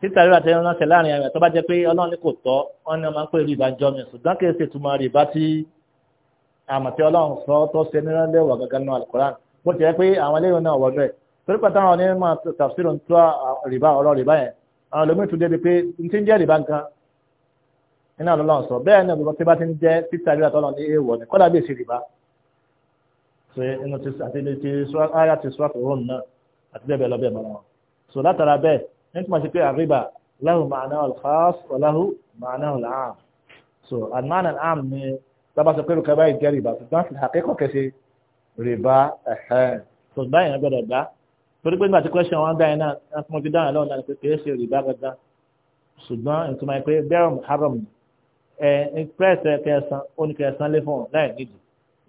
títà rírà tẹ́lẹ̀ ránṣẹ́ láàrin àyà tó bá jẹ́ pé ọlọ́run ní kò tọ́ wọn ni wọn máa ń pè rìbá jọ mi ṣùgbọ́n kì í ṣe túmọ̀ rìbá tí àmọ̀tí ọlọ́run sọ tó ṣe ní lẹ́wọ̀ gangan náà alukoran bó ti yẹ pé àwọn eléyìí náà wọ́n bẹ́ẹ̀ torí pàtó àwọn onímọ̀ tafsirun tó rìbá ọ̀rọ̀ rìbá yẹn àwọn olómi tún débi pé n ti ń jẹ́ rìbá nǹkan iná ọlọ́run sọ bẹ́ẹ̀ ni ọ̀gbọ̀n tí bá ti ń jẹ́ títà rírà tọ́lọ́ ní èèwọ̀ ni kọ́dà bí èsì rìbá ṣe inú ti àtẹ̀lé ti ara ti swat òun náà àti bẹ́ẹ̀ bẹ́ẹ̀ lọ bẹ́ẹ̀ mọ́ra wọn. so látara bẹ́ẹ̀ ní tí mo ṣe pé àríbà lahu ma'ana al-khas wa lahu ma'ana al-am so al-ma'ana al-am ni tábà sọ pé lóka báyìí jẹ́ rìbá ṣùgbọ́n fi àkẹ́kọ̀ọ́ kẹsẹ̀ rìbá ẹ̀hẹ́n so báyìí yẹn gbọ́dọ̀ gbá torí pé nígbà tí question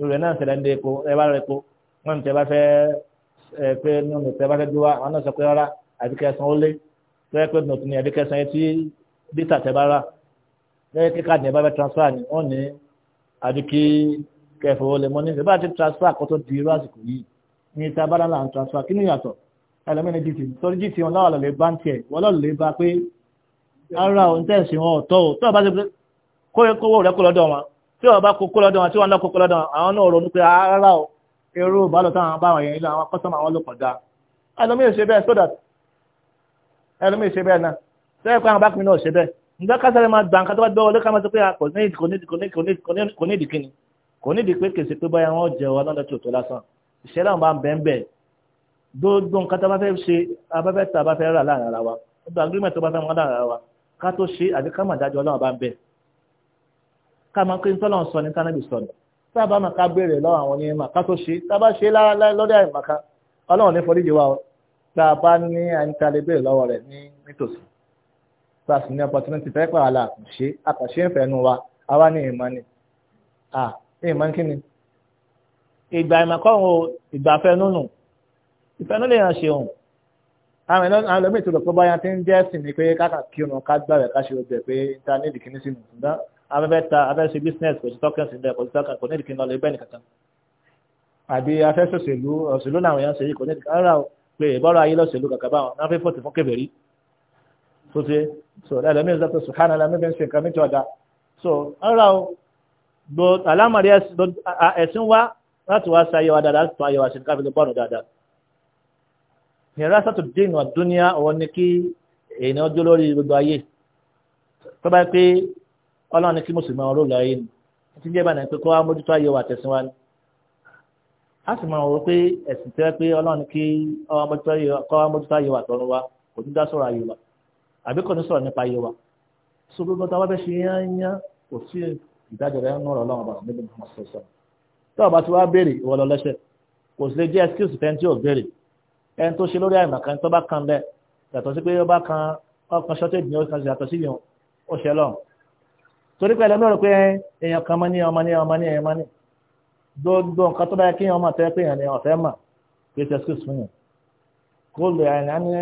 ìròyìn náà ṣẹlẹ̀ ń de epo ẹ bá rẹ epo wọn ní tẹ bá fẹ́ ẹ pé nínú tẹ bá fẹ́ dúró wọn náà sọ pé rárá àti kẹsàn ó lé pé pé nùtù ni àti kẹsàn etí dítà tẹ bá rà lẹ́yìn kíkà ní ẹ bá ti transfer di irú àsìkò yìí ní ìta bá dáná transfer kí ni gt torí gt wọn láwọn lè bá ń lè bá pé ara òun tẹ̀sí wọn ọ̀tọ̀ ò tó tí wọ́n bá kókó lọ́dọ̀ wọn tí wọ́n lọ kókó lọ́dọ̀ àwọn náà ronú pé ah, rárá o irú ìbálò táwọn bá wọn yẹn nílò àwọn kọ́sọ́mù àwọn ló pọ̀ dáa ẹlòmíì ṣe bẹ́ẹ̀ sódà ẹlòmíì ṣe bẹ́ẹ̀ náà sẹ́yìn pé àwọn bákan náà ṣe bẹ́ẹ̀ nígbà kásáré máa gbà nǹkan tó bá gbọ́ wọlé ká máa sọ pé ah, kò ní ìdí kò ní ìdí kíni kò ní ìdí pé kèsì pé báyà wọn jẹ wọn lọ́dọ̀ tòótọ́ lásán ìṣẹ́ làwọn bá ń bẹ́ẹ̀ bẹ́ẹ̀ gbogbo nǹkan tó bá fẹ́ ṣe abáfẹ́ ta abáfẹ́ rà láàrin ara wa gbogbo agreement tó bá fẹ́ wọn láàrin ara wa ká tó ṣe àbí ká mà dájọ́ ọlọ́run bá ń ká máa ń pè ní tọ́lọ̀ sọ ní kánábì sọ ní sábà máa ká béèrè lọ́wọ́ àwọn onímọ̀ ká tó ṣe tá a bá ṣe lọ́dẹ àìmọ̀ká ọlọ́run ní foríjì wa o tá a bá ní àyíkalẹ̀ béèrè lọ́wọ́ rẹ̀ ní nítòsí tá a sì ní opportunity fẹ́ pàrọ̀ àlà àkànṣe àkànṣe ń fẹ́ nu wa àwa ní ìmọ̀ ni à ìmọ̀ kí ni ìgbà ìmọ̀kọ́rùn ìgbà fẹ́núnù ìfẹ́nú lè yàn ṣeun àwọn ẹlòmíì tó lọ pé báyà ń jẹ́ sìn ni pé káàkiri ká gbàrẹ̀ ká ṣe ọbẹ̀ pé ta ní ìdíkíní sínú ṣùgbọ́n afẹ́fẹ́ ta afẹ́fẹ́ ṣe business kò sí tọ́kẹ́ sí bẹ́ẹ̀ kò sí tọ́kẹ́ kò ní ìdíkì lọ́lẹ̀ bẹ́ẹ̀ nìkankan àbí afẹ́fẹ́ ṣèlú ọ̀ṣèlú làwọn èèyàn ṣe yìí kò ní ìdíkì rárá o pé ìbọ́rọ̀ ayé lọ́ṣèlú kàkà báwọn náà fẹ́ fọ́tì fún kẹfẹ́rí tó ṣe so ẹlẹ́mìí ṣe sùhánà ẹlẹ́mìí bẹ́ẹ̀ ṣe nǹkan méjì ọ̀dà so rárá o gbo alámọ̀rí ẹ̀sìn wá láti wá sí ayé wa dáadáa láti tún ayé wa ṣe nǹkan fìlẹ̀ bọ́ọ̀nù dáadáa ìrẹ́lá sátò dín ìwà dúníà òun ni kí èèyàn jó lórí gbogbo ayé tó bá pé ọlọ́run ní kí mùsùlùmí ọ̀rọ̀ lọ́yìn ni ti jẹ́ bá ní pé kó wá mójútó ayé wa tẹ̀síwá ni a sì máa wọ pé ẹ̀sìn tẹ́ pé ọlọ́run ní kí kó wá mójútó ayé wa tọ̀run wa kò ní dá sọ̀rọ̀ ayé wa àbí kò ní sọ̀rọ̀ nípa ayé wa so gbogbo táwa bẹ́ ṣe yán yán kò sí ìdájọ́ rẹ̀ ń rọ̀ lọ́wọ́ bàbá níbi mọ̀ sọ̀sọ̀ tó ọba tí wàá béèrè ìwọ lọ lẹ́sẹ̀ kò sì lè jẹ́ excuse fẹ́ tí ò béèrè ẹni tó ṣe lórí àìmọ̀ kan tó bá kan bẹ́ẹ̀ yàtọ̀ sí pé ó bá kan ọkàn ṣọ́tẹ̀dì ni ó kan yàtọ̀ sí yìí ó ṣe torí pé ẹlẹ́mìíràn pé èèyàn kan mọ́ ní ọmọ ní ọmọ ní ẹ̀yàn ní gbogbo nǹkan tó dáyẹ kí èèyàn mọ̀ tẹ́ pé èèyàn ní ọ̀fẹ́ mà kí ṣe skills fún yàn kólò ẹ̀yàn ní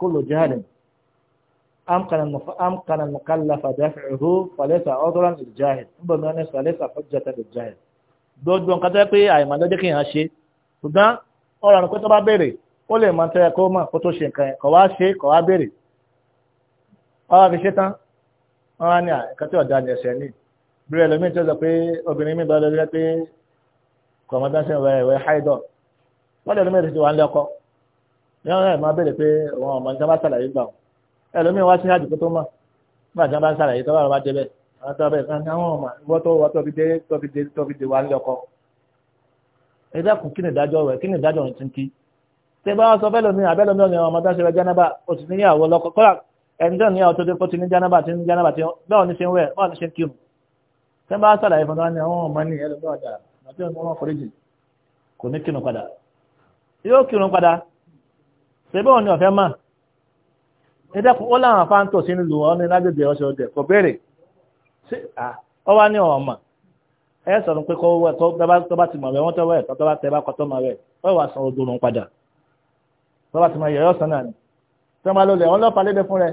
kólò jihadin amkana mukallafa dafi'uhu falẹ́sà ọdọ́rán ìjáhìn níbọ̀ ní ọ̀nẹ́sà falẹ́sà fọ́jọ́tà ìjáhìn gbogbo nǹkan tó yẹ pé àìmọ̀ lọ́jọ́ kí èèyàn ṣe ṣùgbọ́n ọ̀rọ̀ ni pé tó bá béèrè ó lè mọ̀ tẹ́ kó mọ̀ kó tó ṣe nǹkan kọ̀ wá ṣe kọ̀ wá béèrè ọ̀rọ̀ fi ṣe tán wọ́n á ní àkàtì ọ̀dà ni ẹ̀sẹ̀ ní bí ẹlòmíì tó sọ pé obìnrin mi bá lórí pé kọ̀mọ́dánsì wẹ̀ wẹ̀ háìdọ̀ wọ́n lè lómi ti wà ń lẹ́kọ́ yọ́n náà máa béèrè pé wọn ọmọ nǹkan bá sàlàyé gbà wọn ẹlòmíì wá sí àdìgbò tó mọ̀ nígbà tí wọ́n bá ń sàlàyé tó bá wọn bá débẹ̀ àwọn tó bẹ̀ kan àwọn ọmọ ìwọ́ tó wọ́ tó fi dé tó fi dé tó fi dé wà ń lẹ́kọ́ ẹ dákun kí ni ẹ̀ńdọ́ ní ọ̀tọ́ tó ti ní jánábà tí ní jánábà tí bẹ́ẹ̀ ni ṣe ń wẹ̀ báwọn ni ṣe ń kírun tẹ́ bá sàlàyé fún wọn ni àwọn ọmọ ní ẹlẹ́gbẹ́ ọ̀dà àti ọmọ wọn foríjì kò ní kírun padà yóò kírun padà ṣe bẹ́ẹ̀ ni ọ̀fẹ́ mà ẹ dẹ́kun ó láwọn afá ń tọ̀ sí ní lù ọ́ ní lágbègbè ọ̀ṣẹ̀ ọ̀dẹ̀ kò béèrè ṣé ọ wá ní ọ̀mà ẹ sọ̀rọ̀ pé kó wẹ̀ tó bá ti mọ̀ rẹ̀ wọ́n tọ́ wẹ̀ tó bá tẹ bá kọ́ tó mọ̀ rẹ̀ wà sàn odò padà tó bá ti mọ̀ yẹ̀ yọ̀ sàn náà ni tí wọ́n bá lọlẹ̀ wọ́n lọ́pàá lédè fún rẹ̀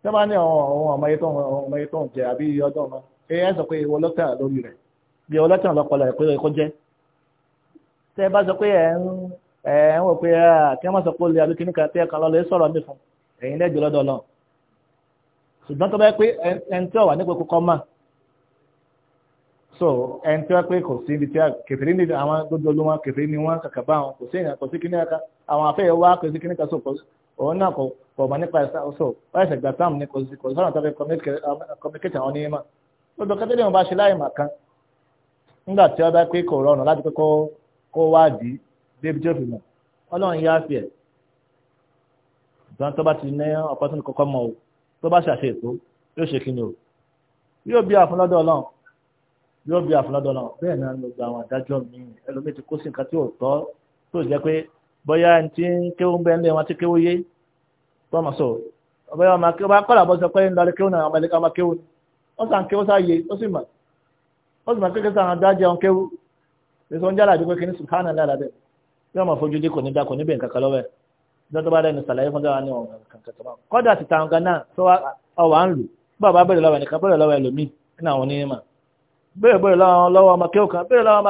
tí wọ́n bá ní ọ̀hún ọmọ yìí tó ọmọ yìí tó ń jẹ àbí ọdún ọmọ èyí ẹ sọ pé ìwọ lọ́tà lórí rẹ̀ bí ìwọ lọ́tà lọ́pọlọ ẹ̀ pé ẹ̀kọ́ jẹ́ tẹ́ ẹ bá sọ pé ẹ̀ ń ah, ṣùgbọ́n tó bá pé ẹni tí ò wà nípa kókó mà so ẹni tí wọ́n pé kò sí ibi tí kẹfìrí ní àwọn gbogbo olúwa kẹfìrí ní wọn kàkà bá àwọn kò sí ìyàn sí kíníkà àwọn afẹ́yẹwà kò sí kíníkà sọ̀kọ̀ òun náà kò pọ̀ mọ́ nípa ẹ̀sán ọ̀ṣọ́ wọ́n ẹ̀sẹ̀ gbà sáàmù ní kò sí kò sọ́nà tó fi um, communicate àwọn onímọ̀ gbogbo kẹ́tẹ́ ní wọn bá ṣe láì mà kan nígbà tí wọ́n bá pé kò rọrùn láti pé kó wádìí débi tí ó fi mọ̀ ọlọ́run yá fi ẹ̀ ìgbọ́n tó bá ti ní ọ̀pọ̀ tó ní kọ́kọ́ mọ̀ o tó bá ṣàṣe ètò yóò ṣe kí ni o yóò bí àfúnlọ́dọ̀ ọlọ́run yóò bí àfúnlọ́dọ̀ ọlọ́run bẹ́ẹ̀ náà ló gba àwọn adájọ́ mi ẹlòmíì ti kó sí nǹkan tí ò tọ́ tó jẹ́ pé bóyá ẹni tí ń kéwú ń bẹ́ẹ̀ wọn ti kéwú yé tọ́mọ̀ sọ bóyá ọmọ akéwú bá kọ́lá bọ́ sọ pé ń lọrí kéwú náà ọmọ ilé ọmọ kéwú ó sàn kéwú sáyé ó sì mọ̀ ó sì mọ̀ kékeré sàn dá jẹun kéwú èso ń jára àdúgbò kìíní sùkánà lára bẹ́ẹ̀ bí ọmọ fojú dé kò ní dá kò ní bẹ̀ nǹkan kan lọ́wọ́ ẹ̀ dọ́tọ́ bá dẹnu sàlàyé fún dáwà ní ọ̀rọ̀ kankan tó bá kọ́dà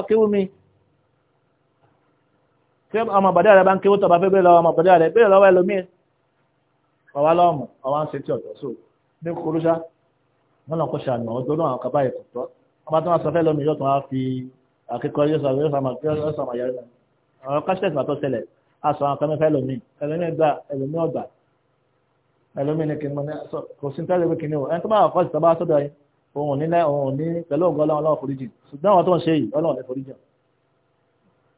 ti mi tí ọmọ bàdá rẹ̀ bá ń ké wótọ̀ bá fẹ́ bẹ́ẹ̀ lọ́wọ́ ọmọ bàdá rẹ̀ bẹ́ẹ̀ lọ́wọ́ ẹlòmíì ọwá lọ́mù ọwá ń ṣe tí ọ̀tọ̀ so ní kúrúṣá wọn lọ kọ́ ṣàmì ọjọ́ náà àwọn kaba ẹ̀kọ́ tọ́ ọmọ tó máa sọ fẹ́ lọ́mù yóò tún wá fi akẹ́kọ̀ọ́ yóò sọ yóò sọ àmọ̀ yẹn ọ̀rọ̀ káṣíṣẹ́ ìgbà tó ṣẹlẹ̀ a sọ àwọn kẹ́mẹ́fẹ́ lómi ẹlòmí ẹlòmí ọ̀gbà ni kìnnìún ní kò sí tẹ́lẹ̀ kìnnìún ẹni tó bá wà fọ́ọ̀sì tó bá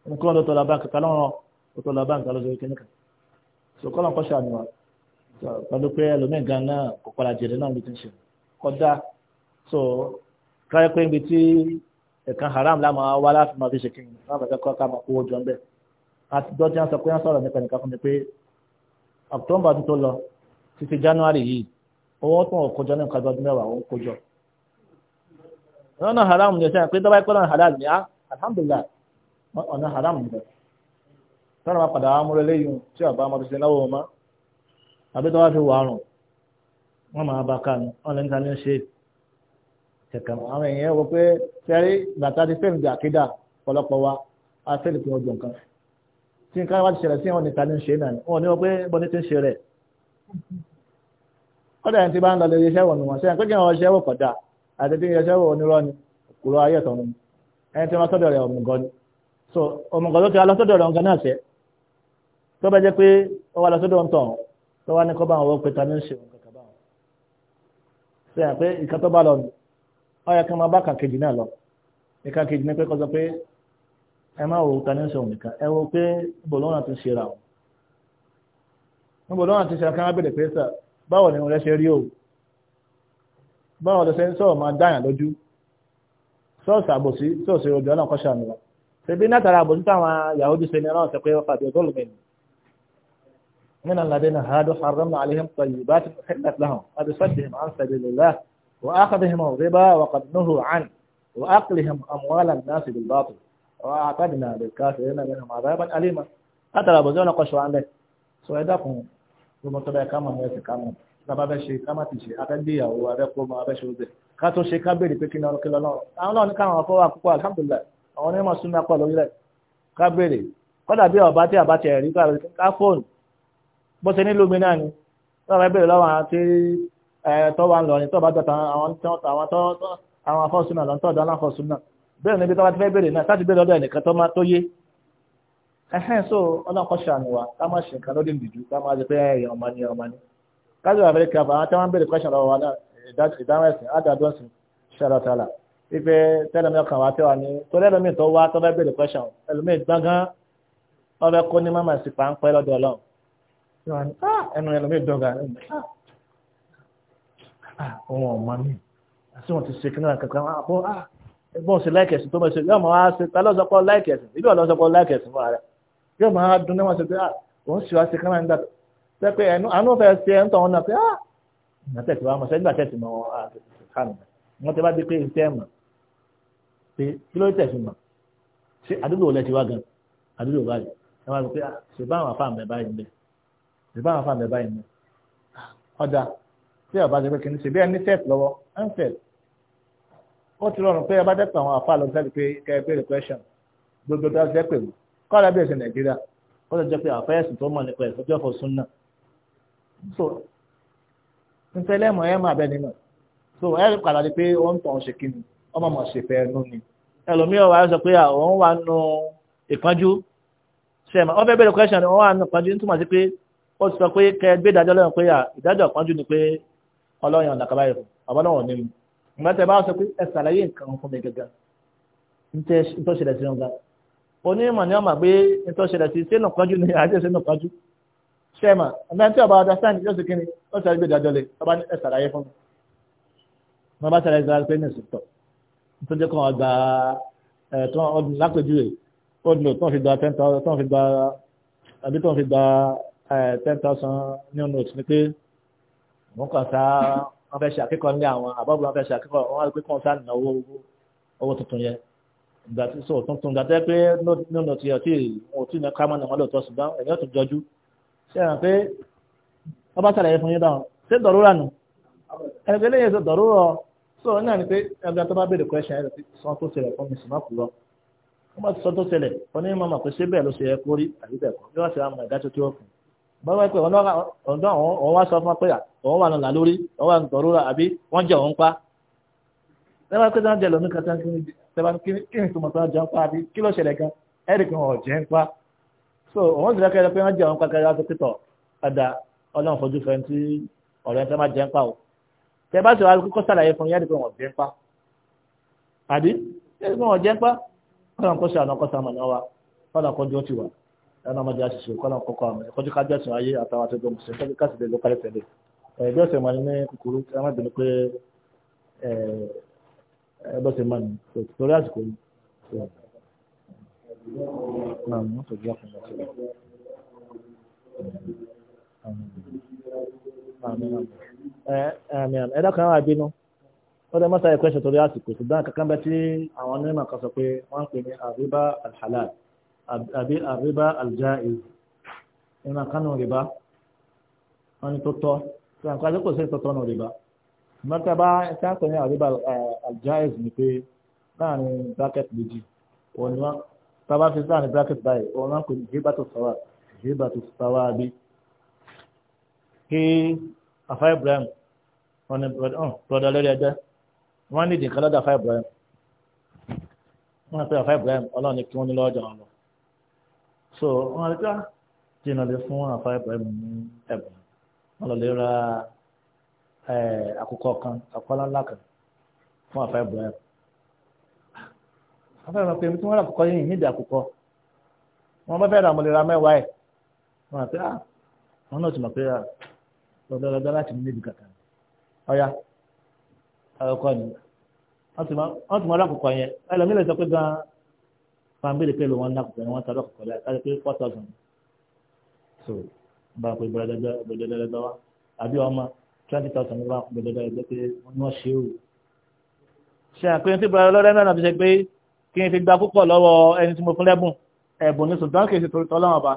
nǹkan ló tọ́lá báńkì kan lọ́rọ̀ ó tọ́lá báńkì kan lọ́sọ̀rọ̀ kẹ́nìkan ṣòkọ́ lọ́n kọ́ ṣàánú wa pẹ̀lú pé ẹlòmíín gan náà kò padà jèrè náà ló ti ń ṣe kọjá so káyọ pé ibi tí ẹ̀kan haram lámà wá láti máa fi ṣe kí n máa bàjẹ́ kọ́ ká máa kówó jọ ń bẹ̀ àti dọ́jú á sọ pé wọ́n sọ̀rọ̀ nípa nìkan fún mi pé October tó lọ títí January yìí owó tó ń kójọ ní nǹkan ọdún mẹ́wàá ó ń kójọ. lọ́nà haram ni ẹ̀sẹ̀ pé dọ́bà ẹ̀kọ́ náà halal ni ah, alhamdulilayi ọ̀nà haram bẹ̀ tọ́nà máa padà wá múlẹ̀ lẹ́yìn tí ọba ọmọ tuntun náwó ọmọ àbí tó wá fi wàrùn wọ́n máa bá ká ní wọ́n lè ń ta ní ṣe kẹ̀kẹ́ àwọn èèyàn wọ pé sẹ́rí bàtà ti fẹ́ǹdì àkídà ọ̀pọ̀lọpọ̀ wa a fẹ́ lè fi ọjọ́ nǹkan tí nǹkan wá ti ṣẹlẹ̀ sí wọn ní ta ní ṣe náà wọn ní wọ́n pé bọ́ni ti ń ṣe rẹ̀ kọ́dà ẹni tí bá ń lọ lè ṣiṣẹ́ wọ̀ nùwọ̀n sẹ́yìn kọ́jà wọn ṣẹ́wọ̀ kọ̀dà àti bí ṣẹ́wọ̀ onírọ́ ni kúrò ayé ẹ̀tọ́ ẹni tí wọ́n sọ́dọ̀ rẹ̀ ọ̀mùgọ́ ni so ọmọ nǹkan tó ti alọ́sọ́dọ̀ rẹ̀ nǹkan náà ṣe tó bá jẹ́ pé ọwọ́ alọ́sọ́dọ̀ ń tàn tó wá ní kọ́ bá wọn pé ta ní ṣe nǹkan kan bá wọn ṣe àpé ìkan tó bá lọ ọ yẹ kí wọn bá kà kejì náà lọ ìkan kejì ní pé kọ́ sọ pé ẹ má wo ta ní ṣe òun nìkan ẹ wo pé níbo lọ́wọ́n àti ṣe ra níbo lọ́wọ́n àti ṣe ra kí wọ́n bèrè pé sà báwo ni wọn rẹ ṣebí látara àbòjútó àwọn Yahudi ṣe ní ọlọ́run sọ pé wọ́n fàbí ọgọ́lù mi من الذين هادوا حرمنا عليهم طيبات أحلت لهم وبصدهم عن سبيل الله وأخذهم الربا وقد نهوا عنه وأقلهم أموال الناس بالباطل وأعتدنا للكافرين منهم عذابا أليما látara àbòjútó ọ̀nà kọ̀ṣọ́ àndẹ̀ sọ ẹ̀dá kan gbogbo tó bẹ́ẹ̀ ká mọ̀ ní ẹ̀sìn ká mọ̀ tábà bẹ́ ṣe ká má ti ṣe abẹ́gbéyàwó abẹ́kọ́mọ abẹ́ṣe oúnjẹ àwọn onímọ̀ súnmọ́ pọ̀ lórílẹ̀ ká béèrè kọ́dà bí ọba tí àbá tiẹ̀ rí ká fóònù bó ṣe nílùú mi náà ni tó bá béèrè lọ́wọ́ àwọn tí tó wà ń lọ ni tó bá dọ̀tà àwọn tó àwọn afọ́súnà lọ́n tó ọ̀dọ́ aláfọ́súnà bẹ́ẹ̀ níbi tó bá ti fẹ́ béèrè náà láti béèrè ọ̀dọ̀ ẹnìkan tó máa tó yé ẹ̀hẹ́n so ọlọ́kọ̀ ṣàníwá ká má ṣe nǹkan lórí ìdìjú ká má ṣe pé ẹ̀yàn ọmọ ni ọmọ ni kájọ àfẹ́ríkà àwọn tí wọ́n béèrè question lọ́wọ́ ìdáhùn ẹ̀sìn ádàdúrọ̀sìn ṣàrọ̀tàlà ife tẹ́lẹ̀mí ọkàn wa tẹ́wà ní torí ẹlòmíì tó wá tọ́lá bèrè question ẹlòmíì gbọ́ngàn ọbẹ̀ kó ní mọ́mọ́ sí pàǹpẹ́ lọ́dọ̀ ọlọ́run ah, ẹnu ẹlòmíì dọ́gà ohun ah, ah, ọ̀mọ́ mi àti wọn ti ṣe kí náà kankan àbọ̀ ẹgbọ́n sí láìkẹ̀sì tó mọ̀ sí yóò máa ṣe ta lọ́sọpọ̀ láìkẹ̀sì ìlú ọ̀lọ́sọpọ̀ láìkẹ̀sì fún ara yóò máa dún náà ṣe pé òun sì wá sí kánà nígbà tó pé àánú fẹ́ ṣe ń tọ̀hún náà pé ah ìgbà tẹ̀sí wa mọ̀ sẹ́gbà tẹ̀sí mọ́ wọn àti kánà wọn ti bá dé pé iṣẹ́ mọ̀ pé kí ló tẹ̀ fún mọ̀ ṣé àdúgbò olè ti wá gan àdúgbò báyìí ẹ wá sọ pé ah, ṣe bá àwọn afáàmì báyìí ń bẹ ṣe bá àwọn afáàmì báyìí ń bẹ ah, ọ̀dà tí ọba ṣe pé kí ni ṣe bí ẹni tẹ̀t lọ́wọ́ ẹ̀ ń tẹ̀t ó ti rọrùn pé ọba tẹ̀pẹ̀ àwọn afáà lọ sẹ́ni pé kẹ́ ẹ béèrè question gbogbo tó ṣe pè mí kọ́ ọ̀dà bí ẹ̀sìn nàìjíríà ó lọ jẹ́ pé àfẹ́yẹ̀sìn tó mọ̀ nípa ẹ̀sìn ọjọ́ fọ̀ sún náà so ntẹ́lẹ́mọ̀ ẹ̀ máa bẹ́ẹ̀ nínú so ẹ̀ padà di pé ó ń tọ̀ ọ́ ṣe kí ni ọmọ mọ̀ ṣe fẹ́ ẹnu ni ẹlòmíràn wa sọ pé àwọn wà nù ìpọ́njú sẹ́mi ọbẹ̀ bẹ̀rẹ̀ question wọn wà nù ìpọ́njú nítorí sí pé ó sọ pé kẹ ìdájọ́ lọ́yàn pé ìdájọ́ ìpọ́njú ni pé ọlọ́yàn nàkàlà ìrù àbọ̀lọ́wọ̀n ni ìgbà tẹ bá sọ pé ẹ ṣàlàyé nǹkan fún mi gẹ́gẹ́ nítorí ṣẹlẹ̀ sí ọ̀gá onímọ̀ ni wọ́n mọ̀ pé nítorí ṣẹlẹ̀ sí sínú ìpọ́njú ni ni ó ṣàlàyé ìdájọ́ lè ọba ẹ ṣàlàyé fún mi wọ́n bá ṣàlàyé tó jẹ́ kàn gba ẹ̀ẹ́dọ́ ọdún lápèjúwe ọdún lò tó ń fi gba ten thousand tó ń fi gba àbí tó ń fi gba ten thousand new note ni pé wọ́n kàn sá wọ́n fẹ́ ṣe akẹ́kọ̀ọ́ ní àwọn àbọ̀bọ̀ wọ́n fẹ́ ṣe akẹ́kọ̀ọ́ wọ́n wá pé kàn sá nà owó owó tuntun yẹn ìgbà tí so tuntun ìgbà tẹ́ pé new note yẹn tí wọ́n ti náà kámọ́ náà wọ́n lò tó ṣùgbọ́n ẹ̀yìn ọ̀tún jọjú ṣé ẹ̀ràn pé wọ́n bá ṣàlàyé fún yín dáhùn ṣé dọ̀rọ̀ rà nù ẹ̀rọ so náà ni pé ẹgbẹ́ tó bá béèrè question ẹ̀ ti sọ tó ṣẹlẹ̀ fún mi sì má kú lọ wọ́n bá ti sọ tó ṣẹlẹ̀ wọ́n ní mọ̀mọ́ pé ṣé bẹ́ẹ̀ ló ṣe yẹ kó rí àbí bẹ́ẹ̀ kọ́ bí wọ́n ṣe àmọ̀ ìdájọ́ tí ó kù bá wá pé ọ̀dọ́ àwọn wá sọ fún wa pé àwọn wà lọ́la lórí àwọn wà nǹkan rúra àbí wọ́n jẹ́ òun pa lẹ́wọ́n pé dáńjẹ́ lómi kan tán kí ni tó mọ̀ tó jẹun pa àbí kí ló ṣẹlẹ̀ gan ẹ̀rì kan ọ̀ jẹun pa so òun sì rẹ́kẹ̀ẹ́ pé wọ́n jẹ́ òun pa kẹrẹ́ wá sí pítọ̀ padà ọlọ́run fojú fẹ́ ti ọ̀rẹ́ tẹ́ máa jẹun pa o tẹ bá sì wá kókó sàlàyé fún yẹ́dì pé wọ́n jẹ́ pa àbí yẹ́dì pé wọ́n jẹ́ pa kọ́nà kó ṣe àná kó sàmà náà wa kọ́nà kó jọ́ ti wà ẹ̀nà ọmọdé àṣìṣe kọ́nà kó kọ́ àmì kọ́jú ká jẹ́sùn ayé àtàwọn àti ọdún mùsùlùmí kọ́jú káṣí lè ló kálẹ̀ tẹ̀lé ẹ̀ẹ́dẹ́ ọ̀sẹ̀ mọ́ni ní kúkúrú ẹ̀ẹ́dẹ́ pé ẹ̀ẹ́dẹ́ ọ̀sẹ̀ mọ́ni torí àsìkò yìí. Amin. Amin. Amin ẹ̀dá kan wà bínú wọ́n dẹ̀ mọ́ta ẹ̀kọ́ ẹ̀ṣẹ̀ torí àsìkò ṣùgbọ́n kankan bẹ tí àwọn onímọ̀ kan sọ pé wọ́n ń pè ní àríbá alhalal àbí àríbá aljaiz ìran kánú rìbá wọ́n ní tó tọ́ tí àwọn kan kò sí ìtọ́tọ́ nù rìbá mọ́ta bá tí wọ́n pè ní àríbá aljaiz ni pé láàrin bracket méjì òun ni wọ́n tábà fi láàrin bracket báyìí òun náà kò ní jíbà tó sọ́wà afa Ibrahim wọn ni broda lórí ẹgbẹ́ wọn ní ìdìkan lọ́dọ̀ afa Ibrahim wọn pe afa Ibrahim Ọlọ́run ni kí wọn ní lọ́jọ́ wọn lọ so wọn rí ká jìnnà lè fún afa Ibrahim ní ẹbùn wọn lọ lè ra àkùkọ kan àkọlá ńlá kan fún afa Ibrahim afa Ibrahim pé ibi tí wọn rà àkùkọ yìí nídìí àkùkọ wọn bá fẹ́ ra mọ̀lẹ́ra mẹ́wàá ẹ̀ wọn àti ah wọn náà ti mọ̀ pé ah lọ́dọ̀ lọ́dọ̀ láti mú níbi kankan ọ̀ya ọkọ̀ ni wọ́n ti mọ alákòókò yẹn ẹlòmíì lè sọ pé gan fanbílì pé lòun alákòókò yẹn wọ́n ta alákòókò yẹn kájọ pé four thousand so bá a pè bọ́dọ̀dọ̀dọ̀ wa àbí ọmọ twenty thousand wa bọ́dọ̀dọ̀dọ̀ pé wọ́n ṣe o ṣe àpéyẹn tí bọ́dọ̀ lọ́dọ̀ náà fi ṣe pé kí n fi gba púpọ̀ lọ́wọ́ ẹni tí mo fún lẹ́bùn ẹ̀bùn ní sùdán kì í ṣe torí tọ́lọ́wọ́n ba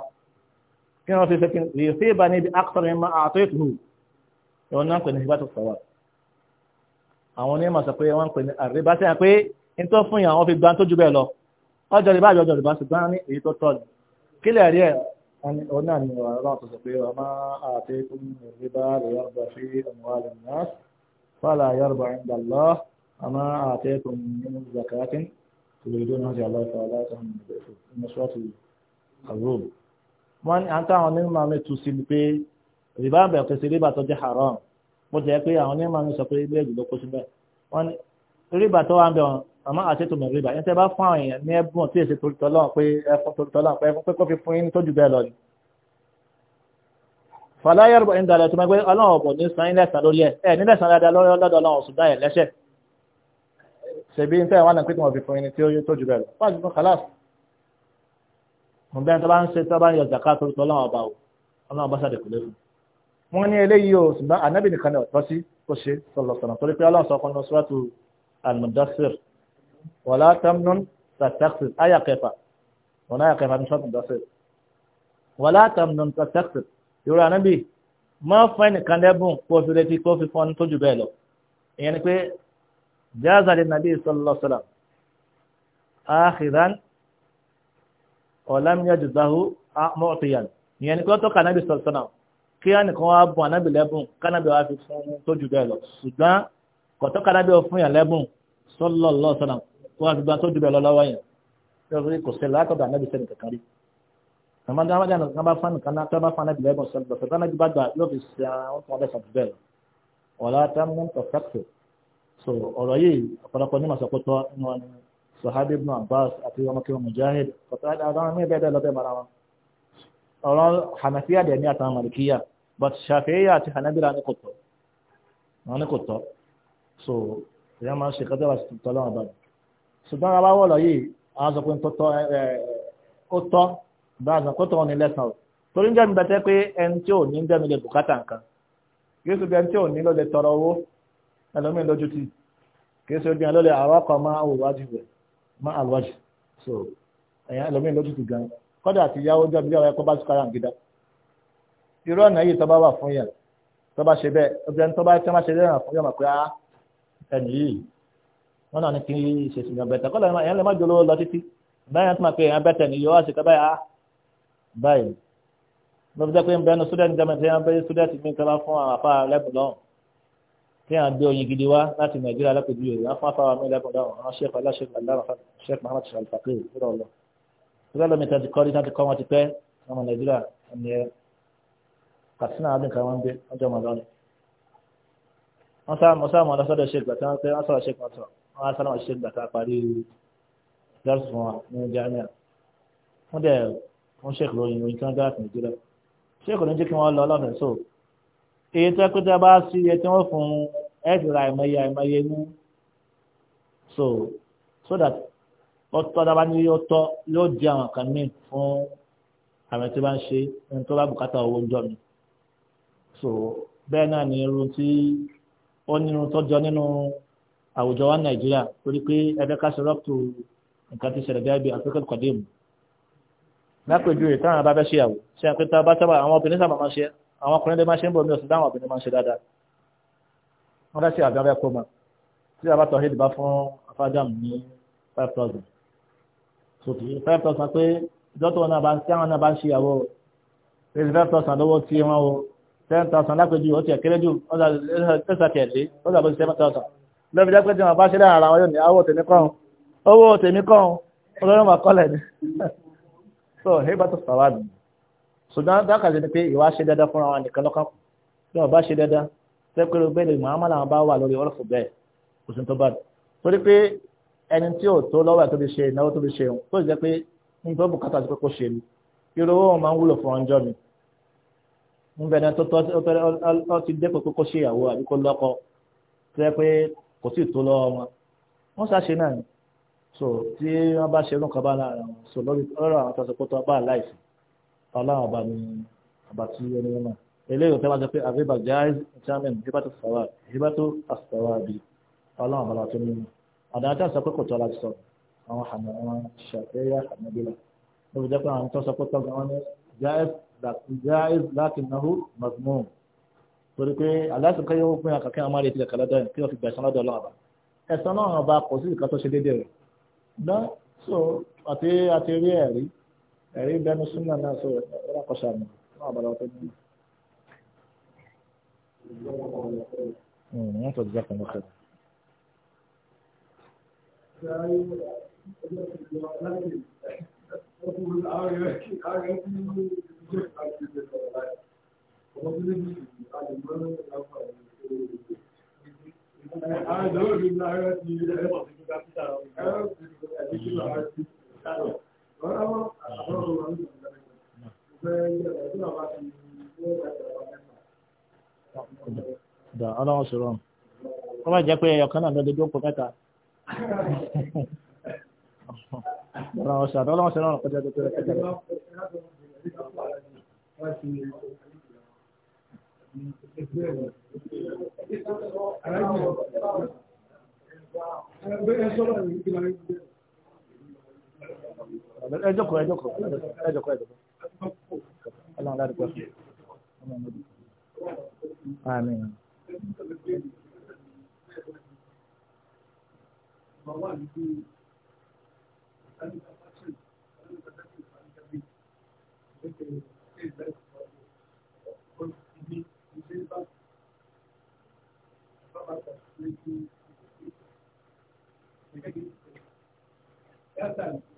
kí wọ́n ṣe ṣe kí lè ṣe bá níbi akthar mimma a'taytuhu ìwọ̀n náà ń pè ní ìbátò sọ̀wọ́ àwọn onímọ̀ sọ pé wọ́n ń pè ní àríbá sí pé ní tó fún yàn wọ́n fi gbá tó ju bẹ́ẹ̀ lọ ọjọ́ ìbá àjọ ọjọ́ ìbá ṣùgbọ́n ní èyí tó tọ́ ni kí lè rí ẹ̀ òun ni ọ̀rọ̀ tó pé ọmọ àti ìbá rẹ̀ yọ̀rọ̀ wọ́n ní àǹtá àwọn onímọ̀ mi tù sí ni pé rìbá ń bẹ̀rẹ̀ kẹsì rìbá tó jẹ́ haram mo jẹ́ pé àwọn onímọ̀ mi sọ pé ilé ìlú ló kó síbẹ̀ wọ́n ní rìbá tó wà ń bẹ̀rẹ̀ àmọ́ àṣetò mẹ́rin rìbá yẹn tẹ́ bá fún àwọn èèyàn ní ẹ̀bùn tí èsì torítọ́ lọ́wọ́ pé ẹ̀fún torítọ́ lọ́wọ́ pé ẹ̀fún pé kó fi fún yín tó bẹ́ẹ̀ lọ ni. fàlàyọ̀rọ̀ ìdàlẹ̀ wọn bẹ́ẹ̀ tó bá ń ṣe tó bá ń yọ zaka torí tọ́ lọ́wọ́ ọba o ọlọ́wọ́ bá ṣàdẹ̀kù lẹ́fù. wọ́n ní eléyìí o ṣùgbọ́n anábì nìkan ni ọ̀tọ́ sí kó ṣe sọ̀lọ̀sọ̀lọ̀ torí pé ọlọ́run sọ fún un suratu al-mudassir wala tamnun tastaksir àyà kẹfà wọn àyà kẹfà ní suratu al-mudassir wala tamnun yorùbá anábì máa fẹ́ nìkan lẹ́bùn kó fi retí kó fi fún tó jù bẹ́ẹ̀ lọ ìyẹn ni pé jáàzà lè nàbí sọ̀lọ̀sọ̀lọ̀ ọ̀làmìyà jùzáhù mọ́ọ̀tìyàn ìyẹn ni kí wọ́n tọ́ka anábì sọ̀tọ̀nà kí á nìkan wá bùn anábì lẹ́bùn kánábì wá fi fún tó jù bẹ́ẹ̀ lọ ṣùgbọ́n kò tọ́ka anábì fún yàn lẹ́bùn sọ́lọ́lọ́ sọ́nà tó wá fi gbà tó jù bẹ́ẹ̀ lọ lọ́wọ́ yẹn lórí kò sẹ́lẹ̀ látọ̀dọ̀ anábì sẹ́ni kankan so ọ̀rọ̀ yìí ọ̀pọ̀lọpọ̀ ní màsàkótọ́ sahabi ibn abbas àti ọmọkẹ́ mujahid ọ̀tọ́lá àwọn mí bẹ́ẹ̀ lọ́bẹ̀ mara wọn ọ̀rọ̀ hanafiya dẹ̀ ní àtàwọn malikiya but shafiya àti so ìyá máa ń ṣe kọ́tọ́ láti tọ́ lọ́wọ́ báyìí ṣùgbọ́n ara wọ̀ lọ yìí àwọn sọ pé ó tọ́ bá àzàn kó tọ́ ní lẹ́sàn ọ̀ torí ń jẹ́mi bẹ́tẹ́ pé ẹni tí ò má àlọ́jì so ẹ̀yàn ẹlòmíín lójútù gan kọ́dà àti ìyàwó jọ bíi ọ̀rẹ́ kó bá sùkárà gidá irú ọ̀nà yìí tó bá wà fún yẹn tó bá ṣe bẹ́ẹ̀ obìnrin tó bá tẹ́ má ṣe lẹ́yìn fún yọ̀mọ̀ pé ah, ẹnì yìí wọn náà ní kí ṣèṣì yàn bẹ̀tẹ̀ kọ́dà ẹ̀yàn lè má jòló lọ títí báyìí tó máa pe ẹ̀yàn bẹ̀tẹ̀ nìyí wá sí kábàá yà báyìí ah, lọ́wọ́ jẹ́ pé ń bẹ́ẹ̀ ní student government ẹ̀yàn bẹ́ẹ̀ student mi kaba fún àwọn afá tí a ń gbé oyin gidi wá láti nàìjíríà lápẹ̀bí yorùbá fún afáwa mẹ́lẹ́kùn dáhùn àwọn sẹ́ẹ̀kù aláṣẹ́kù aláwọ̀ sẹ́ẹ̀kù Muhammad sọ̀rọ̀ fàkìrì ìrọ̀ lọ. ìrọ̀ lómi tàbí kọ́rí láti kọ́ wọn ti pẹ́ ọmọ nàìjíríà ẹni ẹ Katsina adùn kan wọn gbé ọjọ́ mọ̀ lọ́nà. wọ́n sá mọ̀ sáà mọ̀ lọ́sọ́dọ̀ ṣe gbàtà wọn pé wọ́n sọ̀rọ̀ ṣe gbàtà wọn sọ̀rọ̀ ṣe gbàtà parí dárúsù fún wa ní jamiu. wọ́n dẹ̀ wọ́n ṣèkù lóyún oyin tí wọ́n gbá àtìnìjírà ṣèkù ló èyí tó kó tẹ bá sí iye tí wọ́n fún ẹ̀sìn ra àìmọye àìmọye mú so so that ọtọ́ dábàá ní ọtọ́ yóò di àwọn kan míì fún àwọn tí wọ́n ṣe ní tó bá bùkátà owó ń jọ mi so bẹ́ẹ̀ náà ni irun tí ó ní irun tó jọ nínú àwùjọ wa nàìjíríà torí pé ẹgbẹ́ ká ṣe rọ́pùtù nǹkan ti ṣẹlẹ̀ gẹ́gẹ́ bí african kọ̀déèmù lápèjúwe táwọn abáfẹ́ ṣe àwò ṣe àpẹta bá sábà àwọn obìnrin sábà máa ṣe é àwọn ọkùnrin lè máa ṣe ń bọ̀ mí ọ̀sìn dáhùn obìnrin máa ń ṣe dáadáa wọ́n dá sí àbí abẹ́ kó mọ̀ tí a bá tọ̀ hídìí bá fún afájàm ní five thousand sòtì five thousand pé dọ́tọ̀ náà bá ń tí àwọn náà bá ń ṣe ìyàwó rẹ̀ five thousand lọ́wọ́ tí wọ́n o ten thousand lápẹjù ó ti ẹ̀kẹ́rẹ́ jù ọ̀dà ẹ̀sà kẹ̀lé bó ti seven thousand ṣùgbọ́n dákà sí ni pé ìwà ṣe dandan fúnra wọn nìkan lọ́kàn bí wọn bá ṣe dandan fẹ́ pé bẹ́ẹ̀ màmá làwọn bá wà lórí ọlọ́fù bẹ́ẹ̀ kò sí tó bá dùn torí pé ẹni tí ò tó lọ́wọ́ tó fi ṣe ìnáwó tó fi ṣe òun tó sì jẹ́ pé nígbà bùkátà sí pé kò ṣe ni irú owó máa ń wúlò fún ọjọ́ mi níbẹ̀ náà tó tọ́ ti dẹ́pọ̀ pé kó ṣe ìyàwó àbí kó lọ́kọ tó yẹ pé kò sí tó lọ́wọ́ wọn wọ́n ṣàṣe náà so tí wọ́n bá ṣe irú nǹkan bá lára wọn so lórí ọ̀rọ̀ àwọn tó ṣe kó tó bá láìsí ọlọ́run ọba ni ọba tí ó ní mọ̀ eléyìí òtẹ́ bá jẹ́ pé àríbà jáìz chairman hibato sawab hibato asawabi ọlọ́run ọba tó ní mọ̀ àdáyé tá a sọ pé kò tọ́ láti sọ àwọn àmì àwọn ṣàfẹ́yà àmọ́bílà ló fi jẹ́ pé àwọn tó sọ pé tọ́gbà wọn ní jáìz láti náwó mazmum torí pé aláṣekọ́ yóò pín àkàkẹ́ àwọn máa retí ẹ̀ka lọ́dọ̀ kí wọ́n fi gbẹ̀sán lọ́dọ̀ ọlọ́run ọba ẹ̀sán náà ọba kò sí ìkan ṣe déédéé rẹ̀ so àti àti rí ẹ̀rí يعني بين السنة الناس ناقش ما بلغت امم انت جزاك الله خير I da ọlọ́run sọ̀rọ̀ wọ́n bá jẹ́ pé ẹyọkan náà lọ́dẹ jókòó mẹ́ta ọlọ́run sọ̀rọ̀ ọlọ́run sọ̀rọ̀ ọ̀pọ̀ jẹ́ pé ẹyọkan náà ẹ jókòó ẹ jókòó ẹ jókòó ẹ jókòó ọlọ́run láti pọ̀ sí àmín. Thank you.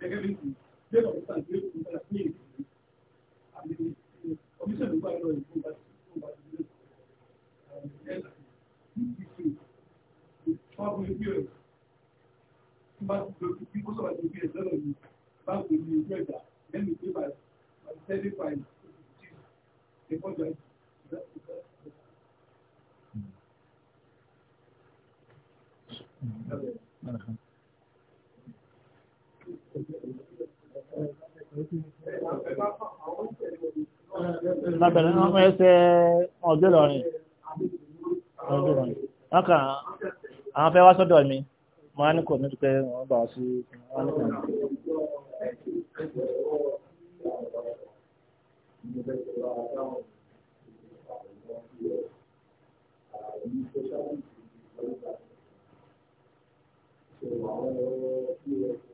gẹ́gẹ́ bí kù ṣé kọ̀míṣán ṣe kù ṣe kí èyí àmì kọ̀míṣán ló gbà lọ ìfún bá ti fún bá ti lé ẹ̀ẹ́dà ní ti ṣe wọ́n fún ibi rẹ̀ tí bá ti lo ti kó sọ̀rọ̀ ibi rẹ̀ lọ́rọ̀ yìí lábẹ́rẹ́ wọ́n fẹ́ ṣe ọjọ́ lọ́rin ọjọ́ lọ́rin wọ́n kàn àwọn fẹ́ wá sọ́dọ̀ mi mo ní kò ní pé wọ́n bá sí wọ́n ní kàn mí. Thank you.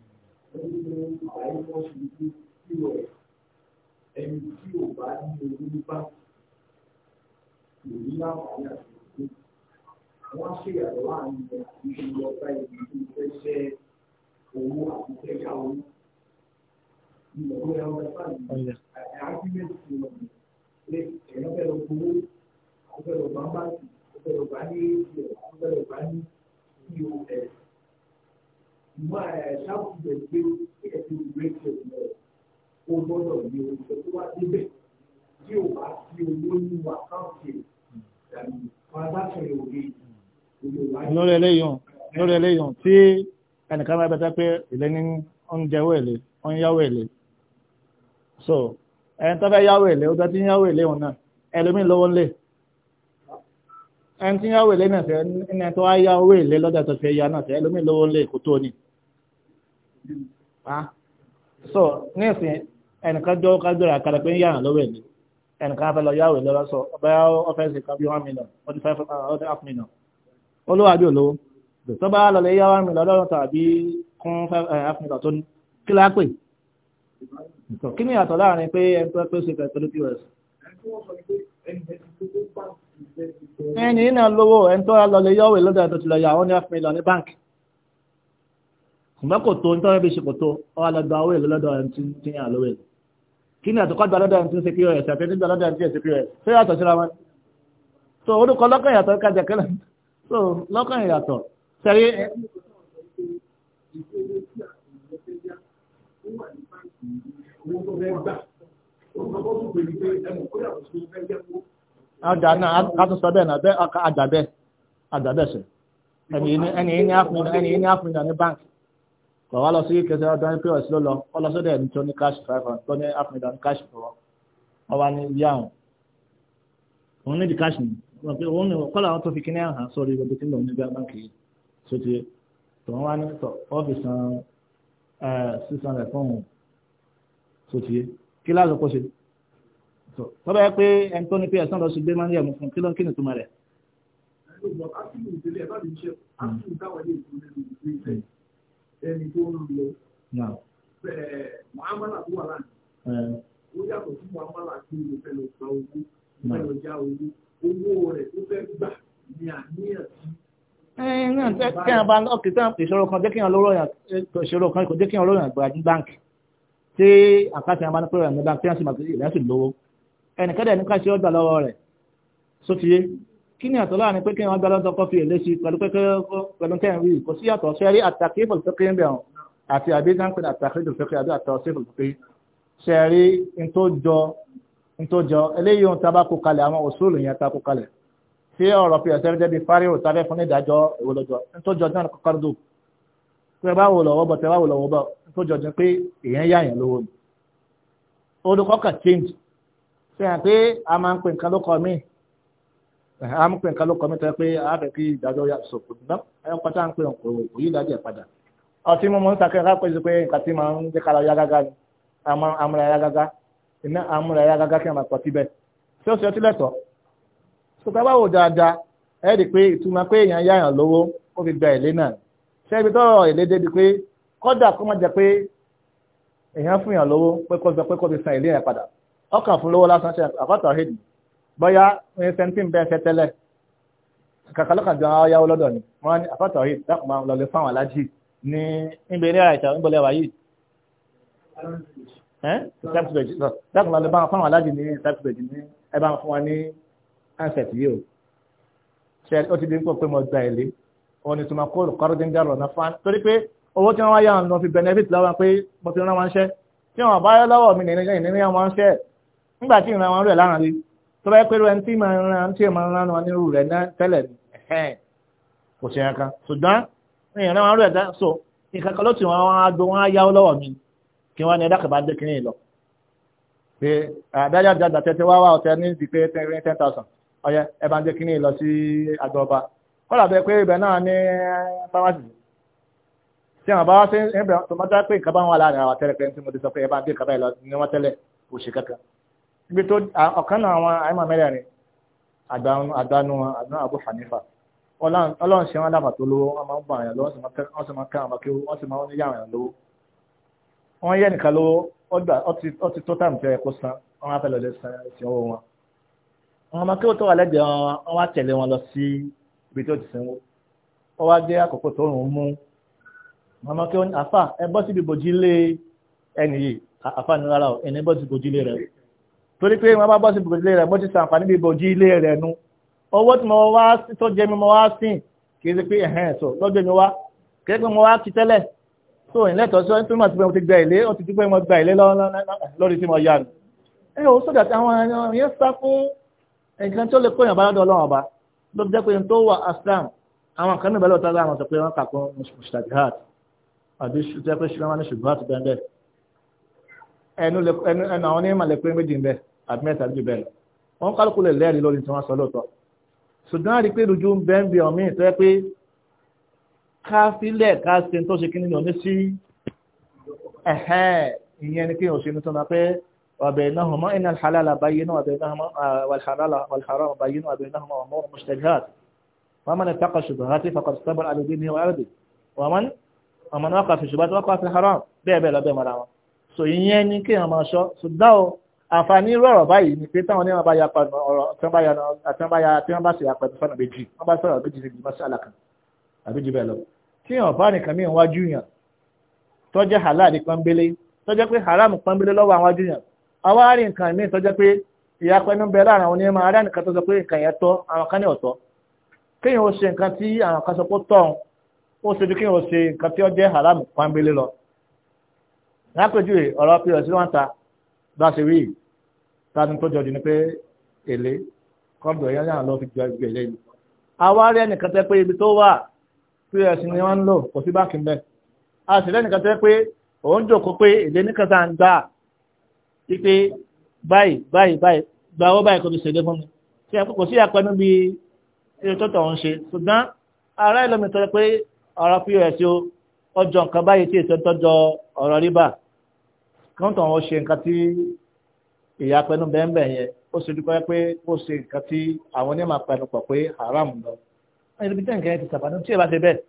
wọ́n ní àlàyé wọ́n ṣe ní pọ́s ẹni tí ò bá ní owó ní báńkì kò ní láǹfààní àti ìlú wọ́n ṣe ìyàtọ̀ láàrin ìgbà àti ìlú ọba ìlú tó fẹ́ ṣẹ́ owó àti fẹ́ yá owó ìlọ́wọ́ ẹ̀rọ ẹ̀fà yìí àgbẹ̀mẹ̀tì lọ pé ẹ̀rọ fẹ́ lọ gbowó ṣáàpù rẹ̀ gbé gẹ́gẹ́ bí rachel lọ ó gbọ́dọ̀ ní oúnjẹ tó wá débẹ̀ tí ò bá sí owó ní wákàtí transaction yóò gbé lórí eléyàn lórí eléyàn tí ẹnìkan bá bẹ́tẹ́ pé ìlẹ́ni ń jẹ́wọ́ èlé ń yáwó èlé so ẹni tó fẹ́ yáwó èlé ó tẹ́tí yáwó èlé òun náà ẹlòmíì lọ́wọ́ lè ẹni tí yáwó èlé náà fẹ́ ẹni tó wá yáwó èlé lọ́jà tó fẹ́ yá náà fẹ́ ẹlòmíì lọ́wọ́ lè kó tó ni. Ah. so nísìn ẹnìkan jọ kájọra kára pé ń yàrá lọ́wọ́ ẹ̀mí ẹnìkan afẹ́ lọ yáwó ìlọ́wọ́ sọ ọba ọ́fẹ́sì kan bí one million ọdí five ọdí half million olówó àbí olówó tó bá lọ lè yá one million lọ́rùn tàbí kún eh, half million tó ní kí láá pè kí ni ìyàtọ̀ láàrin pé ẹni tó pé ṣe pẹ̀lú pos ẹni náà lówó ẹni tó lọ lè yáwó ìlọ́dọ̀ tó ti lọ yà wọ́n ní half million ní báńkì ṣùgbọ́n kò tó nítorí bí ṣe kò tó ọ lọ́dọ̀ awé lọ́dọ̀ ẹni tí ń tí ń yà lówé kí ni àtọ́kọ́ gba lọ́dọ̀ ẹni tí ń ṣe pọ́s àti ẹni tí lọ́dọ̀ ń ṣe pọ́s ṣé yàtọ̀ síra wọn. so orúkọ lọ́kàn yàtọ̀ kájà kẹlẹ̀ so lọ́kàn yàtọ̀ sẹ́rí. ọjà náà a tún sọ bẹ́ẹ̀ náà bẹ́ẹ̀ àgbà bẹ́ẹ̀ àgbà bẹ́ẹ̀ sẹ́ ẹni yìí ní àfihàn ní báńkì wàá lọ sí kẹsẹ̀ ọdún ẹni pé ọ̀sìn ló lọ wọ́n lọ sọ́dọ̀ ẹni tó ní cash five hundred tó ní afẹ́dá ní cash fún wọn wọ́n wá ní yá wọn òun ní di cash ni wọ́n pe òun ní kọ́lá wọn tó fi kíní àhàn sórí ibi tí lòun ní bí abáǹkì yìí tó ti tó wọn wá ní tọ ọ́fíìsì six hundred fún òun tó ti kí láàzọ kó ṣe tó bá yẹ pé ẹni tó ní pé ẹ̀sán lọ sí gbé máníyà mú fún kí ló ń kí ni tó máa rẹ̀ ẹni tó ń lọ bẹ́ẹ̀ mọ́hámàlà tó wà láàrin ó yàtọ̀ sí mọ́hámàlà tí o fẹ́ lọ gba owó fẹ́ lọ já owó owó rẹ̀ tó fẹ́ gbà ní àníyàn sí. Ẹyin náà tẹ́ kí wọ́n bá ọkì tán ìṣòro kan jẹ́ kí wọ́n lọ́rọ̀ yàn ìṣòro kan kò jẹ́ kí wọ́n lọ́rọ̀ yàn gbà ní báǹkì tí àkáṣe àwọn abánipẹ́rẹ́ yàn ní báǹkì tí wọ́n sì máa ti ìlẹ́sìn lówó. Ẹnìkẹ́dẹ̀ ní ká ṣe ọ́gbà lọ́wọ́ rẹ̀ sótìyé kí ni àtọ̀ láàrin pé kí wọ́n gbọ́dọ̀ tọkọ fi èlé sí pẹ̀lú pẹ̀lú kẹrin rí kò sí àtọ̀ sẹ́rí àtàkìfò fẹ́kẹ́ ń bẹ̀rùn àti àbíjá ń pè ní àtàkìfò fẹ́kẹ́ àbí àtọ̀ sẹ́fò fẹ́kẹ́ sẹ́rí ntọ́jọ eléyìí ohun tábà kó kalẹ̀ àwọn òṣòlù yẹn tá kó kalẹ̀ tí ọ̀rọ̀ fi ẹ̀sẹ̀ jẹ́ bí fáríwò tábẹ́ fún ìdájọ́ ìwòlọ́jọ́ ntọ́jọ náà kọ́kọ́rọ́ dò tẹ́ bá wò lọ́wọ́ bọ̀ tẹ́ bá wò ni. odò kọ́kà change fi a mú pé nǹkan ló kọ mí tẹ́ pé a fẹ́ kí ìdájọ́ yà sọ̀kò ẹ̀ ń ń pè ọ̀pọ̀ padà ọtí mo ń ká pèsè pé nǹkan tí ya gágá ni amúra ya gágá iná amúra ya gágá kí wọ́n máa pọ̀ síbẹ̀ tí ó ṣe ọtí lẹ́tọ̀ ṣùgbọ́n báwo dáadáa rí pé ìtumọ̀ pé èèyàn yá èèyàn lówó ó fi gba èlé náà ṣé ibi tọ́rọ̀ èlé débi pé kọ́dà kó má jẹ bọ́yá ẹsẹ̀ntì ń bẹ́ ẹsẹ̀ tẹ́lẹ̀ kàkàlọ́kà jọ àwọn yáwó lọ́dọ̀ ni wọ́n ní àfọ́tọ̀ yìí dákùnmá lọ́lẹ̀ fáwọn alájì ní ìgbé ní àìsà ìgbọ̀lẹ̀ wà yìí dákùnmá lọ́lẹ̀ fáwọn alájì ní sáfìbẹ̀jì ní ẹ bá fún wa ní ansẹ̀tì yìí o ṣe ó ti di pọ̀ pé mo gba èlé wọn ni tuma kóòlù kọ́rọ́dín dárò náà fún wa torí pé owó tí wọ́n wáyà lọ fi benefit lọ́wọ́ pé mo ti rán wọn ṣẹ́ tí wọ́n bá yọ lọ́wọ́ mi nìyẹn nígbà tí ìran wọn rẹ̀ láàrin tó bá yẹ pé ẹni tí máa ń ran tí máa ń ran wọn nírú rẹ̀ náà tẹ́lẹ̀ kò sí ẹ̀ka ṣùgbọ́n èèyàn náà wọn rẹ̀ dá so nǹkan kan ló ti wọn wọn á do wọn á yáwó lọ́wọ́ mi kí wọ́n ní ẹ̀dá kàbá dé kínní lọ. pé àdájọ́ àdájọ́ tẹ́tẹ́ wá wá ọ̀tẹ́ ní ti pé ten thousand ọ̀yẹ́ ẹ bá dé kínní lọ sí àgbọ̀ọba kọ́lá bẹ pé ibẹ̀ náà ní eh, pharmacy tí àwọn bá wá sí ẹ̀bẹ̀ tó máa dá pé ìkábá wọn láàrin àwọn tẹ́lẹ̀ pé ní mo ti sọ pé ẹ bá dé ìkábá ẹ lọ ní wọ́n tẹ́lẹ̀ òṣì kankan ibi tó ọ̀kan náà àwọn àìmọ̀ mẹ́rẹ̀ẹ̀rin àdánù àdánù Abu Hanifa ọlọ́run ṣe wọn lábàá tó lówó wọn máa ń bọ̀ àyàn lọ́wọ́ wọ́n sì máa ń kẹ́ àwọn akéwò wọ́n sì máa ń yá àyàn lówó wọ́n yẹ́ nìkan lówó ó ti tó tàbí tẹ́ kó san wọ́n á fẹ́ lọ lé san ẹ̀sìn owó wọn àwọn ọmọ akéwò tó wà lẹ́gbẹ̀ẹ́ wọn wọ́n wá tẹ̀lé wọn lọ sí ibi tó ti sanwó ó wá dé àkókò tó rùn mú àwọn akéwò àfà ẹ bọ́ síbi bòjì lé torí pé wọn bá bọ́ sí ibùgbé rẹ̀ mo ti sàǹfààní bí ibòjì ilé rẹ̀ nu owó tí mo wá tó jẹ mi mo wá sìn kì í ṣe pé ẹ̀hẹ́n sọ lọ́jọ́ mi wá kì í pé mo wá ti tẹ́lẹ̀ tó ìlẹ́tọ̀ sọ ní túmọ̀ sí pé mo ti gba ìlé ó ti dúpẹ́ mo gba ìlé lórí tí mo yá nu. ẹ ò sọ̀dọ̀ tí àwọn èèyàn yẹn sá fún nǹkan tó lè kó èèyàn bá lọ́dọ̀ ọlọ́run ọba ló jẹ́ pé tó wà aslam àwọn kan níbẹ̀ lọ́tọ́ láwọn sọ pé wọ́n kà kún mustabihat àbí jẹ́ pé ṣùgbọ́n wọn ní ṣùgbọ́n àti bẹ́ẹ̀ bẹ́ẹ̀ ẹnu àwọn onímọ̀ lè pé méjì bẹ́ẹ̀ àbí mẹ́ta bí bẹ́ẹ̀ wọ́n kálukú lè lẹ́rìí lórí tí wọ́n sọ lóòótọ́ ṣùgbọ́n àrí pé lójú ń bẹ́ ń bẹ ọ̀mí tó yẹ pé ká fílẹ̀ ká ṣe tó ṣe kíni òní sí ẹ̀hẹ́n ìyẹn ni kí n ò ṣe ní tọ́nà pé ọ̀bẹ̀ iná hùmọ́ iná halala báyé náà ọ̀bẹ̀ iná hùmọ́ wàlhàrà báyé náà ọ̀bẹ̀ iná hùmọ́ ọmọ mùsùlùmí ومن اتقى الشبهات فقد استبرأ لدينه وعرضه ومن ومن وقع في الشبهات وقع في الحرام bẹ́ẹ̀ bẹ́ẹ̀ lọ bẹ́ẹ̀ wọn so ìyẹn ni kí n máa ṣọ́ ṣùgbọ́n àǹfààní irú ọ̀rọ̀ báyìí ni pé táwọn onímọ̀ bá ya ọ̀rọ̀ ya tí wọ́n bá ya ya pẹ̀lú fọ́nà méjì wọ́n bá sọ̀rọ̀ méjì mọ́sí àlàkà àbí jù bẹ́ẹ̀ lọ. tí bá nìkan mí wájú yàn tó jẹ́ halal pọ́nbélé tó jẹ́ pé haram pọ́nbélé lọ́wọ́ àwọn wájú yàn nǹkan mí tó jẹ́ pé láàrin àwọn onímọ̀ tó sọ pé tani tó jọjú ni pé èlé kọ́ọ̀dù ẹ̀yà náà lọ fi jọ ìgbẹ́ ilé yìí àwa rí ẹnìkan tẹ́ pé ibi tó wà pọ́s ni wọ́n ń lò kò sí báńkì mbẹ́ a sì lẹ́nìkan tẹ́ pé òun jòkó pé èlé nìkan tá à ń gbà pípé báyìí báyìí báyìí gba owó báyìí kò fi ṣèlé fún mi tí a kò sí àpẹnu bí iye tó tọ̀ ń ṣe ṣùgbọ́n ara ìlọ́mi tọ́ pé ọ̀rọ̀ pọ́s o ọjọ́ nǹkan báyìí tí èso tọ́jọ́ ọ̀rọ̀ rí bà kọ́ńtọ̀ wọn ṣe nǹkan tí ìyapẹnu bẹ́ẹ̀nbẹ́ẹ̀ yẹn ó ṣe dúpẹ́ pé ó ṣe nǹkan tí àwọn onímọ̀ pẹnu pọ̀ pé haram lọ. wọ́n yẹ kí nǹkan yẹn ti sàbàdàn tí ẹ bá ṣe bẹ́ẹ̀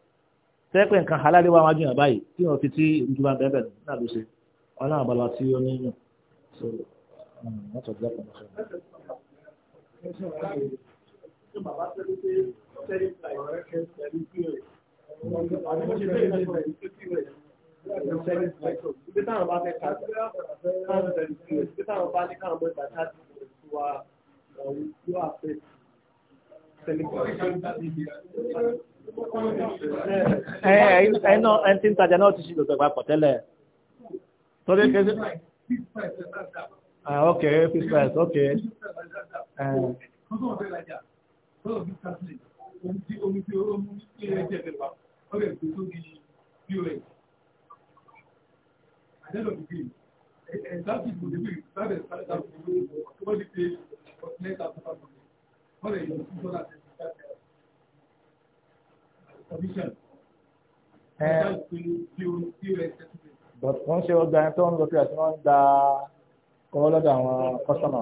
tẹ́pẹ́ nǹkan halálé wà wájú yàn báyìí tí wọ́n fi tí ìrújú bá bẹ́ẹ̀ bẹ́ẹ̀ náà ló ṣe ọlọ́run àbọ̀lá tí ó ní yàn so wọ́n tọ́jú ẹ̀kọ́ náà sọ̀rọ̀ service sector ibi táwọn bá fẹ́ kájà káwọn service sector ibi táwọn bá ní káwọn mọ́ta káàdì tó wà ọ̀hún tó wà fẹ́ ẹnu ẹni tí ń tajà náà ti ṣe ìdòtò ìpapọ̀ tẹ́lẹ̀ torí kẹsí ok fish price ok omi at the end of the game, and that people they will the people that is that commission? Eh. But wọ́n ṣe ọgbà ẹni tó ń lọ sí àti wọ́n ń da owó lọ́dọ̀ àwọn kọ́sọ́mà.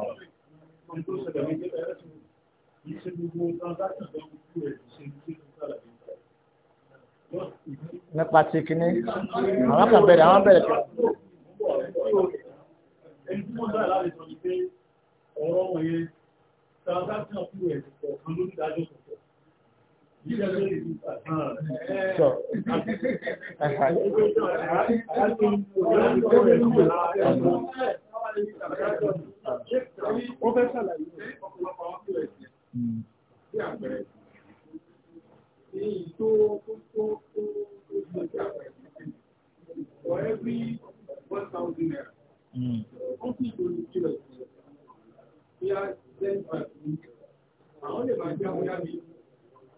Nípa ti kínní, àwọn kan bẹ̀rẹ̀ àwọn bẹ̀rẹ̀ kínní. sọ transaction of us kọ̀ọ̀kan ló ń dájọ́ kọ̀ọ̀kan. Wọ́n fẹ́ ṣàlàyé ọ̀pọ̀lọpọ̀ àwọn pọ̀s bí a ten five ní àwọn lè máa jẹ́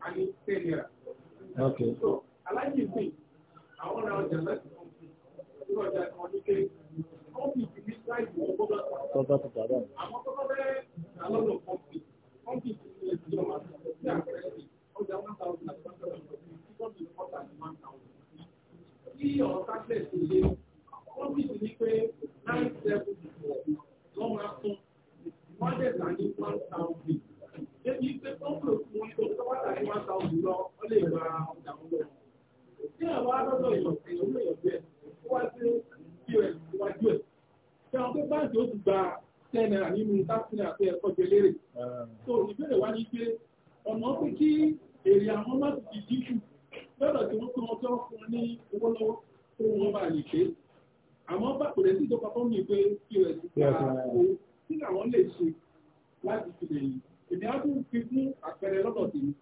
a ní ten naira. so alájì gbìn àwọn ra ọjà láti kọ́ńtì ní ọjà kan ní ké kọ́ńtì ti ní láìpẹ́ owó bọ́lá. tọ́tà ti dàgbà. àwọn tọ́tà bẹ́ẹ̀ nà lọ́dọ̀ kọ́ńtì kọ́ńtì ti ní ẹ̀sìn ọmọ àti ọ̀sẹ̀ àpẹẹrẹ ọjà one thousand àti one thousand ọ̀sẹ̀ kọ́ńtì kọ́ńtà ní one thousand budget na ní one thousand débi pé tó ń lò fún ìlú tó bá tàbí one thousand lọ ó lè ra ọjà wọn lọ. tí ẹ̀ wá lọ́dọ̀ ìyọ̀sìn ìlú ìyọ̀sìn ẹ̀ ó wá sí pos iwájú ẹ̀. ṣé àwọn pé báńkì ó ti gba ten naira nínú táàkì náà pé ẹ̀kọ́ jẹ lérè. tó ìbéèrè wá ní pé ọ̀nà pé kí èrè àwọn má ti di dínkù lọ́dọ̀ tí wọ́n pé wọ́n tọ́ fún ní owó lọ́wọ́ tó wọ́n bá lè ṣe. àmọ́ bá kò lè sí ìjọba fọ́ọ̀mù ìpè pos gba owó kí làwọn lè ṣe láti fi lẹ́yìn èmi á tún fi fún àpẹẹrẹ lọ́dọ̀ tèmi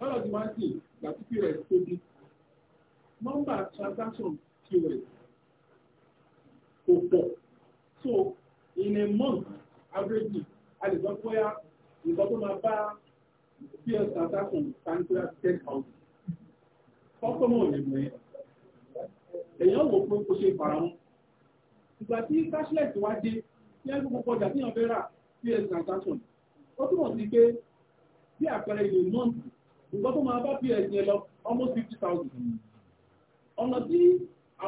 lọ́dọ̀ tí wọ́n á sì gbà tí pos tóbi nọ́mbà transaction pos kò pọ̀ so in a month average a lè sọ pé nǹkan tó máa bá pos transaction tankoya ten thousand kọ́kọ́mọ̀ lè mọ̀ ẹ́ èèyàn wò pé kò ṣe fara mọ́ ìgbà tí cashless wá dé ní ẹgbẹ́ gbogbo ọjà tíyàn fẹ́ rà ps transaction ó túmọ̀ sí pé bí àpẹẹrẹ ìlú mọ́ǹtì nǹkan tó máa bá ps yẹn lọ almost fifty thousand ọ̀nà tí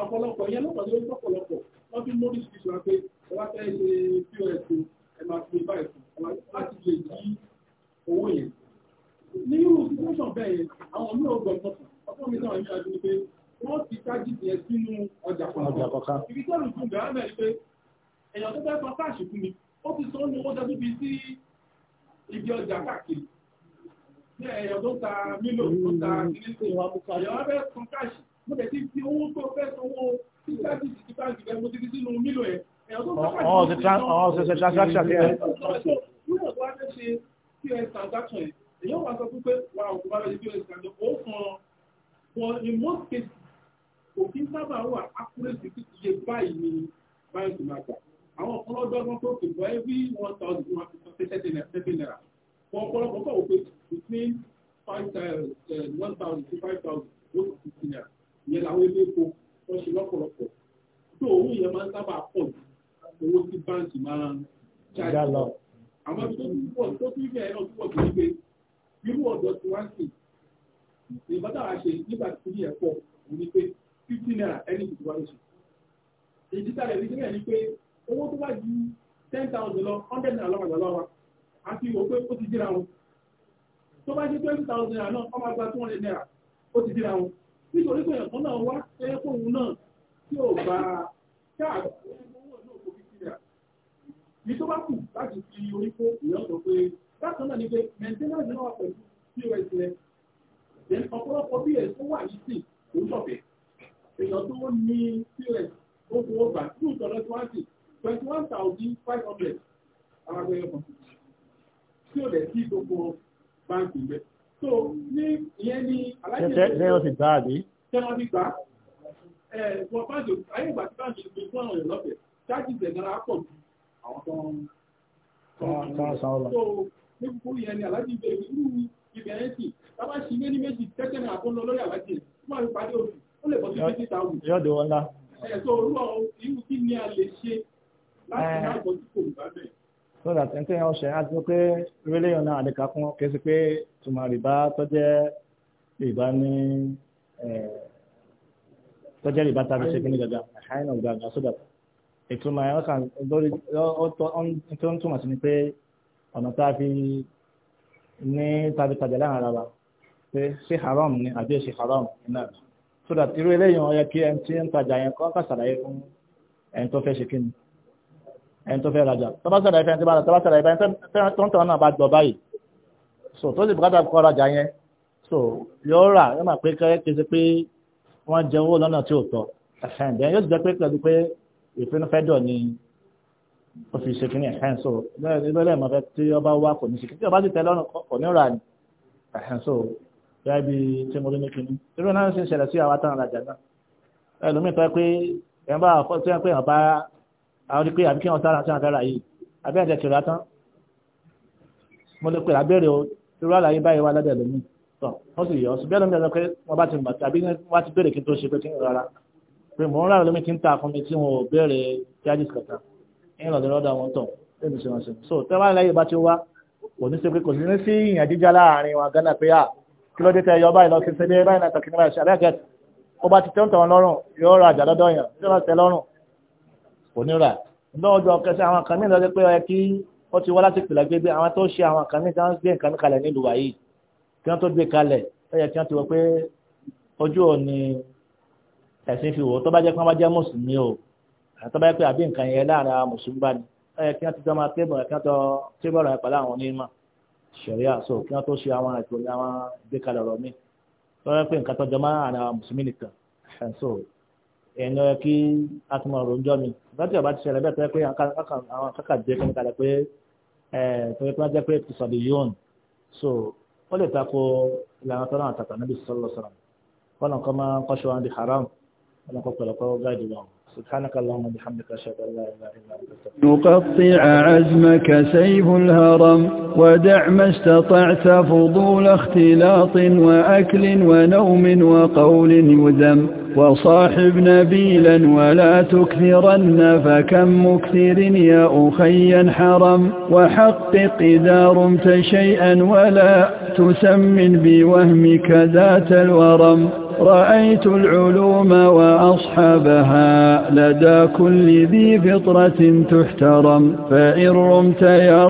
ọ̀pọ̀lọpọ̀ yẹn lọ́pọ̀ lórí ọ̀pọ̀lọpọ̀ wọ́n fi mórí sí ìṣura pé ọba fẹ́ ṣe pos ẹ máa fi báyìí fún láti lè jí owó yẹn ní irú situation bẹ́ẹ̀ yẹn àwọn mí ò gbọ̀ngàn fún ọkọ mi náà ní adúlé pé wọ́n ti tájì yẹn sínú ọjà kọ̀ọ̀kan ibi tẹ́lù fún bẹ̀rẹ̀ mẹ́rin pé èèyàn tó fẹ́ sọ fáàṣì fún mi ó ti sọ ní owó tẹ́tù fi sí ibi ọjà káàkiri ní èèyàn tó ta mílò tó ta kínísì èèyàn fẹ́ sọ káàṣì mo tẹ̀ sí fi owó tó fẹ́ sanwó sí káàkiri sí báńkì bẹ́ẹ̀ mo ti fi sínú mílò ẹ̀ èèyàn tó fẹ́ sọ káàkiri ọ̀hún ṣe ṣe transaction yẹn. yóò wá fẹ́ ṣe pos transaction yẹn èèyàn wà sọ pé wà òkú bá lọ́ọ́ pos transaction ó kan wọn in most cases òfin sábà wà accuracy ti ṣe báyìí ní báńkì máa gbà àwọn ọ̀pọ̀lọ́dọ́gbọ́n tó ti bọ́ every one thousand one hundred thirty naira fún ọ̀pọ̀lọpọ̀ kọ̀ wọ́pẹ́ between five eh, one thousand to five thousand ló kù fifty naira ìyẹn làwọn ilé epo wọ́n ṣe lọ́pọ̀lọpọ̀ tó owó yẹn máa ń sábà pọ̀ ju owó tí báńkì máa ń ṣáàjì lọ. àwọn tó tún pọ̀ tó tún bẹ̀rẹ̀ náà tún pọ̀ tó gbé irú ọ̀dọ́ tí wọ́n sì ìbátà àṣẹ nígbà tí ilé ẹ̀kọ́ òní pé fifty naira ẹni tuntun wá lóṣù. èyí tí sáré ní sílẹ̀ ni pé owó tó bá ju ten thousand lọ hundred naira lọ́wọ́ lọ́wọ́ àti ìwò pé ó ti dira wọn tó bá jẹ́ twenty thousand naira náà ọmọ àgbà two hundred naira ó ti dira wọn nítorí pé ẹ̀kọ́ náà wá ẹyẹ fóun náà tí ò bá káàdì owó náà kò fi síra ní tó bá kù láti fi orí kó ìyọ́n sọ pé bákan náà ni pé maintenance náà wà pẹ̀lú pos rẹ̀ then ọ̀pọ̀lọpọ̀ bs tó wà yìí sì kò ń sọ̀fẹ̀ èèyàn tó ní pos ó fowó gbà tí ò sọ̀rọ̀ tí wọ́n á twenty one thousand five hundred arábẹ́yẹ kan tí ò lẹ̀ sí gbogbo báńkì bẹ́ẹ̀. so ní ìyẹn ní aláìsí. ṣé wọ́n ti gbá àbí. ṣé wọ́n ti gbá ẹ̀ wọ́n báńkì ayé ìgbà tí báńkì ti fún àwọn èèyàn ṣáàjì ìgbẹ̀gànra pọ̀ ju àwọn tó ń so ní kúkú yẹn ni aláàjì bẹ irú ibẹ̀rẹ̀ sí tábà sí ilé ní méjì tẹ́tẹ́ náà tó lọ lórí aláàjì tó máa fi pàdé Eh. so that ẹni tí wọ́n ṣe á ti pé relé ọ̀nà àdéka fún kí sí pé tùmọ̀ rìbá tó jẹ́ rìbá ní eh, tó jẹ́ rìbá tàbí ṣe kíní gàgà àìnà gàgà so that ìtumọ̀ ẹ̀ ọ̀sán lórí tó ń túmọ̀ sí ni pé ọ̀nà tá a fi ní tàbí tàjà láàrin ara wa pé ṣé haram ni àbí ṣe haram náà so that irú eléyìí wọn yẹ kí ẹni tí ń tajà yẹn kọ́ kà ṣàlàyé fún ẹni tó fẹ́ ṣe kíni ẹni tó fẹ́ rajà tọ́básàdà ìfẹ́ tí bá rà tọ́básàdà ìfẹ́ tó so tó sì bùkátà kọ́ rajà so yóò rà yóò máa pé kése pé wọ́n jẹ owó lọ́nà tí ò tọ́ ẹ̀hẹ́n bẹ́ẹ̀ yóò sì jẹ́ so ìbẹ̀rẹ̀ mọ̀ fẹ́ tí ọba wá kò ní ṣe kí ọba sì tẹ lọ́rùn kò ní rà ẹ̀hẹ́n so yá ibi tí mo rí ní kínní irú náà ṣe ń ṣẹlẹ̀ sí àwa táwọn rajà náà àwọn ìpé àbíkí wọn sára sára sára yìí abẹ́ ẹ̀jẹ̀ tìrà tán mo lè pè abẹ́rẹ́ o irú àlàyé báyìí wá lọ́dẹ̀ lómi tọ̀ wọ́n sì yọ ọ ṣùgbọ́n lómi ẹ̀rọ pé wọ́n bá ti mọ̀ tàbí wọ́n ti béèrè kí n tó ṣe pé kí n rárá pé mò ń rárá lómi tí ń ta fún mi tí wọn ò béèrè charges kàtà ń lọ lọ́dọ̀ àwọn tọ̀ lẹ́nu ṣe wọn ṣe so tẹ́wọ́n àlàyé bá ti wá kò ní ṣe pé kò sí ní sí ìyàn jíjá láàrin wọn gánà pé à kí ló dé tẹ yọ báyìí lọ kí n ṣe dé báyìí náà tọkí nígbà ṣe àlẹ́ àgẹ́t ó bá ti tẹ́ ń tọ̀ wọn lọ́rùn yóò rọ àjà lọ́dọ̀ yàn yóò rọ tẹ lọ́rùn kò ní rà lọ́jọ́ kẹsàn-án àwọn kan mìíràn lọ́jọ́ pé ọyẹ kí wọ́n ti wá láti pìlẹ̀ gbé àwọn tó ṣe àwọn kan mìíràn gbé nǹkan kalẹ̀ nílùú wáyé kí wọ́n tó gbé kalẹ̀ ọyẹ kí wọ́n ti wọ pé ojú òní ẹ̀sìn fi wò tó bá jẹ́ pé wọ́n bá jẹ́ mùsùlùmí o àti bá yẹ pé àbí nǹkan yẹn láàrin àwọn mùsùlùmí bá ní ẹ kí wọ́n ti jọ máa tébọ̀ ẹ̀ kí wọ́n tó tébọ̀ rẹ̀ pẹ̀lú àwọn onímọ̀ ṣẹ̀ríà so kí wọ́n tó ṣe àwọn ètò àwọn ìgbékalẹ̀ ọ̀rọ̀ mi lọ́wọ́ pé nǹkan tó ẹ̀yìn lọ́yẹ kí a ti mọ ọ̀rọ̀ ńjọ́ mi bàtí ọba ti ṣẹlẹ̀ bẹ́ẹ̀ pé àwọn akáka jẹ́ kí wọ́n kalẹ̀ pé pé wọ́n jẹ́ pé ìsọ̀dì yóòn so ó lè tako ìlànà tó náà tàtà níbi sọ́lọ́sọ̀rọ̀ kọ́nà kọ́ máa kọ́ṣọ́ wọn di haram kọ́nà kọ́ pẹ̀lú kọ́ gáàdì wọn. سبحانك اللهم وبحمدك أشهد أن لا إله إلا أنت نقطع عزمك سيف الهرم ودع ما استطعت فضول اختلاط وأكل ونوم وقول يذم وصاحب نبيلا ولا تكثرن فكم مكثر يا أخي حرم وحقق إذا رمت شيئا ولا تسمن بوهمك ذات الورم رأيت العلوم وأصحابها لدى كل ذي فطرة تحترم فإن رمت يا